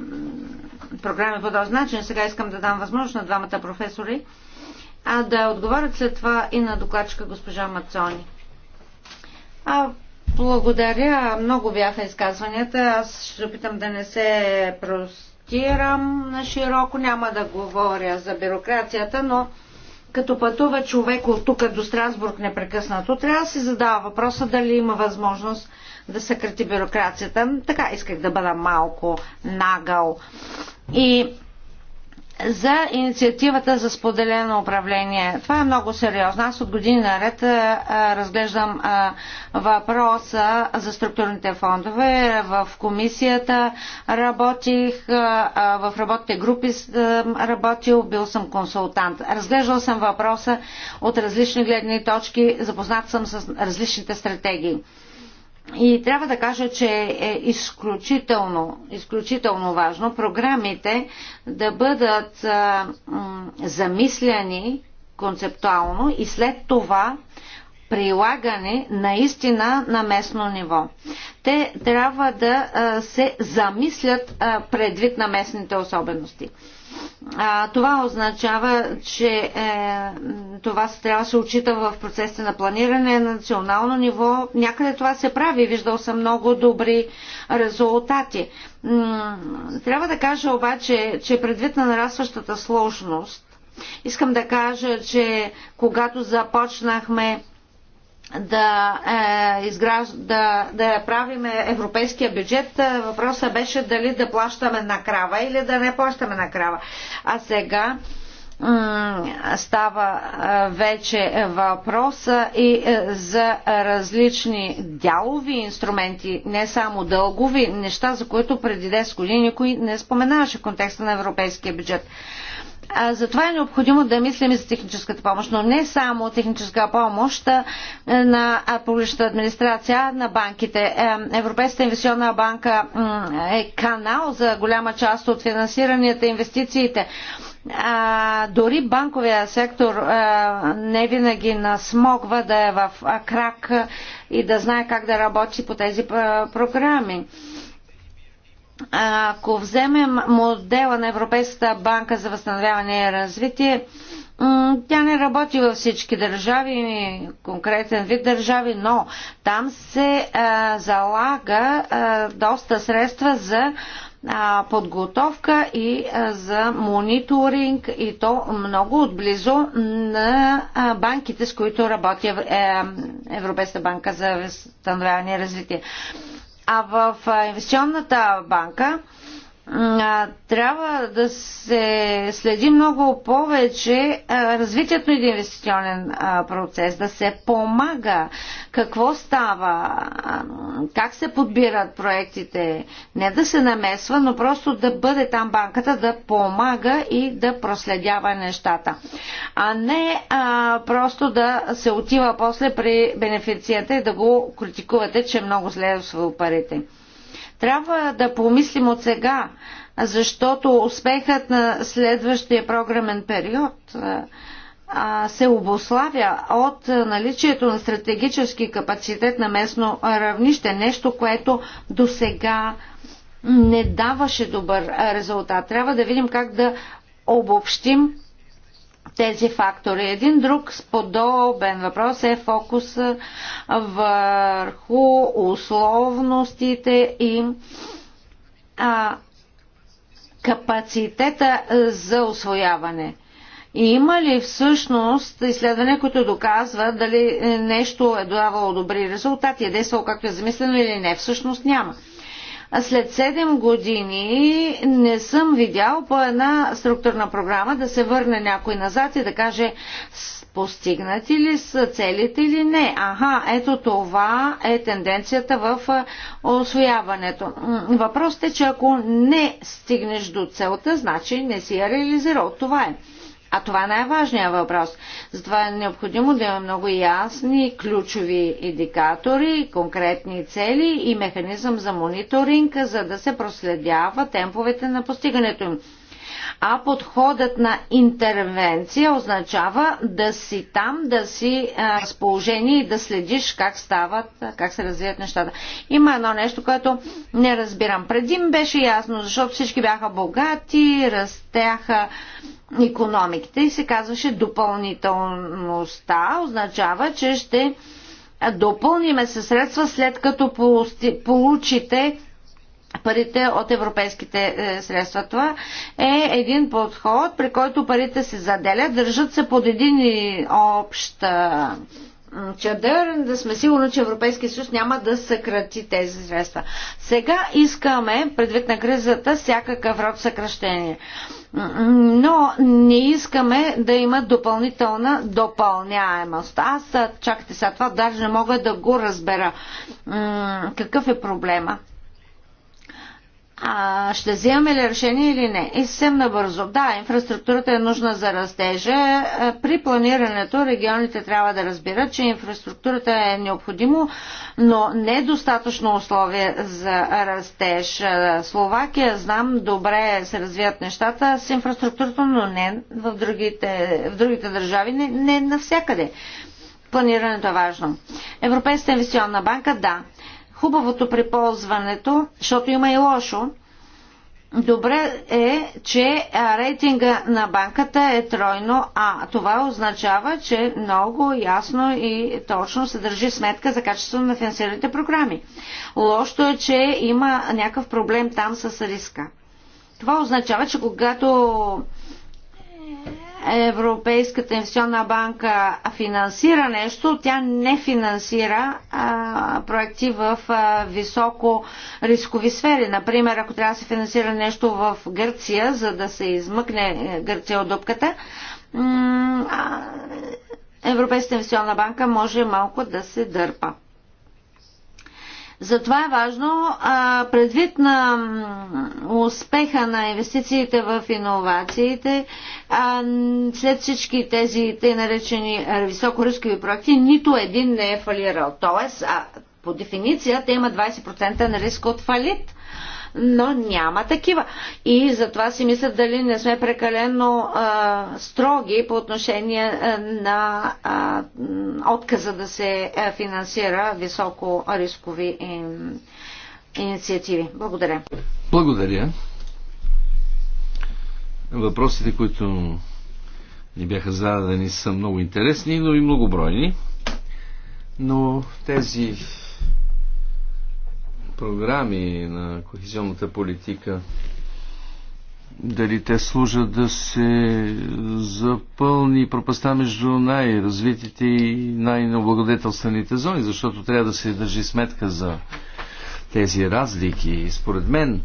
програми по този начин. Сега искам да дам възможност на двамата професори а да отговорят след това и на докладчика госпожа Мацони. А, благодаря. Много бяха изказванията. Аз ще опитам да не се простирам на широко. Няма да говоря за бюрокрацията, но като пътува човек от тук до Страсбург непрекъснато, трябва да се задава въпроса дали има възможност да съкрати бюрокрацията. Така исках да бъда малко нагъл. И за инициативата за споделено управление. Това е много сериозно. Аз от години наред разглеждам въпроса за структурните фондове. В комисията работих, в работните групи работил, бил съм консултант. Разглеждал съм въпроса от различни гледни точки, запознат съм с различните стратегии. И трябва да кажа, че е изключително, изключително важно програмите да бъдат а, замисляни концептуално и след това прилагане наистина на местно ниво. Те трябва да се замислят предвид на местните особености. А, това означава, че е, това се трябва да се отчита в процесите на планиране на национално ниво. Някъде това се прави. Виждал съм много добри резултати. Трябва да кажа обаче, че предвид на нарастващата сложност, искам да кажа, че когато започнахме да, е, изграж... да, да правиме европейския бюджет, е, въпросът беше дали да плащаме на крава или да не плащаме на крава. А сега става е, вече въпрос е, и за различни дялови инструменти, не само дългови, неща, за които преди 10 години никой не споменаваше в контекста на европейския бюджет. А, затова е необходимо да мислим и за техническата помощ, но не само техническа помощ на публичната администрация, а на банките. Е, Европейската инвестиционна банка е канал за голяма част от финансиранията и инвестициите. А, дори банковия сектор а, не винаги насмогва да е в крак и да знае как да работи по тези програми ако вземем модела на Европейската банка за възстановяване и развитие, тя не работи във всички държави, конкретен вид държави, но там се а, залага а, доста средства за а, подготовка и а, за мониторинг и то много отблизо на а, банките, с които работи е, Европейската банка за възстановяване и развитие. А, а в инвестиционната банка трябва да се следи много повече развитието на инвестиционен процес, да се помага какво става, как се подбират проектите, не да се намесва, но просто да бъде там банката да помага и да проследява нещата, а не а, просто да се отива после при бенефицията и да го критикувате, че много зле е парите. Трябва да помислим от сега, защото успехът на следващия програмен период се обославя от наличието на стратегически капацитет на местно равнище, нещо, което до сега не даваше добър резултат. Трябва да видим как да обобщим тези фактори. Един друг подобен въпрос е фокус върху условностите и а, капацитета за освояване. И има ли всъщност изследване, което доказва дали нещо е давало добри резултати, е действало както е замислено или не? Всъщност няма след 7 години не съм видял по една структурна програма да се върне някой назад и да каже постигнати ли са целите или не. Аха, ето това е тенденцията в освояването. Въпросът е, че ако не стигнеш до целта, значи не си я реализирал. Това е. А това е най-важният въпрос. Затова е необходимо да има много ясни ключови индикатори, конкретни цели и механизъм за мониторинг, за да се проследява темповете на постигането им. А подходът на интервенция означава да си там, да си разположение и да следиш как стават, как се развият нещата. Има едно нещо, което не разбирам. Преди ми беше ясно, защото всички бяха богати, растяха економиките и се казваше допълнителността, означава, че ще допълниме със средства след като получите парите от европейските е, средства. Това е един подход, при който парите се заделят, държат се под един и общ е, чадър, да сме сигурни, че Европейския съюз няма да съкрати тези средства. Сега искаме, предвид на кризата, всякакъв род съкръщение но не искаме да има допълнителна допълняемост. Аз, чакате сега, това даже не мога да го разбера. Какъв е проблема? а, ще вземаме ли решение или не. И съвсем набързо. Да, инфраструктурата е нужна за растежа. При планирането регионите трябва да разбират, че инфраструктурата е необходимо, но не достатъчно условие за растеж. Словакия, знам, добре се развият нещата с инфраструктурата, но не в другите, в другите държави, не, не навсякъде. Планирането е важно. Европейската инвестиционна банка, да, хубавото при ползването, защото има и лошо. Добре е, че рейтинга на банката е тройно А. Това означава, че много ясно и точно се държи сметка за качеството на финансираните програми. Лошото е, че има някакъв проблем там с риска. Това означава, че когато Европейската инвестиционна банка финансира нещо, тя не финансира а, проекти в а, високо рискови сфери. Например, ако трябва да се финансира нещо в Гърция, за да се измъкне е, Гърция от дупката, Европейската инвестиционна банка може малко да се дърпа. Затова е важно, а, предвид на успеха на инвестициите в иновациите, а, след всички тези тъй наречени високорискови проекти, нито един не е фалирал. Тоест, а, по дефиниция, те имат 20% на риск от фалит но няма такива. И затова си мисля дали не сме прекалено а, строги по отношение на а, отказа да се финансира високо рискови инициативи. Благодаря. Благодаря. Въпросите, които ни бяха зададени, са много интересни, но и многобройни. Но тези програми на кохезионната политика, дали те служат да се запълни пропаста между най-развитите и най-необлагодетелствените зони, защото трябва да се държи сметка за тези разлики. Според мен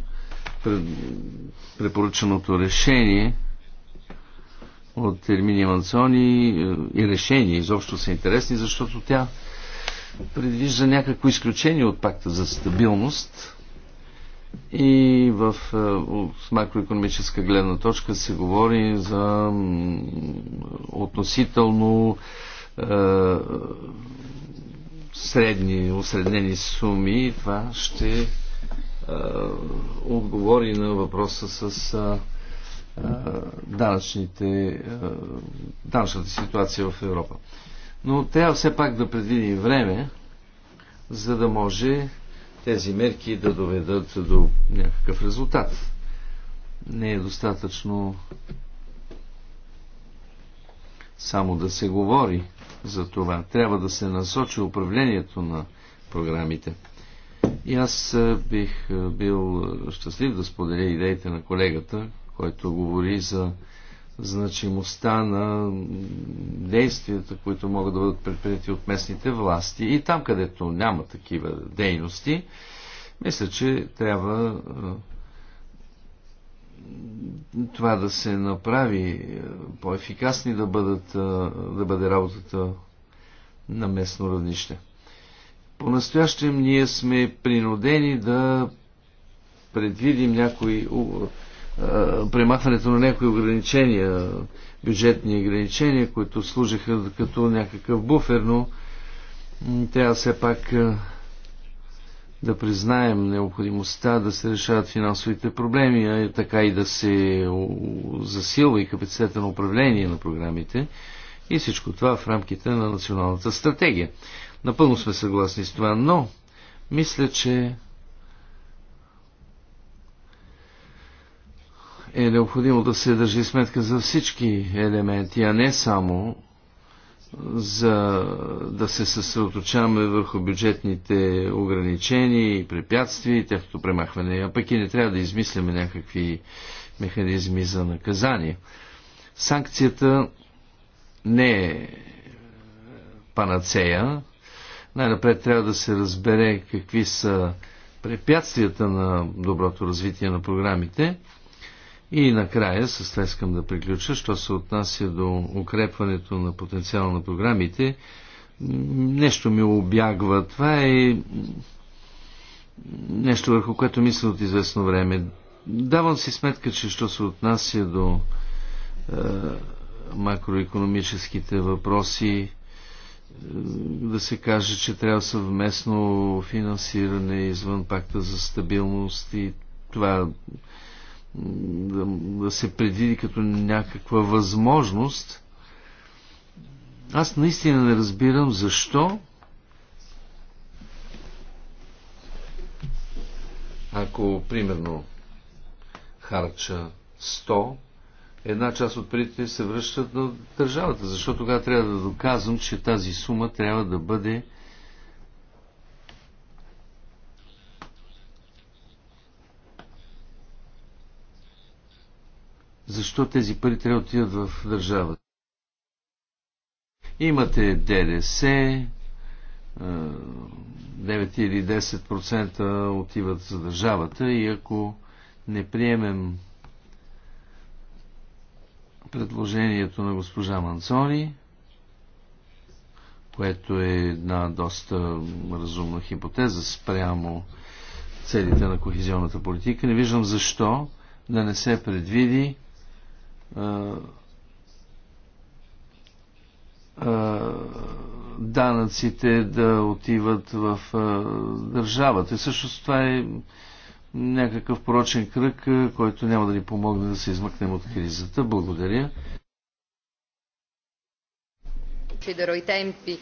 препоръчаното решение от Ермини Манцони е, и решение изобщо са интересни, защото тя предвижда някакво изключение от пакта за стабилност и в, в е, макроекономическа гледна точка се говори за относително е, средни, осреднени суми. Това ще е, отговори на въпроса с е, е данъчните, е, данъчната ситуация в Европа но трябва все пак да предвидим време, за да може тези мерки да доведат до някакъв резултат. Не е достатъчно само да се говори за това. Трябва да се насочи управлението на програмите. И аз е, бих е, бил е, щастлив да споделя идеите на колегата, който говори за значимостта на действията, които могат да бъдат предприяти от местните власти. И там, където няма такива дейности, мисля, че трябва е, това да се направи е, по-ефикасни да, бъдат, е, да бъде работата на местно равнище. По-настоящем ние сме принудени да предвидим някои е, премахването на някои ограничения, бюджетни ограничения, които служиха като някакъв буфер, но трябва все пак е, да признаем необходимостта да се решават финансовите проблеми, а така и да се засилва и капацитета на управление на програмите и всичко това в рамките на националната стратегия. Напълно сме съгласни с това, но мисля, че е необходимо да се държи сметка за всички елементи, а не само за да се съсредоточаваме върху бюджетните ограничения и препятствия и тяхното премахване. А пък и не трябва да измисляме някакви механизми за наказание. Санкцията не е панацея. Най-напред трябва да се разбере какви са препятствията на доброто развитие на програмите – и накрая, с това искам да приключа, що се отнася до укрепването на потенциала на програмите, нещо ми обягва. Това е нещо върху което мисля от известно време. Давам си сметка, че що се отнася до е, макроекономическите въпроси, е, да се каже, че трябва съвместно финансиране извън пакта за стабилност и това да, да се предвиди като някаква възможност. Аз наистина не разбирам защо ако примерно харча 100, една част от парите се връщат на държавата, Защо тогава трябва да доказвам, че тази сума трябва да бъде защо тези пари трябва да отидат в държавата. Имате ДДС, 9 или 10% отиват за държавата и ако не приемем предложението на госпожа Манцони, което е една доста разумна хипотеза спрямо целите на кохезионната политика, не виждам защо да не се предвиди данъците да отиват в държавата. И всъщност това е някакъв порочен кръг, който няма да ни помогне да се измъкнем от кризата. Благодаря. Eh,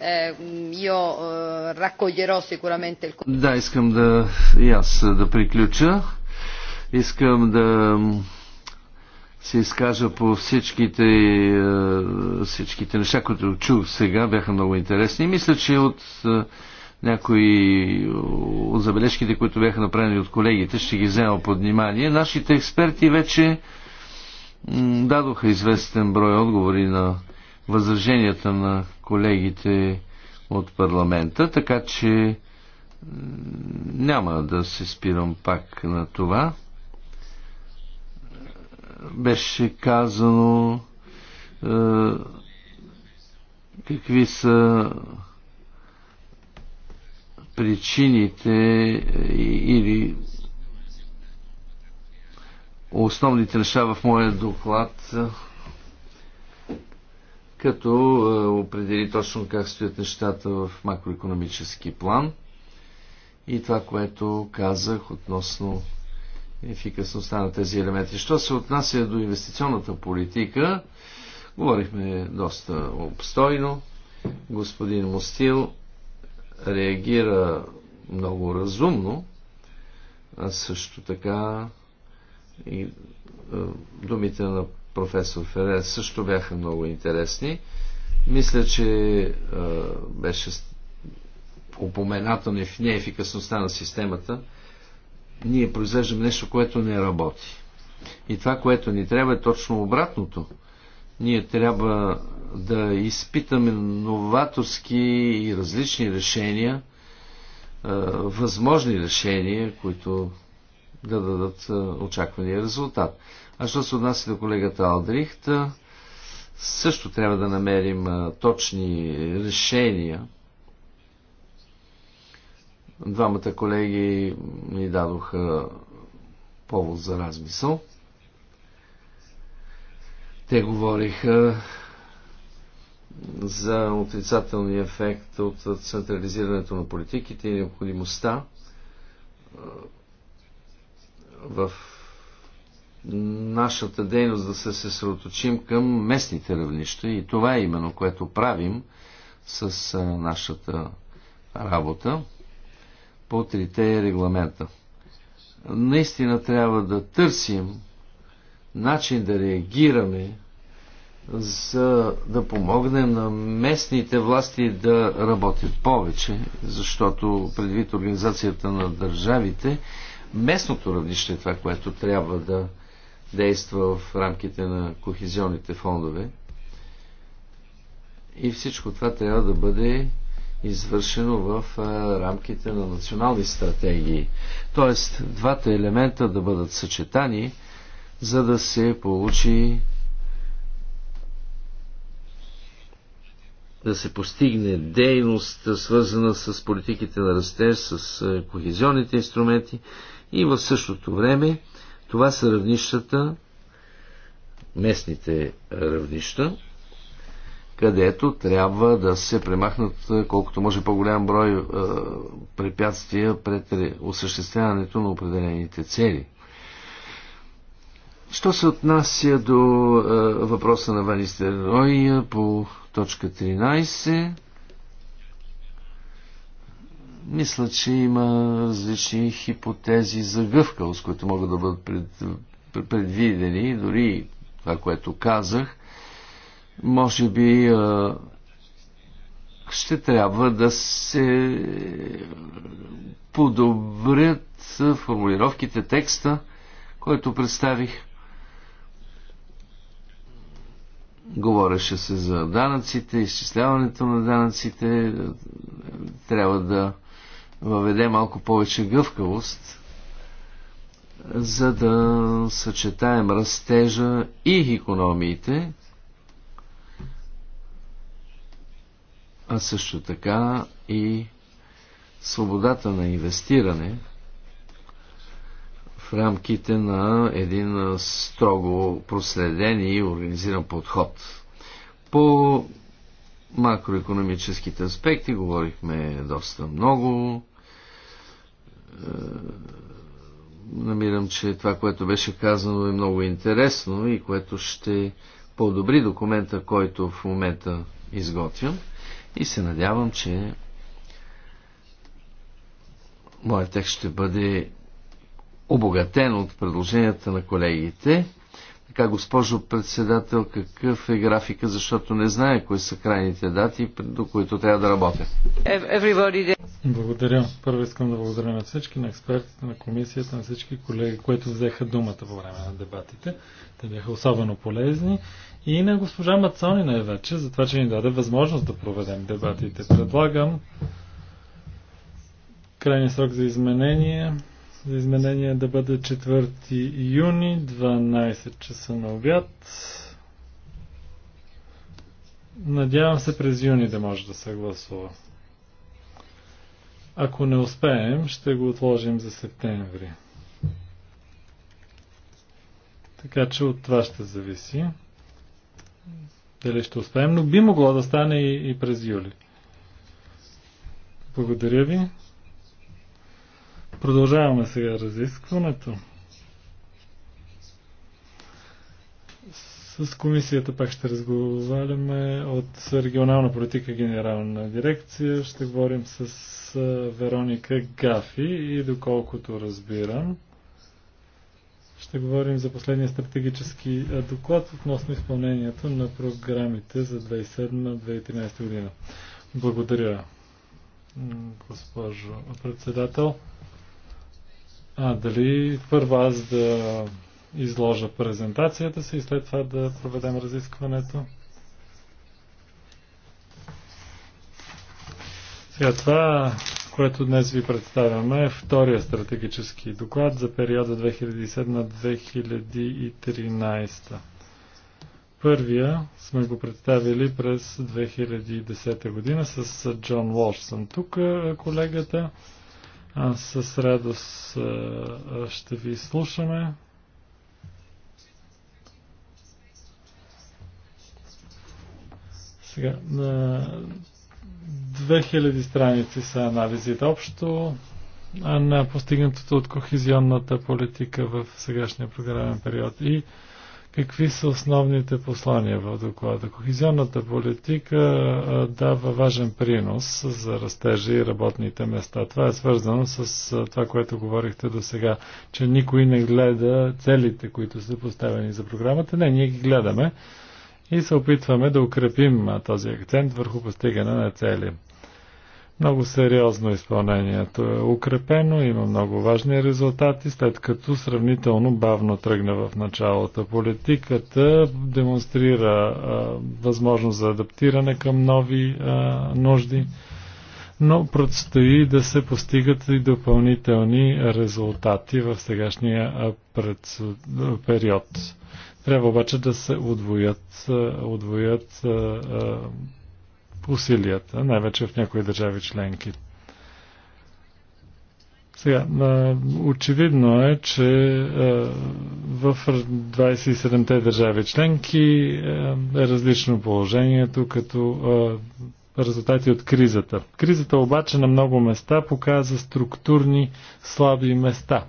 eh, да, искам да и аз да приключа. Искам да се изкажа по всичките, е, всичките неща, които чух сега, бяха много интересни. мисля, че от е, някои от забележките, които бяха направени от колегите, ще ги взема под внимание. Нашите експерти вече дадоха известен брой отговори на възраженията на колегите от парламента, така че няма да се спирам пак на това. Беше казано е, какви са причините или основните неща в моя доклад, като е, определи точно как стоят нещата в макроекономически план и това, което казах относно ефикасността на тези елементи. Що се отнася до инвестиционната политика, говорихме доста обстойно. Господин Мустил реагира много разумно, а също така и е, думите на професор Ферен също бяха много интересни. Мисля, че е, беше беше в неефикасността на системата ние произвеждаме нещо, което не работи. И това, което ни трябва е точно обратното. Ние трябва да изпитаме новаторски и различни решения, е, възможни решения, които да дадат е, очаквания резултат. А що се отнася до колегата Алдрихта също трябва да намерим е, точни решения – Двамата колеги ни дадоха повод за размисъл. Те говориха за отрицателния ефект от централизирането на политиките и необходимостта в нашата дейност да се съсредоточим към местните равнища и това е именно което правим с нашата работа по трите регламента. Наистина трябва да търсим начин да реагираме, за да помогнем на местните власти да работят повече, защото предвид организацията на държавите, местното равнище е това, което трябва да действа в рамките на кохезионните фондове. И всичко това трябва да бъде извършено в рамките на национални стратегии. Тоест, двата елемента да бъдат съчетани, за да се получи да се постигне дейност, свързана с политиките на растеж, с кохезионните инструменти и в същото време това са равнищата, местните равнища, където трябва да се премахнат е, колкото може по-голям брой е, препятствия пред осъществяването на определените цели. Що се отнася до е, въпроса на Ванистерой е, по точка 13, мисля, че има различни хипотези за гъвкавост, които могат да бъдат пред, предвидени, дори това, което казах – може би ще трябва да се подобрят формулировките текста, който представих. Говореше се за данъците, изчисляването на данъците. Трябва да въведе малко повече гъвкавост, за да съчетаем растежа и економиите, а също така и свободата на инвестиране в рамките на един строго проследен и организиран подход. По макроекономическите аспекти говорихме доста много. Е, намирам, че това, което беше казано е много интересно и което ще подобри документа, който в момента изготвям и се надявам, че моят текст ще бъде обогатен от предложенията на колегите. Така, госпожо председател, какъв е графика, защото не знае кои са крайните дати, до които трябва да работя. Благодаря. Първо искам да благодаря на всички, на експертите, на комисията, на всички колеги, които взеха думата по време на дебатите. Те бяха особено полезни и на госпожа Мацони най-вече, за това, че ни даде възможност да проведем дебатите. Предлагам крайния срок за изменение за изменение да бъде 4 юни, 12 часа на обяд. Надявам се през юни да може да се гласува. Ако не успеем, ще го отложим за септември. Така че от това ще зависи дали ще успеем, но би могло да стане и, и през юли. Благодаря ви. Продължаваме сега разискването. С комисията пак ще разговаряме от регионална политика генерална дирекция. Ще говорим с Вероника Гафи и доколкото разбирам, ще говорим за последния стратегически доклад относно изпълнението на програмите за 2007-2013 година. Благодаря, госпожо председател. А, дали първо аз да изложа презентацията си и след това да проведем разискването? Сега това което днес ви представяме е втория стратегически доклад за периода 2007-2013. Първия сме го представили през 2010 година с Джон Лош. Съм тук, е, колегата. Аз с радост е, е, ще ви слушаме. Сега, 2000 страници са анализите общо на постигнатото от кохезионната политика в сегашния програмен период и какви са основните послания в доклада. Кохезионната политика дава важен принос за растежа и работните места. Това е свързано с това, което говорихте до сега, че никой не гледа целите, които са поставени за програмата. Не, ние ги гледаме и се опитваме да укрепим този акцент върху постигане на цели. Много сериозно изпълнението е укрепено, има много важни резултати, след като сравнително бавно тръгна в началото. Политиката демонстрира а, възможност за адаптиране към нови а, нужди, но предстои да се постигат и допълнителни резултати в сегашния период. Трябва обаче да се удвоят, удвоят усилията, най-вече в някои държави членки. Сега, очевидно е, че в 27-те държави членки е различно положението като резултати от кризата. Кризата обаче на много места показа структурни слаби места.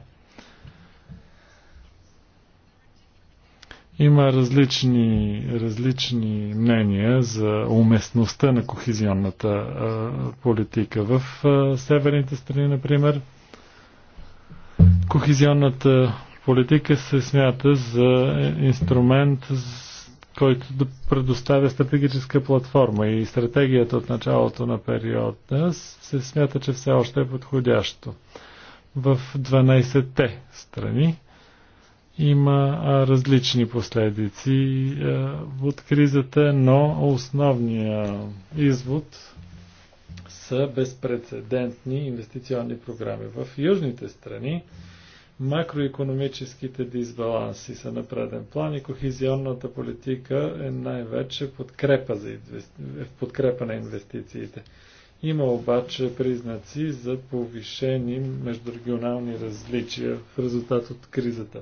Има различни, различни мнения за уместността на кохизионната а, политика. В а, северните страни, например, кохизионната политика се смята за инструмент, който да предоставя стратегическа платформа и стратегията от началото на периода се смята, че все още е подходящо. В 12-те страни има различни последици от кризата, но основният извод са безпредседентни инвестиционни програми. В южните страни макроекономическите дисбаланси са на преден план и кохизионната политика е най-вече подкрепа, за инвести... подкрепа на инвестициите. Има обаче признаци за повишени междурегионални различия в резултат от кризата.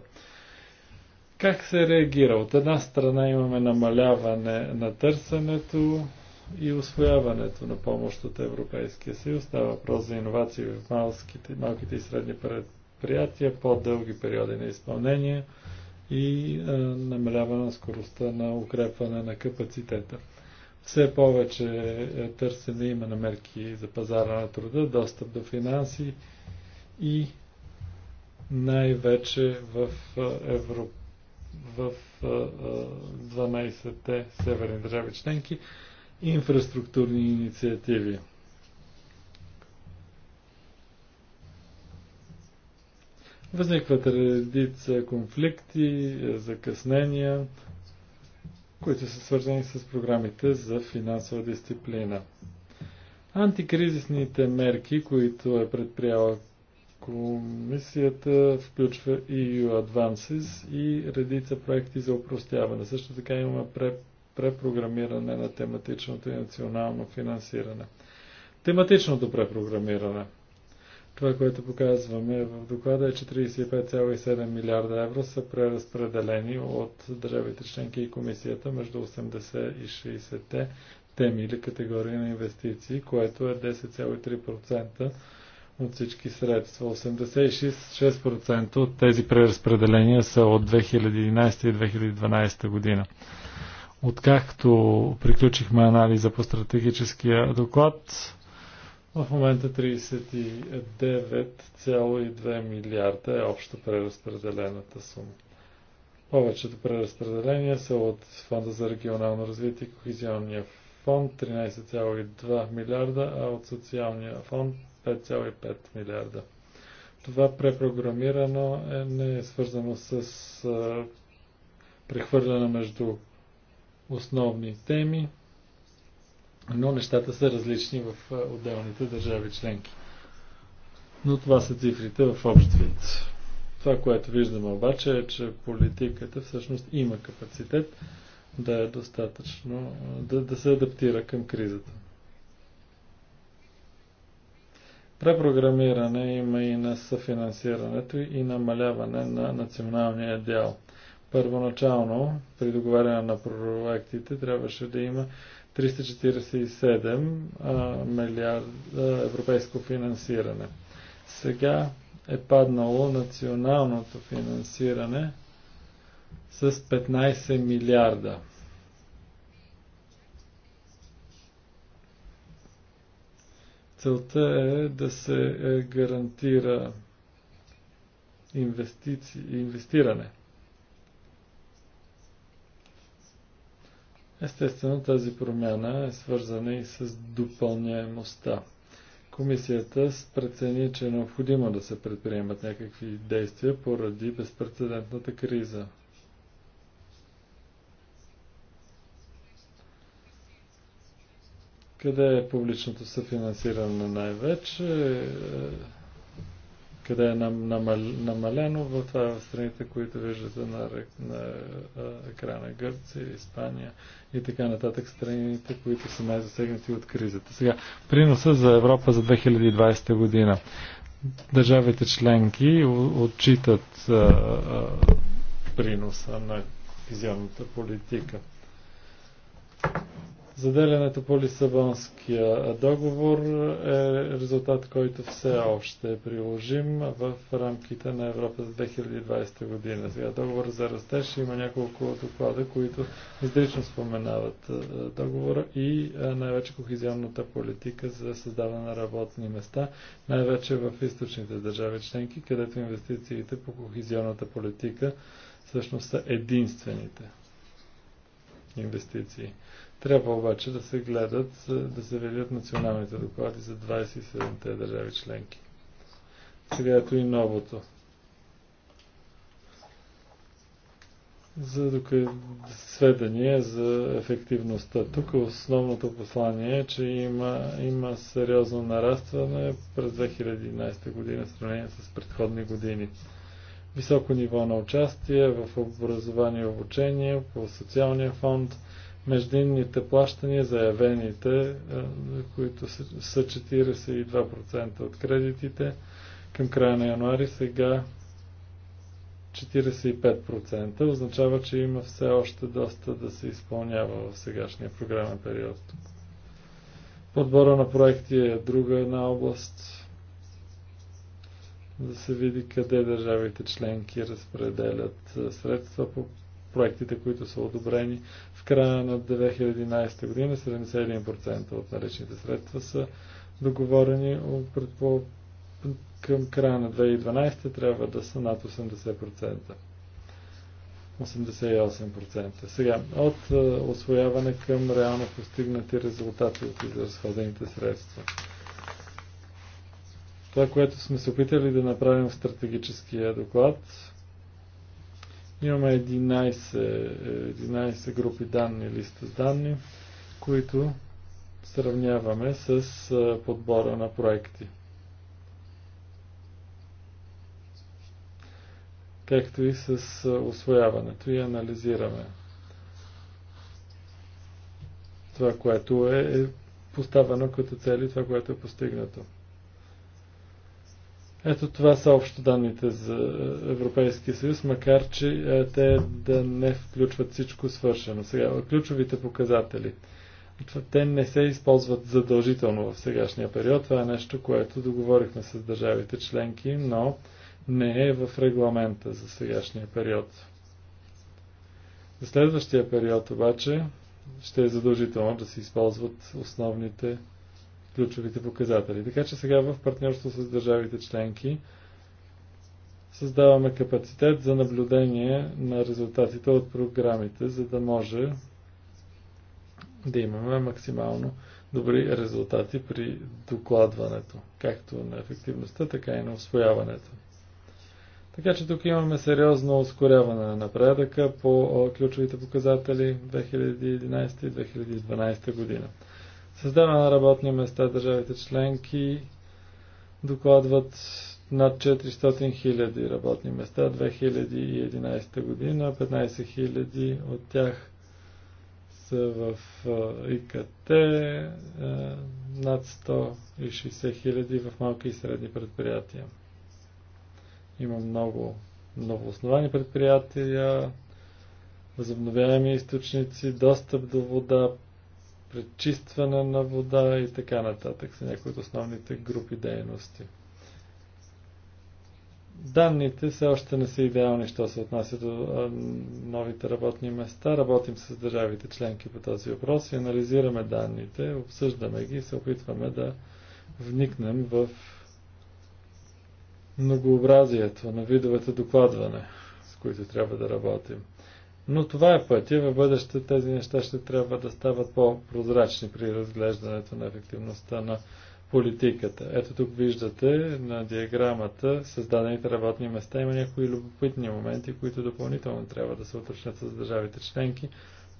Как се реагира? От една страна имаме намаляване на търсенето и освояването на помощ от Европейския съюз. Става въпрос за иновации в малките, малките и средни предприятия, по-дълги периоди на изпълнение и е, намаляване на скоростта на укрепване на капацитета. Все повече е, търсене има на мерки за пазара на труда, достъп до финанси и най-вече в е, Европа в 12-те северни държави членки инфраструктурни инициативи. Възникват редица конфликти, закъснения, които са свързани с програмите за финансова дисциплина. Антикризисните мерки, които е предприела Комисията включва EU Advances и редица проекти за упростяване. Също така има препрограмиране на тематичното и национално финансиране. Тематичното препрограмиране. Това, което показваме в доклада е, че 35,7 милиарда евро са преразпределени от държавите членки и комисията между 80 и 60 теми или категории на инвестиции, което е 10,3% от всички средства. 86% от тези преразпределения са от 2011 и 2012 година. Откакто приключихме анализа по стратегическия доклад, в момента 39,2 милиарда е общо преразпределената сума. Повечето преразпределения са от Фонда за регионално развитие и Кохезионния фонд 13,2 милиарда, а от Социалния фонд 5,5 милиарда. Това препрограмирано е, не е свързано с а, прехвърляне между основни теми, но нещата са различни в отделните държави членки. Но това са цифрите в общ вид. Това, което виждаме обаче е, че политиката всъщност има капацитет да е достатъчно, да, да се адаптира към кризата. Препрограмиране има и на съфинансирането и намаляване на националния дял. Първоначално, при договаряне на проектите, трябваше да има 347 милиарда европейско финансиране. Сега е паднало националното финансиране с 15 милиарда. Целта е да се е, гарантира инвестици... инвестиране. Естествено, тази промяна е свързана и с допълняемостта. Комисията прецени, че е необходимо да се предприемат някакви действия поради безпредседентната криза. Къде е публичното съфинансиране най-вече? Е, къде е намалено в, е в страните, които виждате на, на екрана Гърция, Испания и така нататък, страните, които са най-засегнати от кризата. Сега, приноса за Европа за 2020 година. Държавите членки отчитат приноса на кохезионната политика. Заделянето по Лисабонския договор е резултат, който все още е приложим в рамките на Европа за 2020 година. Сега договор за растеж има няколко доклада, които изрично споменават е, договора и е, най-вече кохезионната политика за създаване на работни места, най-вече в източните държави членки, където инвестициите по кохезионната политика всъщност са единствените инвестиции. Трябва обаче да се гледат, да се видят националните доклади за 27-те държави членки. Сега ето и новото. за сведения за ефективността. Тук основното послание е, че има, има сериозно нарастване през 2011 година в сравнение с предходни години. Високо ниво на участие в образование и обучение, по социалния фонд, междинните плащания, заявените, е, които са 42% от кредитите, към края на януари сега 45% означава, че има все още доста да се изпълнява в сегашния програмен период. Подбора на проекти е друга една област, да се види къде държавите членки разпределят е, средства по проектите, които са одобрени. В края на 2011 година 71% от наличните средства са договорени. Към края на 2012 трябва да са над 80%. 88%. Сега, от е, освояване към реално постигнати резултати от изразходените средства. Това, което сме се опитали да направим в стратегическия доклад, Имаме 11, 11 групи данни, листа с данни, които сравняваме с подбора на проекти. както и с освояването и анализираме това, което е, е поставено като цели, това, което е постигнато. Ето това са общо данните за Европейския съюз, макар че е, те да не включват всичко свършено. Сега, ключовите показатели. Те не се използват задължително в сегашния период. Това е нещо, което договорихме с държавите членки, но не е в регламента за сегашния период. За следващия период обаче ще е задължително да се използват основните ключовите показатели. Така че сега в партньорство с държавите членки създаваме капацитет за наблюдение на резултатите от програмите, за да може да имаме максимално добри резултати при докладването, както на ефективността, така и на освояването. Така че тук имаме сериозно ускоряване на напредъка по ключовите показатели 2011 и 2012 година. Създаване на работни места държавите членки докладват над 400 000 работни места 2011 година. 15 000 от тях са в ИКТ, над 160 000 в малки и средни предприятия. Има много основани предприятия, възобновяеми източници, достъп до вода, пречистване на вода и така нататък са някои от основните групи дейности. Данните все още не са идеални, що се отнася до новите работни места. Работим с държавите членки по този въпрос и анализираме данните, обсъждаме ги и се опитваме да вникнем в многообразието на видовете докладване, с които трябва да работим. Но това е пътя. В бъдеще тези неща ще трябва да стават по-прозрачни при разглеждането на ефективността на политиката. Ето тук виждате на диаграмата създадените работни места. Има някои любопитни моменти, които допълнително трябва да се уточнят с държавите членки,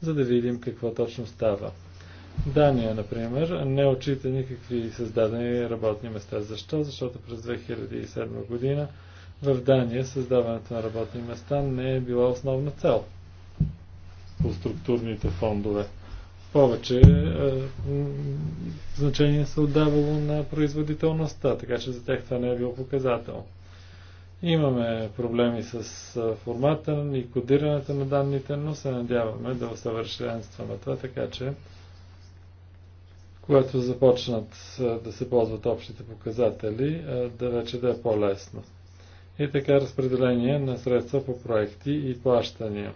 за да видим какво точно става. Дания, например, не отчита никакви създадени работни места. Защо? Защото през 2007 година в Дания създаването на работни места не е била основна цел по структурните фондове. Повече е, значение се отдавало на производителността, така че за тях това не е било показател. Имаме проблеми с е, формата и кодирането на данните, но се надяваме да усъвършенстваме това, така че когато започнат е, да се ползват общите показатели, е, да вече да е по-лесно. И така разпределение на средства по проекти и плащания.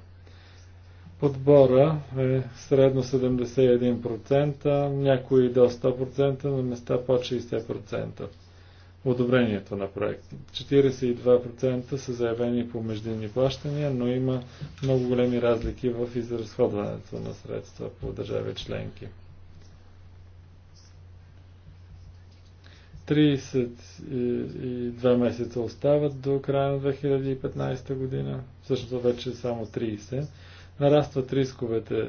Подбора е средно 71%, някои до 100%, на места под 60%. Одобрението на проекти. 42% са заявени по междинни плащания, но има много големи разлики в изразходването на средства по държави членки. 32 месеца остават до края на 2015 година, всъщност вече само 30 нарастват рисковете е,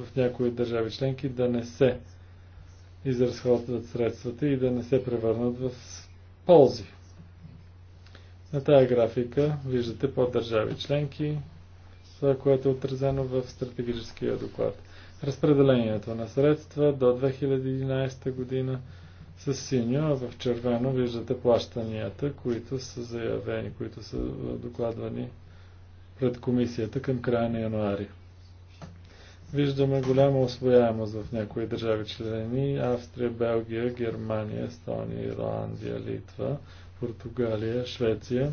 в някои държави членки да не се изразходват средствата и да не се превърнат в ползи. На тая графика виждате по държави членки, това, което е отразено в стратегическия доклад. Разпределението на средства до 2011 година с синьо, а в червено виждате плащанията, които са заявени, които са е, докладвани пред комисията към края на януари. Виждаме голяма освояемост в някои държави члени Австрия, Белгия, Германия, Естония, Ирландия, Литва, Португалия, Швеция,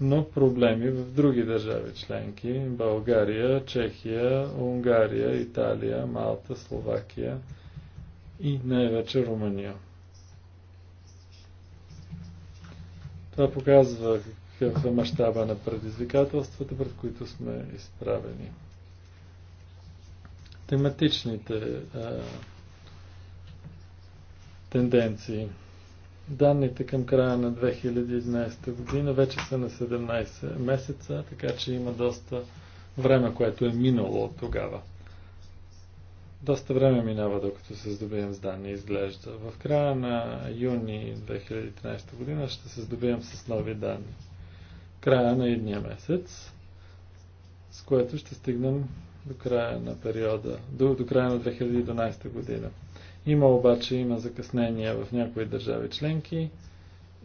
но проблеми в други държави членки България, Чехия, Унгария, Италия, Малта, Словакия и най-вече Румъния. Това показва разкрива мащаба на предизвикателствата, пред които сме изправени. Тематичните а, тенденции. Данните към края на 2011 година вече са на 17 месеца, така че има доста време, което е минало от тогава. Доста време минава, докато се здобием с данни, изглежда. В края на юни 2013 година ще се здобием с нови данни края на едния месец, с което ще стигнем до края на периода, до, до края на 2012 година. Има обаче, има закъснения в някои държави членки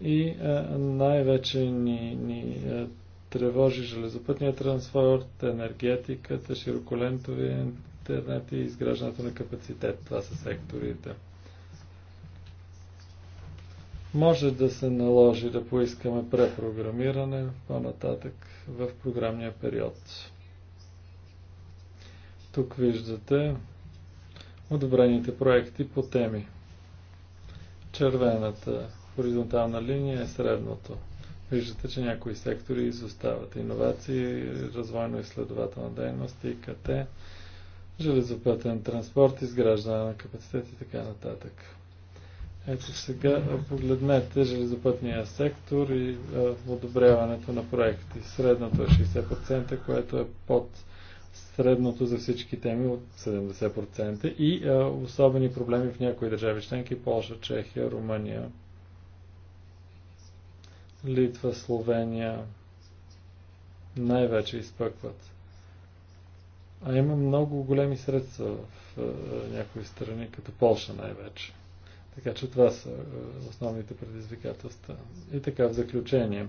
и е, най-вече ни, ни а, е, тревожи железопътния транспорт, енергетиката, широколентови интернет и изграждането на капацитет. Това са секторите. Може да се наложи да поискаме препрограмиране по-нататък в програмния период. Тук виждате одобрените проекти по теми. Червената хоризонтална линия е средното. Виждате, че някои сектори изостават. Иновации, развойно-изследователна дейност, ИКТ, железопътен транспорт, изграждане на капацитет и така нататък. Ето сега погледнете железопътния сектор и а, одобряването на проекти. Средното е 60%, което е под средното за всички теми от 70% и а, особени проблеми в някои държави членки Польша, Чехия, Румъния, Литва, Словения най-вече изпъкват. А има много големи средства в а, някои страни, като Польша най-вече. Така че това са е, основните предизвикателства. И така в заключение.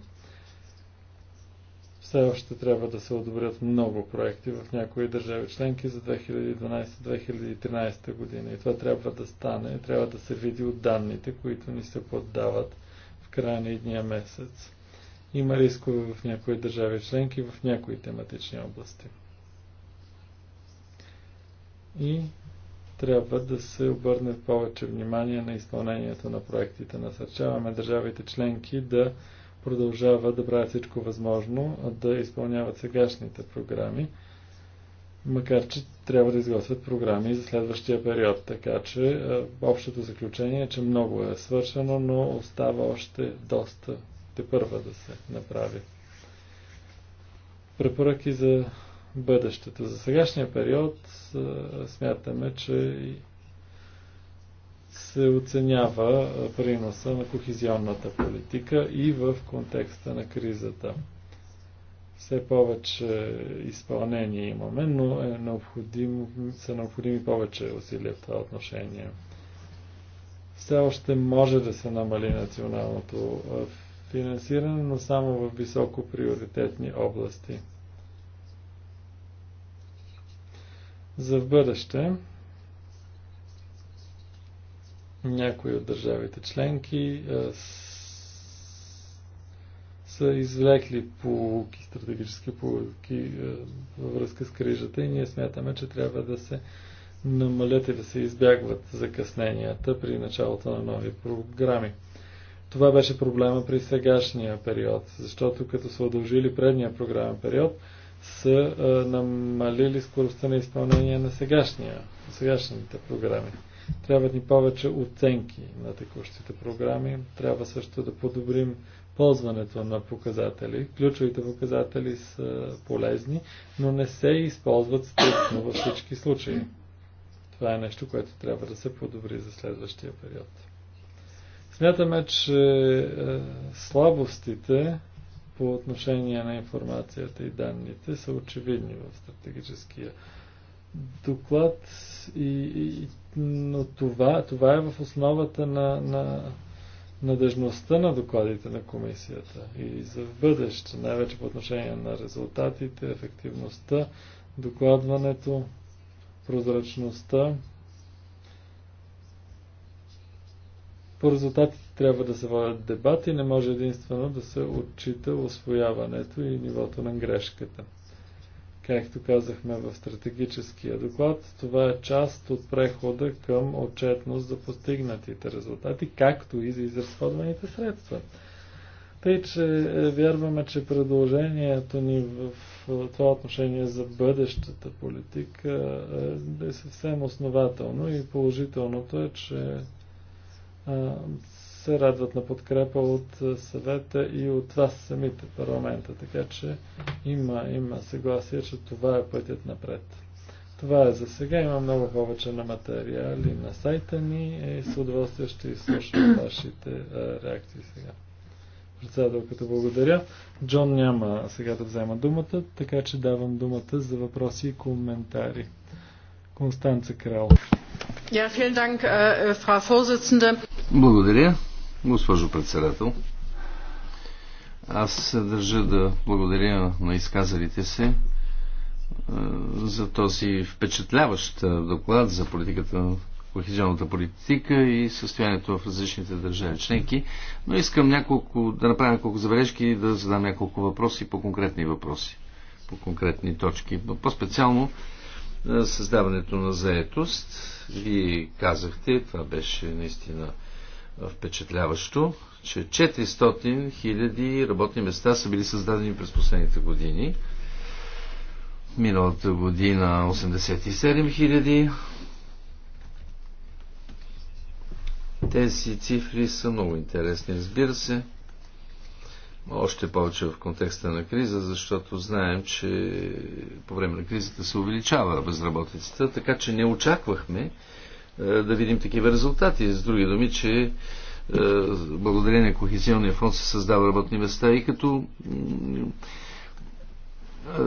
Все още трябва да се одобрят много проекти в някои държави членки за 2012-2013 година. И това трябва да стане, трябва да се види от данните, които ни се поддават в края на едния месец. Има рискове в някои държави членки, в някои тематични области. И трябва да се обърне повече внимание на изпълнението на проектите. Насърчаваме държавите членки да продължават да правят всичко възможно, да изпълняват сегашните програми, макар че трябва да изготвят програми за следващия период. Така че е, общото заключение е, че много е свършено, но остава още доста те първа да се направи. Препоръки за бъдещето. За сегашния период смятаме, че се оценява приноса на кохизионната политика и в контекста на кризата. Все повече изпълнение имаме, но е необходим, са необходими повече усилия в това отношение. Все още може да се намали националното финансиране, но само в високо приоритетни области. за в бъдеще някои от държавите членки са извлекли полуки, стратегически полуки във връзка с крижата и ние смятаме, че трябва да се намалят и да се избягват закъсненията при началото на нови програми. Това беше проблема при сегашния период, защото като са удължили предния програмен период, са а, намалили скоростта на изпълнение на сегашния, сегашните програми. Трябват ни повече оценки на текущите програми. Трябва също да подобрим ползването на показатели. Ключовите показатели са полезни, но не се използват стриктно във всички случаи. Това е нещо, което трябва да се подобри за следващия период. Смятаме, че слабостите по отношение на информацията и данните са очевидни в стратегическия доклад. И, и, но това, това е в основата на, на надежността на докладите на комисията и за бъдеще, най-вече по отношение на резултатите, ефективността, докладването, прозрачността. По резултатите трябва да се водят дебати, не може единствено да се отчита освояването и нивото на грешката. Както казахме в стратегическия доклад, това е част от прехода към отчетност за постигнатите резултати, както и за изразходваните средства. Тъй, че е, вярваме, че предложението ни в това отношение за бъдещата политика е, е съвсем основателно и положителното е, че се радват на подкрепа от съвета и от вас самите парламента. Така че има, има съгласие, че това е пътят напред. Това е за сега. Има много повече на материали на сайта ни и с удоволствие ще изслушам вашите а, реакции сега. Председателката благодаря. Джон няма сега да взема думата, така че давам думата за въпроси и коментари. Констанца Крал. Äh, äh, благодаря, госпожо председател. Аз държа да благодаря на изказалите се э, за този впечатляващ э, доклад за политиката, кохезионната политика и състоянието в различните държави членки, но искам няколко, да направя няколко забележки и да задам няколко въпроси по конкретни въпроси, по конкретни точки. По-специално създаването на заетост. Вие казахте, това беше наистина впечатляващо, че 400 хиляди работни места са били създадени през последните години. Миналата година 87 хиляди. Тези цифри са много интересни, разбира се още повече в контекста на криза, защото знаем, че по време на кризата се увеличава безработицата, така че не очаквахме е, да видим такива резултати. С други думи, че е, благодарение на Кохезионния фонд се създава работни места и като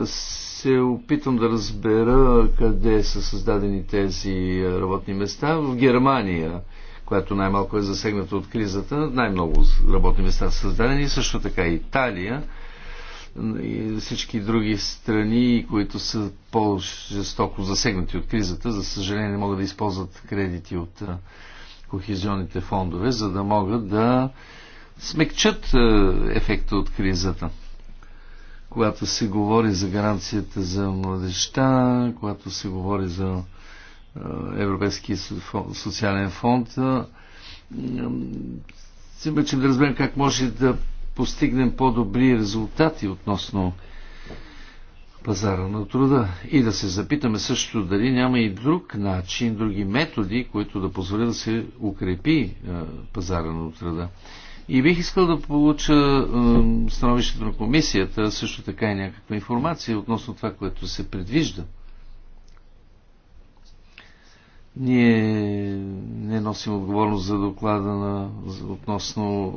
се опитам да разбера къде са създадени тези работни места. В Германия която най-малко е засегната от кризата. Най-много работни места са създадени. Също така и Италия и всички други страни, които са по-жестоко засегнати от кризата, за съжаление не могат да използват кредити от кохезионните фондове, за да могат да смекчат ефекта от кризата. Когато се говори за гаранцията за младеща, когато се говори за Европейския социален фонд. Се мъчим да разберем как може да постигнем по-добри резултати относно пазара на труда и да се запитаме също дали няма и друг начин, други методи, които да позволят да се укрепи пазара на труда. И бих искал да получа е, становището на комисията, също така и някаква информация относно това, което се предвижда ние не носим отговорност за доклада на, за, относно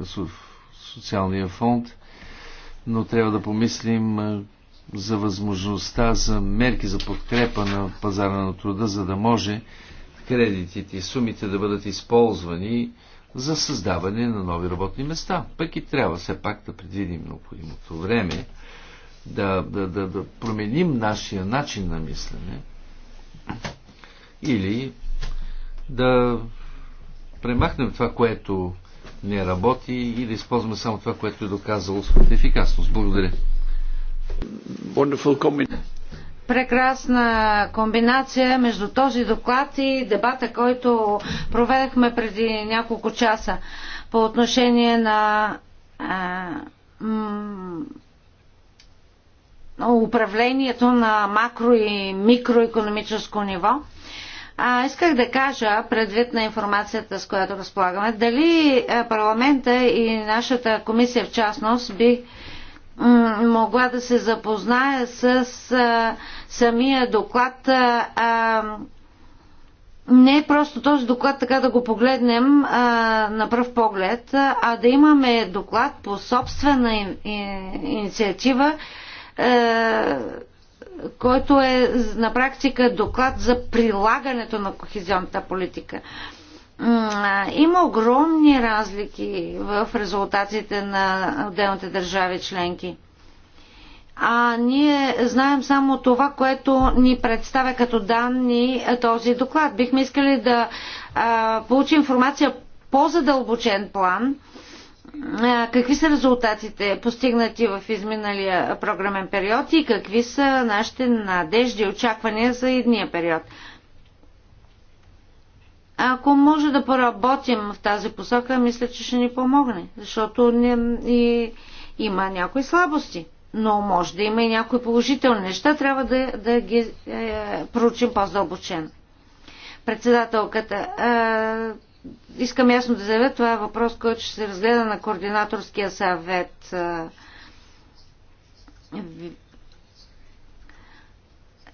е, со, социалния фонд, но трябва да помислим е, за възможността за мерки за подкрепа на пазара на труда, за да може кредитите и сумите да бъдат използвани за създаване на нови работни места. Пък и трябва все пак да предвидим необходимото време, да, да, да, да променим нашия начин на мислене или да премахнем това, което не работи и да използваме само това, което е доказало своята ефикасност. Благодаря. Прекрасна комбинация между този доклад и дебата, който проведахме преди няколко часа по отношение на а, управлението на макро и микроекономическо ниво. А, исках да кажа, предвид на информацията, с която разполагаме, дали парламента и нашата комисия в частност би могла да се запознае с а, самия доклад. А, не е просто този доклад така да го погледнем а, на пръв поглед, а да имаме доклад по собствена ин, ин, инициатива. А, е, който е на практика доклад за прилагането на кохезионната политика. Има огромни разлики в резултатите на отделните държави членки. А ние знаем само това, което ни представя като данни този доклад. Бихме искали да а, получим информация по-задълбочен план, какви са резултатите постигнати в изминалия програмен период и какви са нашите надежди и очаквания за едния период. Ако може да поработим в тази посока, мисля, че ще ни помогне, защото не, и, има някои слабости, но може да има и някои положителни неща, трябва да, да ги е, проучим по-задълбочено. Председателката, е, искам ясно да заявя, това е въпрос, който ще се разгледа на координаторския съвет.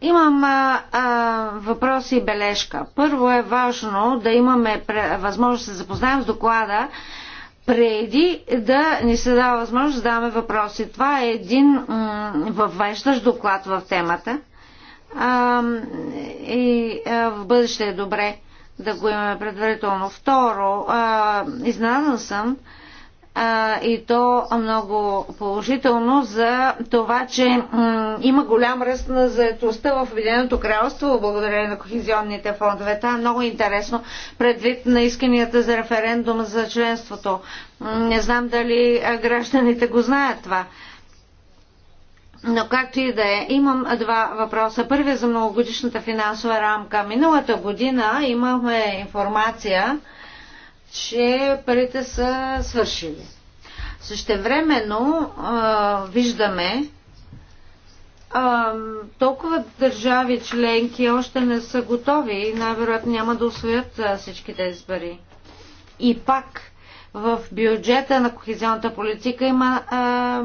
Имам а, а, въпрос и бележка. Първо е важно да имаме възможност да се запознаем с доклада преди да ни се дава възможност да даваме въпроси. Това е един въвеждащ доклад в темата а, и а, в бъдеще е добре да го имаме предварително. Второ, изненадан съм а, и то много положително за това, че има голям ръст на заетостта в Обединеното кралство, благодарение на кохезионните фондове. Това е много интересно, предвид на исканията за референдум за членството. Не знам дали гражданите го знаят това. Но както и да е, имам два въпроса. Първият за многогодишната финансова рамка. Миналата година имахме информация, че парите са свършили. Същевременно а, виждаме, а, толкова държави членки още не са готови и най-вероятно няма да освоят всички тези пари. И пак в бюджета на кохезионната политика има а,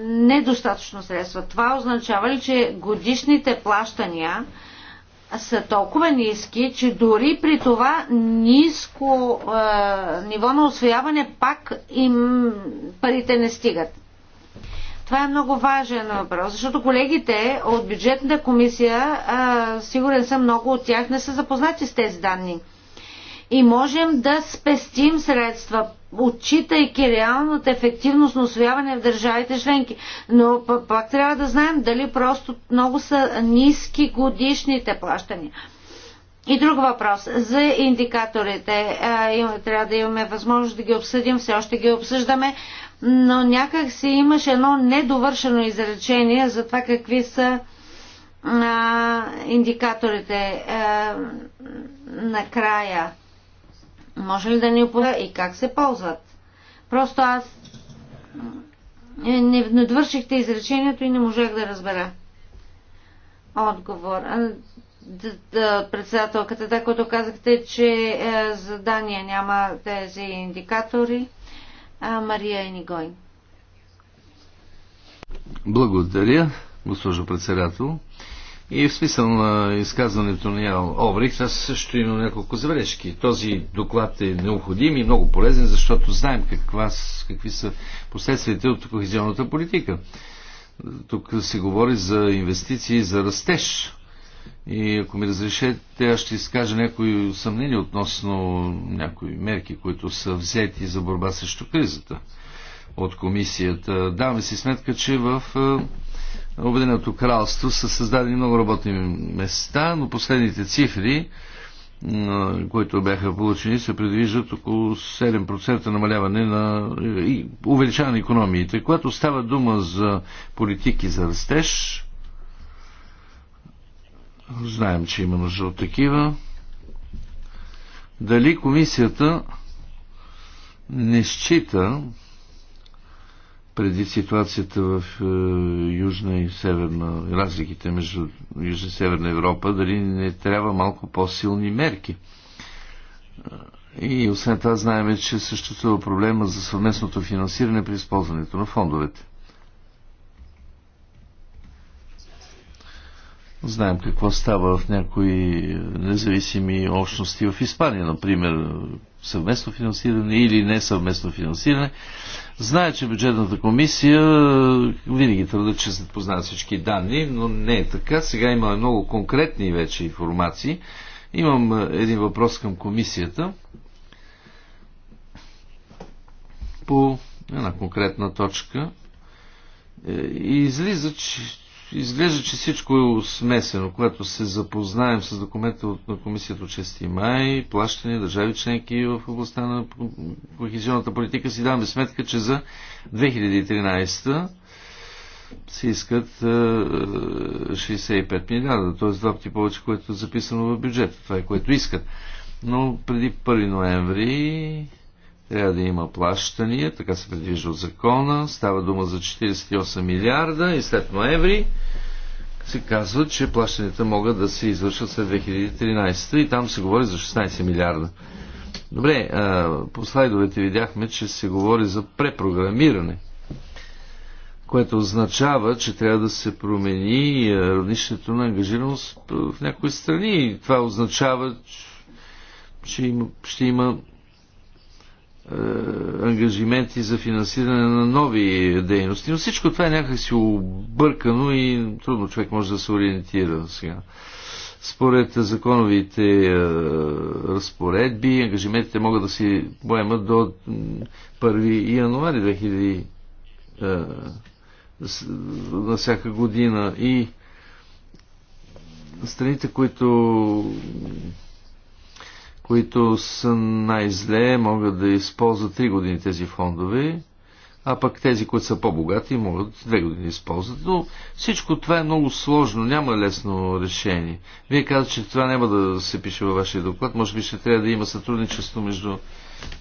недостатъчно средства. Това означава ли, че годишните плащания са толкова ниски, че дори при това ниско е, ниво на освояване пак им парите не стигат. Това е много важен въпрос, защото колегите от бюджетната комисия, е, сигурен съм, много от тях не са запознати с тези данни. И можем да спестим средства отчитайки реалната ефективност на освояване в държавите членки. Но пак трябва да знаем дали просто много са ниски годишните плащания. И друг въпрос за индикаторите. Трябва да имаме възможност да ги обсъдим, все още ги обсъждаме, но някак си имаше едно недовършено изречение за това какви са индикаторите накрая. Може ли да ни опозна и как се ползват? Просто аз е, не, не изречението и не можах да разбера. Отговор. Председателката, да, като казахте, че е, за Дания няма тези индикатори. А, Мария Нигой. Благодаря, госпожо председател. И в смисъл на изказването на Ян Обрих, аз също имам няколко забележки. Този доклад е необходим и много полезен, защото знаем каква, какви са последствията от кохезионната политика. Тук се говори за инвестиции, за растеж. И ако ми разрешете, аз ще изкажа някои съмнения относно някои мерки, които са взети за борба срещу кризата от комисията. Даваме си сметка, че в Обединеното кралство са създадени много работни места, но последните цифри, които бяха получени, се предвиждат около 7% намаляване на и увеличаване на економиите. Когато става дума за политики за растеж, знаем, че има нужда от такива. Дали комисията не счита, преди ситуацията в е, Южна и Северна, разликите между Южна и Северна Европа, дали не трябва малко по-силни мерки. Е, и освен това знаем, че съществува проблема за съвместното финансиране при използването на фондовете. Знаем какво става в някои е, независими общности в Испания, например, съвместно финансиране или несъвместно финансиране. Зная, че бюджетната комисия е, винаги твърда, че се познават всички данни, но не е така. Сега имаме много конкретни вече информации. Имам е, един въпрос към комисията по една конкретна точка. И е, излиза, че, изглежда, че всичко е смесено. Когато се запознаем с документа на комисията от 6 май, плащане, държави членки в областта на кохезионната политика, си даваме сметка, че за 2013 се искат 65 е, е, милиарда, т.е. два пъти повече, което е записано в бюджета. Това е което искат. Но преди 1 ноември трябва да има плащания, така се предвижда от закона. Става дума за 48 милиарда и след ноември се казва, че плащанията могат да се извършат след 2013 и там се говори за 16 милиарда. Добре, по слайдовете видяхме, че се говори за препрограмиране, което означава, че трябва да се промени равнището на ангажираност в някои страни. И това означава, че има, ще има е, ангажименти за финансиране на нови дейности. Но всичко това е някакси объркано и трудно човек може да се ориентира сега. Според законовите е, разпоредби, ангажиментите могат да се поемат до 1 януари 2000 е, на всяка година и страните, които които са най-зле, могат да използват 3 години тези фондове, а пък тези, които са по-богати, могат 2 години да използват. Но всичко това е много сложно, няма лесно решение. Вие казвате, че това няма да се пише във вашия доклад. Може би ще трябва да има сътрудничество между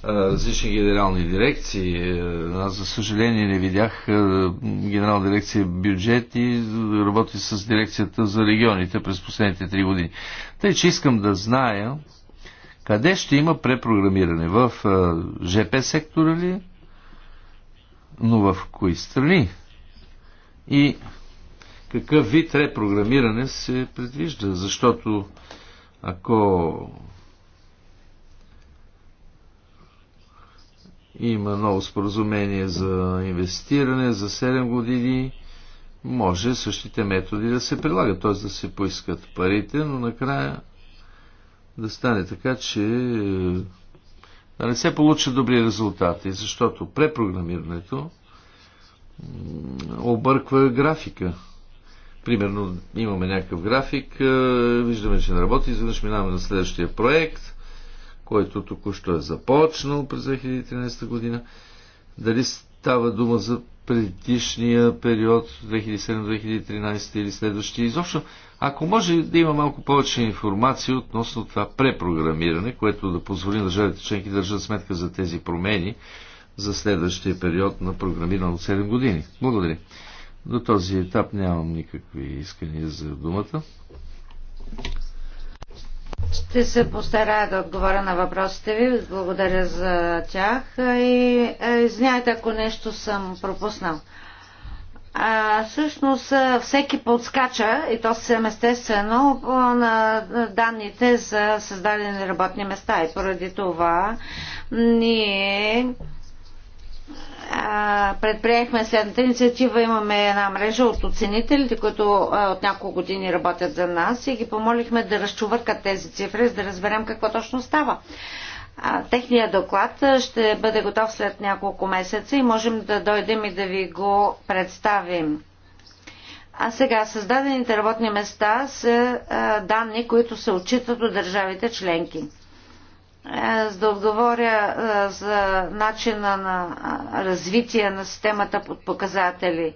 различни генерални дирекции. Аз, за съжаление, не видях генерална дирекция бюджет и работи с дирекцията за регионите през последните три години. Тъй, че искам да зная къде ще има препрограмиране? В е, ЖП сектора ли? Но в кои страни? И какъв вид репрограмиране се предвижда? Защото ако има ново споразумение за инвестиране за 7 години, може същите методи да се прилагат, т.е. да се поискат парите, но накрая да стане така, че е, да не се получат добри резултати, защото препрограмирането обърква графика. Примерно имаме някакъв график, е, виждаме, че не работи, изведнъж минаваме на следващия проект, който току-що е започнал през 2013 година. Дали става дума за предишния период 2007-2013 или следващия. Изобщо, ако може да има малко повече информация относно това препрограмиране, което да позволи на държавите членки да държат сметка за тези промени за следващия период на програмиране от 7 години. Благодаря. До този етап нямам никакви искания за думата. Ще се постарая да отговоря на въпросите ви. Благодаря за тях. И е, извиняйте, ако нещо съм пропуснал. А, всъщност е, всеки подскача, и то съвсем естествено, на данните за създадени работни места. И поради това ние предприехме следната инициатива. Имаме една мрежа от оценителите, които от няколко години работят за нас и ги помолихме да разчувъркат тези цифри, за да разберем какво точно става. Техният доклад ще бъде готов след няколко месеца и можем да дойдем и да ви го представим. А сега създадените работни места са данни, които се отчитат от държавите членки. Е, за да отговоря е, за начина на развитие на системата под показатели.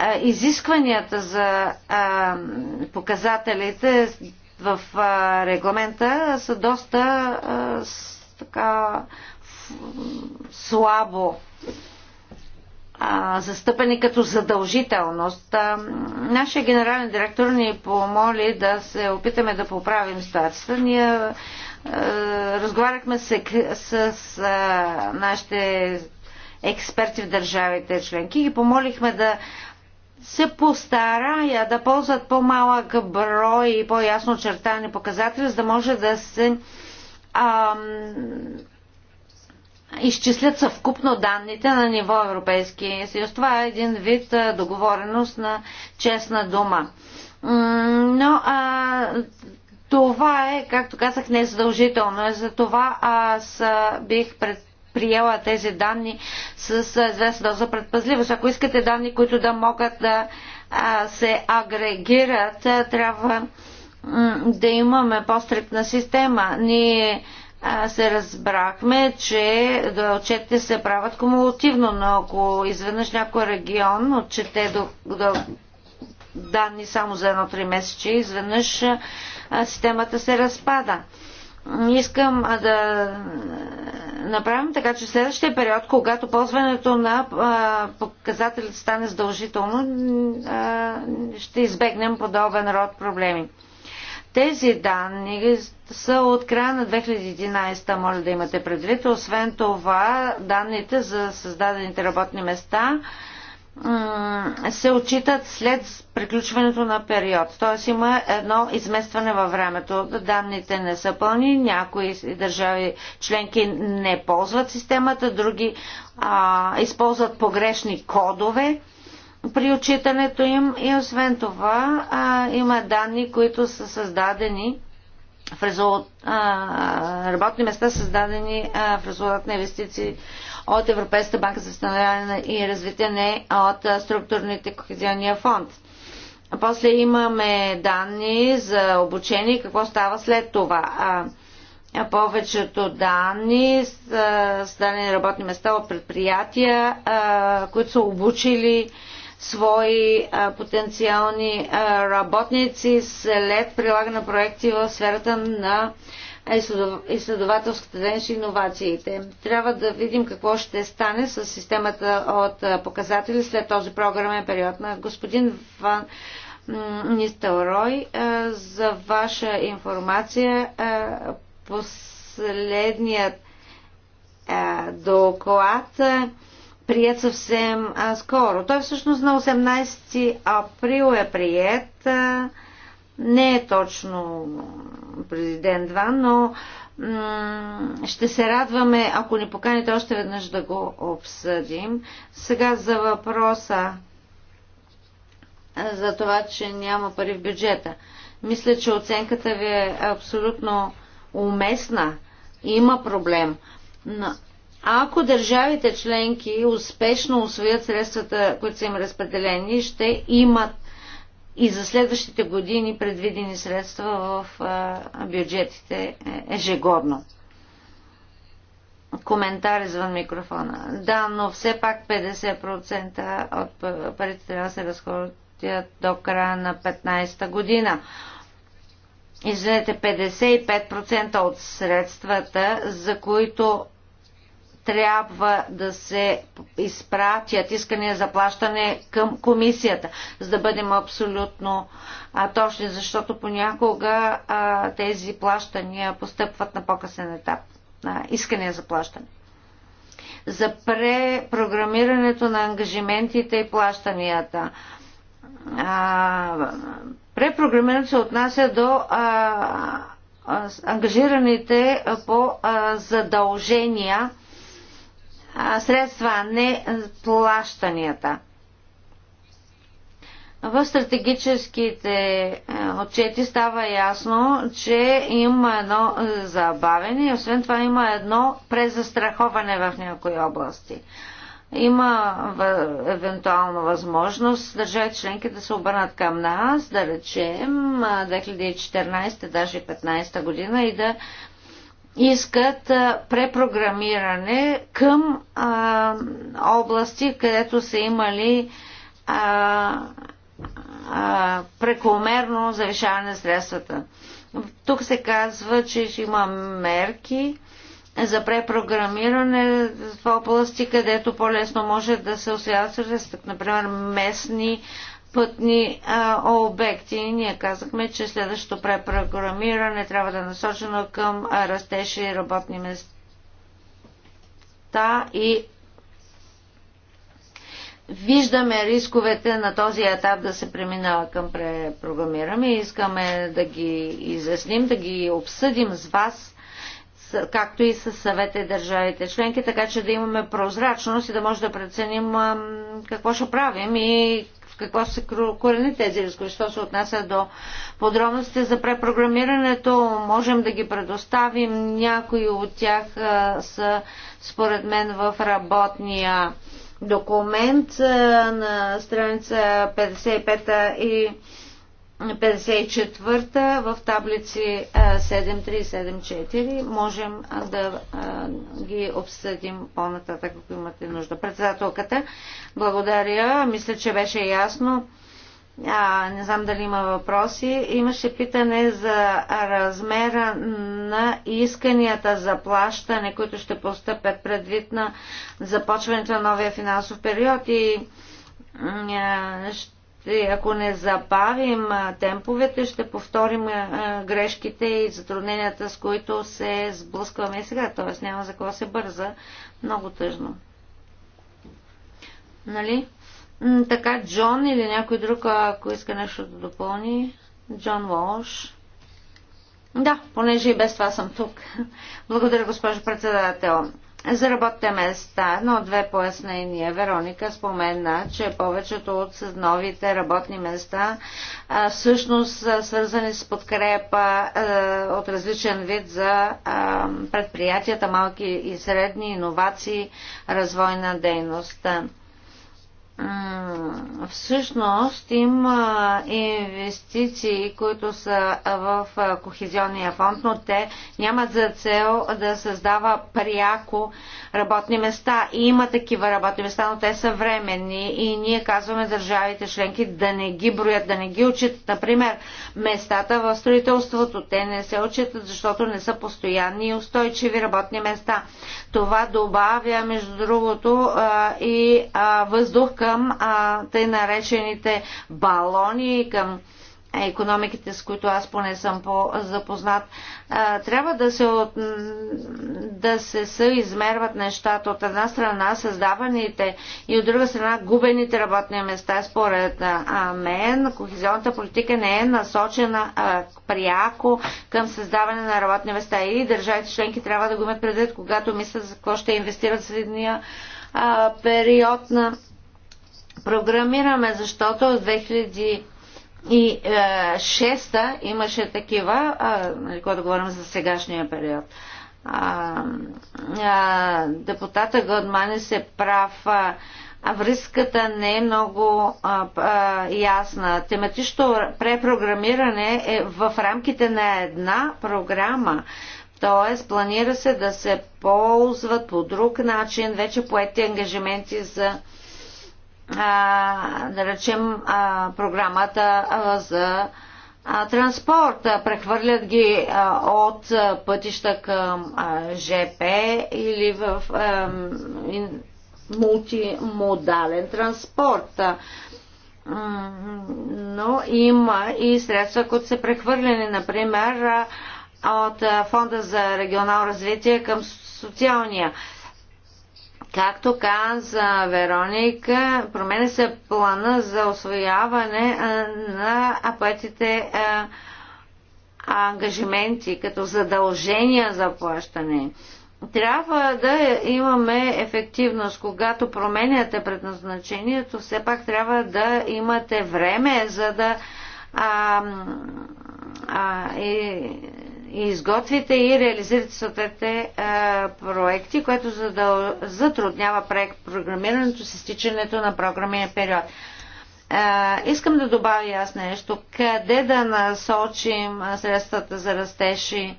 Е, изискванията за показателите в регламента са доста така слабо застъпени като задължителност. Нашия генерален директор ни помоли да се опитаме да поправим ситуацията. Ние е, разговаряхме с, с, с е, а, нашите експерти в държавите членки и помолихме да се постарая да ползват по-малък брой и по-ясно очертани показатели, за да може да се ам, изчислят съвкупно данните на ниво Европейски съюз. Това е един вид е, договореност на честна дума. Но а, това е, както казах, незадължително. Е за това аз бих пред приела тези данни с известна доза предпазливост. Ако искате данни, които да могат да се агрегират, трябва да имаме по-стриктна система. Ние се разбрахме, че отчетите се правят кумулативно, но ако изведнъж някой регион отчете до, до данни само за едно три месече, изведнъж системата се разпада. Искам да направим така, че следващия период, когато ползването на показателите стане задължително, ще избегнем подобен род проблеми. Тези данни са от края на 2011, може да имате предвид. Освен това, данните за създадените работни места се отчитат след приключването на период. Т.е. има едно изместване във времето. Данните не са пълни, някои държави членки не ползват системата, други а, използват погрешни кодове при отчитането им и освен това а, има данни, които са създадени в резултат, а, работни места създадени а, в резултат на инвестиции от Европейската банка за възстановяване и развитие, не от структурните кохезионния фонд. А после имаме данни за обучение и какво става след това. А, повечето данни са, са работни места от предприятия, които са обучили свои потенциални работници след прилагане на проекти в сферата на изследователската дейност и иновациите. Трябва да видим какво ще стане с системата от показатели след този програмен период. На господин Ван Нистелрой, за ваша информация, последният доклад прият съвсем скоро. Той всъщност на 18 април е прият не е точно президент Ван, но ще се радваме, ако ни поканите още веднъж да го обсъдим. Сега за въпроса за това, че няма пари в бюджета. Мисля, че оценката ви е абсолютно уместна. Има проблем. Но ако държавите членки успешно освоят средствата, които са им разпределени, ще имат и за следващите години предвидени средства в бюджетите е, ежегодно. Коментар извън микрофона. Да, но все пак 50% от парите трябва да се разходят до края на 15-та година. Извинете, 55% от средствата, за които трябва да се изпратят искания за плащане към комисията, за да бъдем абсолютно а, точни, защото понякога а, тези плащания постъпват на по-късен етап. А, искания за плащане. За препрограмирането на ангажиментите и плащанията. А, препрограмирането се отнася до а, ангажираните по задължения средства, а не плащанията. В стратегическите е, отчети става ясно, че има едно забавене и освен това има едно презастраховане в някои области. Има евентуално възможност държави членки да се обърнат към нас, да речем 2014, даже 2015 година и да искат препрограмиране към а, области, където са имали а, а, прекомерно завишаване на средствата. Тук се казва, че ще има мерки за препрограмиране в области, където по-лесно може да се освояват средства, например местни пътни а, обекти. Ние казахме, че следващото препрограмиране трябва да е насочено към растеши и работни места и виждаме рисковете на този етап да се преминава към препрограмиране. Искаме да ги изясним, да ги обсъдим с вас както и с съвета и държавите членки, така че да имаме прозрачност и да може да преценим какво ще правим и в какво се корени тези рискове. Що се отнася до подробностите за препрограмирането, можем да ги предоставим. Някои от тях са според мен в работния документ на страница 55 и 54-та в таблици 7374 можем да ги обсъдим по-нататък, ако имате нужда. Председателката, благодаря. Мисля, че беше ясно. А, не знам дали има въпроси. Имаше питане за размера на исканията за плащане, които ще постъпят предвид на започването на новия финансов период и ще ако не забавим темповете, ще повторим грешките и затрудненията, с които се сблъскваме сега. Тоест няма за какво се бърза. Много тъжно. Нали? Така, Джон или някой друг, ако иска нещо да допълни. Джон Волш. Да, понеже и без това съм тук. Благодаря, госпожо председател за работните места, но две пояснения. Вероника спомена, че повечето от новите работни места а, всъщност са свързани с подкрепа а, от различен вид за а, предприятията, малки и средни, иновации, развойна дейност всъщност има инвестиции, които са в Кохезионния фонд, но те нямат за цел да създава пряко работни места. И има такива работни места, но те са временни и ние казваме държавите членки да не ги броят, да не ги отчитат. Например, местата в строителството, те не се отчитат, защото не са постоянни и устойчиви работни места. Това добавя, между другото, и въздух към а, тъй наречените балони, към економиките, с които аз поне съм по-запознат, трябва да се, от... да се съизмерват нещата. От една страна създаваните и от друга страна губените работни места. Според а мен, кохезионната политика не е насочена а, пряко към създаване на работни места. Или държавите членки трябва да го имат предвид, когато мислят за какво ще инвестират в следния период на програмираме, защото от 2006 имаше такива, нали, когато говорим за сегашния период. А, а, депутата Годмани се прав. А, връзката не е много а, а, ясна. Тематично препрограмиране е в рамките на една програма. Тоест, планира се да се ползват по друг начин вече поети ангажименти за да речем, програмата за транспорт. Прехвърлят ги от пътища към ЖП или в мултимодален транспорт. Но има и средства, които са прехвърлени, например, от Фонда за регионално развитие към социалния Както каза Вероника, променя се плана за освояване на апатите ангажименти като задължения за плащане. Трябва да имаме ефективност. Когато променяте предназначението, все пак трябва да имате време, за да а, а, и изготвите и реализирате съответните е, проекти, което задъл... затруднява проект програмирането с изтичането на програмния период. А, е, искам да добавя аз нещо. Къде да насочим средствата за растежи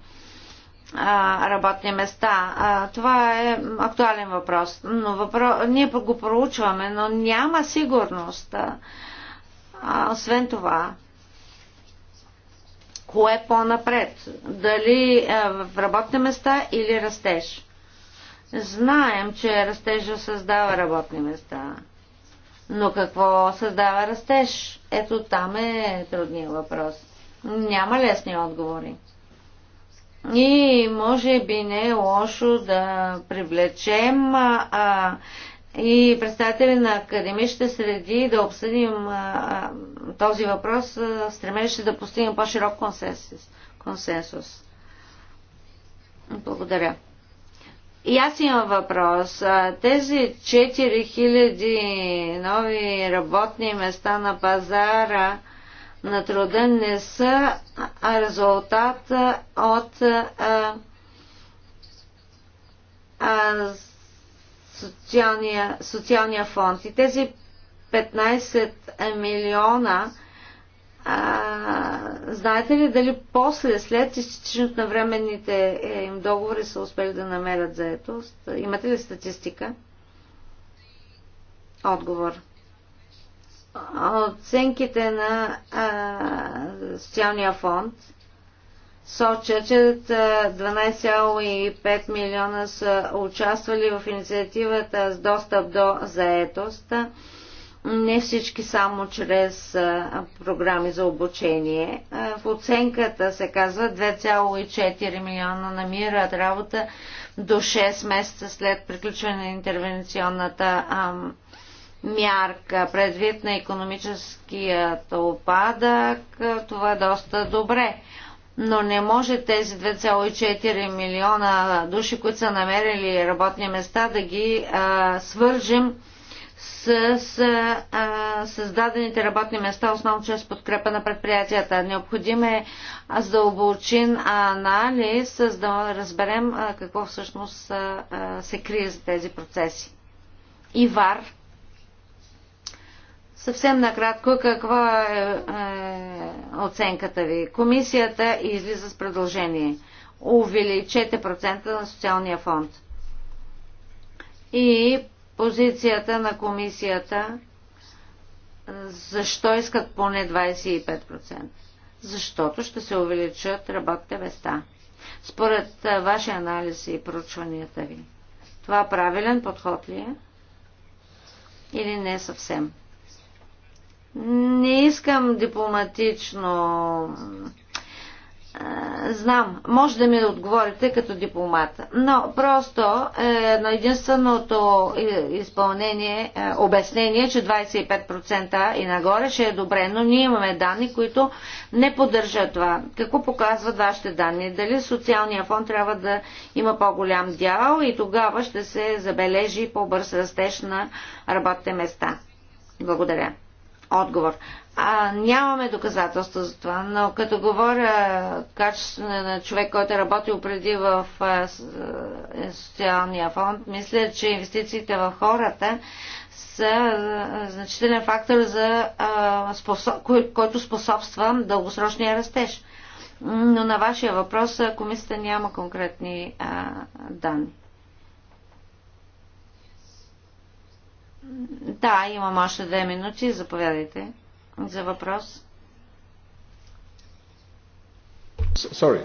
работни места? А, това е актуален въпрос. Но въпро... Ние го проучваме, но няма сигурност. А, освен това, кое е по-напред. Дали е, в работни места или растеж. Знаем, че растежа създава работни места. Но какво създава растеж? Ето там е трудният въпрос. Няма лесни отговори. И може би не е лошо да привлечем а, а, и представители на академичните среди да обсъдим а, този въпрос, стремеше да постигнем по-широк консенсус. консенсус. Благодаря. И аз имам въпрос. Тези 4000 нови работни места на пазара на труда не са резултат от а, а, социалния, социалния фонд. И тези 15 милиона, а, знаете ли дали после, след изтичането на временните е, им договори са успели да намерят заетост? Имате ли статистика? Отговор. Оценките на а, социалния фонд – сочат, че 12,5 милиона са участвали в инициативата с достъп до заетост. Не всички само чрез програми за обучение. В оценката се казва 2,4 милиона намират работа до 6 месеца след приключване на интервенционната мярка. Предвид на економическият опадък, това е доста добре но не може тези 2,4 милиона души, които са намерили работни места, да ги а, свържим с, а, създадените работни места, основно чрез подкрепа на предприятията. Необходим е задълбочин анализ, за да разберем а, какво всъщност а, се крие за тези процеси. Ивар Съвсем накратко, каква е, е оценката ви? Комисията излиза с предложение. Увеличете процента на социалния фонд. И позицията на комисията защо искат поне 25%? Защото ще се увеличат работните места. Според е, вашия анализ и проучванията ви, това правилен подход ли е? Или не съвсем? Не искам дипломатично. Знам, може да ми отговорите като дипломата, но просто е, на единственото изпълнение, е, обяснение, че 25% и нагоре ще е добре, но ние имаме данни, които не поддържат това. Какво показват вашите данни? Дали социалния фонд трябва да има по-голям дял и тогава ще се забележи по-бърз растеж на работните места? Благодаря отговор. А, нямаме доказателства за това, но като говоря качествено на човек, който е работил преди в социалния фонд, мисля, че инвестициите в хората са значителен фактор, за, способ, кой, който способства дългосрочния растеж. Но на вашия въпрос комисията няма конкретни данни. Да, имам още две минути. Заповядайте за въпрос. Sorry.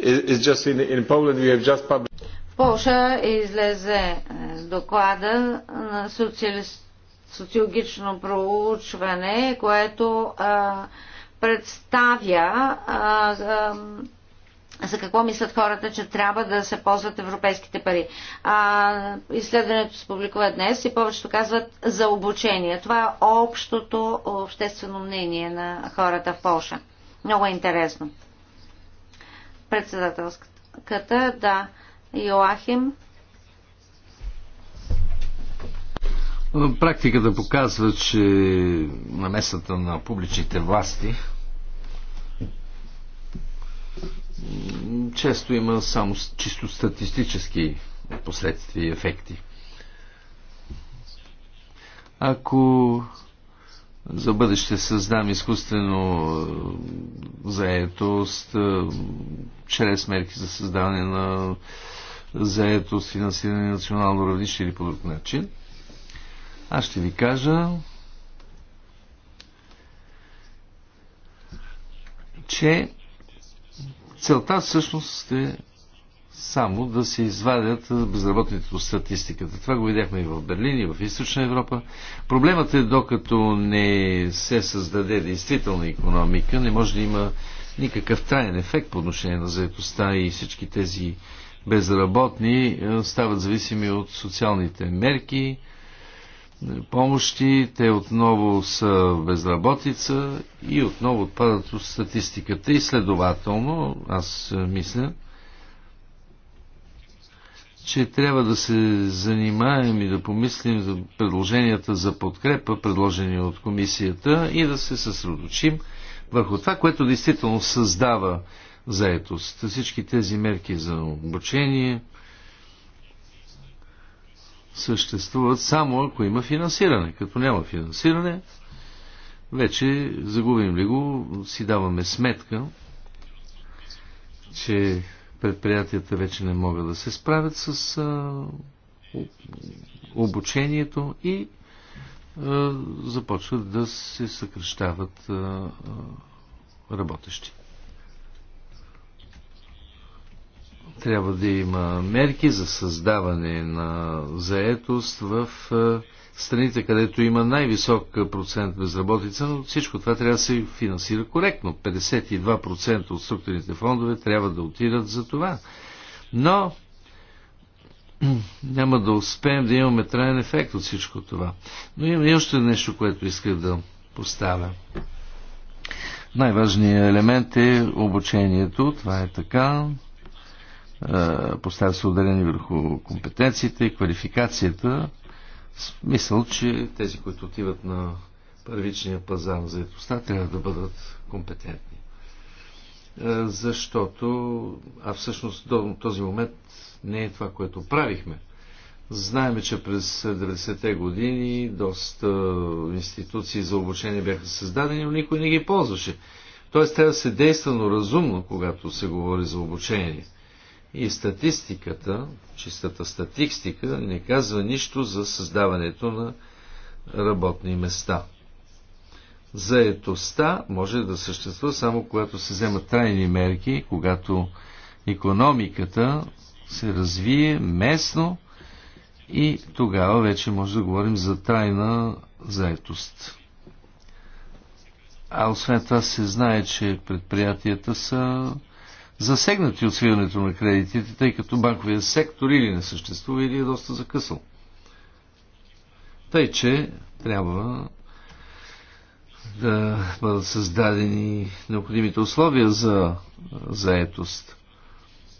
It's just in, in Poland we have just published... В Польша излезе е, с доклада на социалист, социологично проучване, което а, представя а, а, за какво мислят хората, че трябва да се ползват европейските пари. А, изследването се публикува днес и повечето казват за обучение. Това е общото обществено мнение на хората в Польша. Много е интересно. Председателската, да, Йоахим. Практиката показва, че намесата на публичните власти често има само чисто статистически последствия и ефекти. Ако за бъдеще създам изкуствено е, заетост, е, чрез мерки за създаване на заетост, финансиране на национално равнище или по друг начин, аз ще ви кажа, че Целта всъщност е само да се извадят безработните от статистиката. Това го видяхме и в Берлин, и в Източна Европа. Проблемът е, докато не се създаде действителна економика, не може да има никакъв траен ефект по отношение на заедостта и всички тези безработни е, стават зависими от социалните мерки, помощи, те отново са безработица и отново отпадат от статистиката и следователно, аз мисля, че трябва да се занимаем и да помислим за предложенията за подкрепа, предложени от комисията и да се съсредоточим върху това, което действително създава заетост. Всички тези мерки за обучение – съществуват само ако има финансиране. Като няма финансиране, вече загубим ли го, си даваме сметка, че предприятията вече не могат да се справят с обучението и започват да се съкръщават работещи. Трябва да има мерки за създаване на заетост в е, страните, където има най-висок процент безработица, но всичко това трябва да се финансира коректно. 52% от структурните фондове трябва да отидат за това. Но няма да успеем да имаме траен ефект от всичко това. Но има и още нещо, което исках да поставя. Най-важният елемент е обучението. Това е така. Е, поставят се отделени върху компетенциите и квалификацията. смисъл, че тези, които отиват на първичния пазар за етостта, трябва да бъдат компетентни. Е, защото, а всъщност до този момент не е това, което правихме. Знаеме, че през 90-те години доста институции за обучение бяха създадени, но никой не ги ползваше. Тоест трябва да се действа, но разумно, когато се говори за обучение. И статистиката, чистата статистика, не казва нищо за създаването на работни места. Заетостта може да съществува само когато се вземат трайни мерки, когато економиката се развие местно и тогава вече може да говорим за трайна заетост. А освен това се знае, че предприятията са засегнати от свиването на кредитите, тъй като банковия сектор или не съществува, или е доста закъсал. Тъй, че трябва да бъдат създадени необходимите условия за заетост,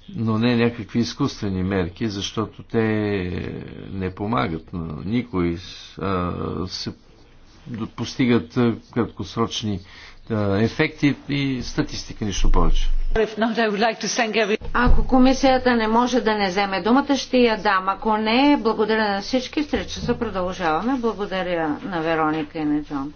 но не някакви изкуствени мерки, защото те не помагат на никой. Се постигат краткосрочни ефекти и статистика, нищо повече. Ако комисията не може да не вземе думата, ще я дам. Ако не, благодаря на всички. В 3 часа продължаваме. Благодаря на Вероника и на Джон.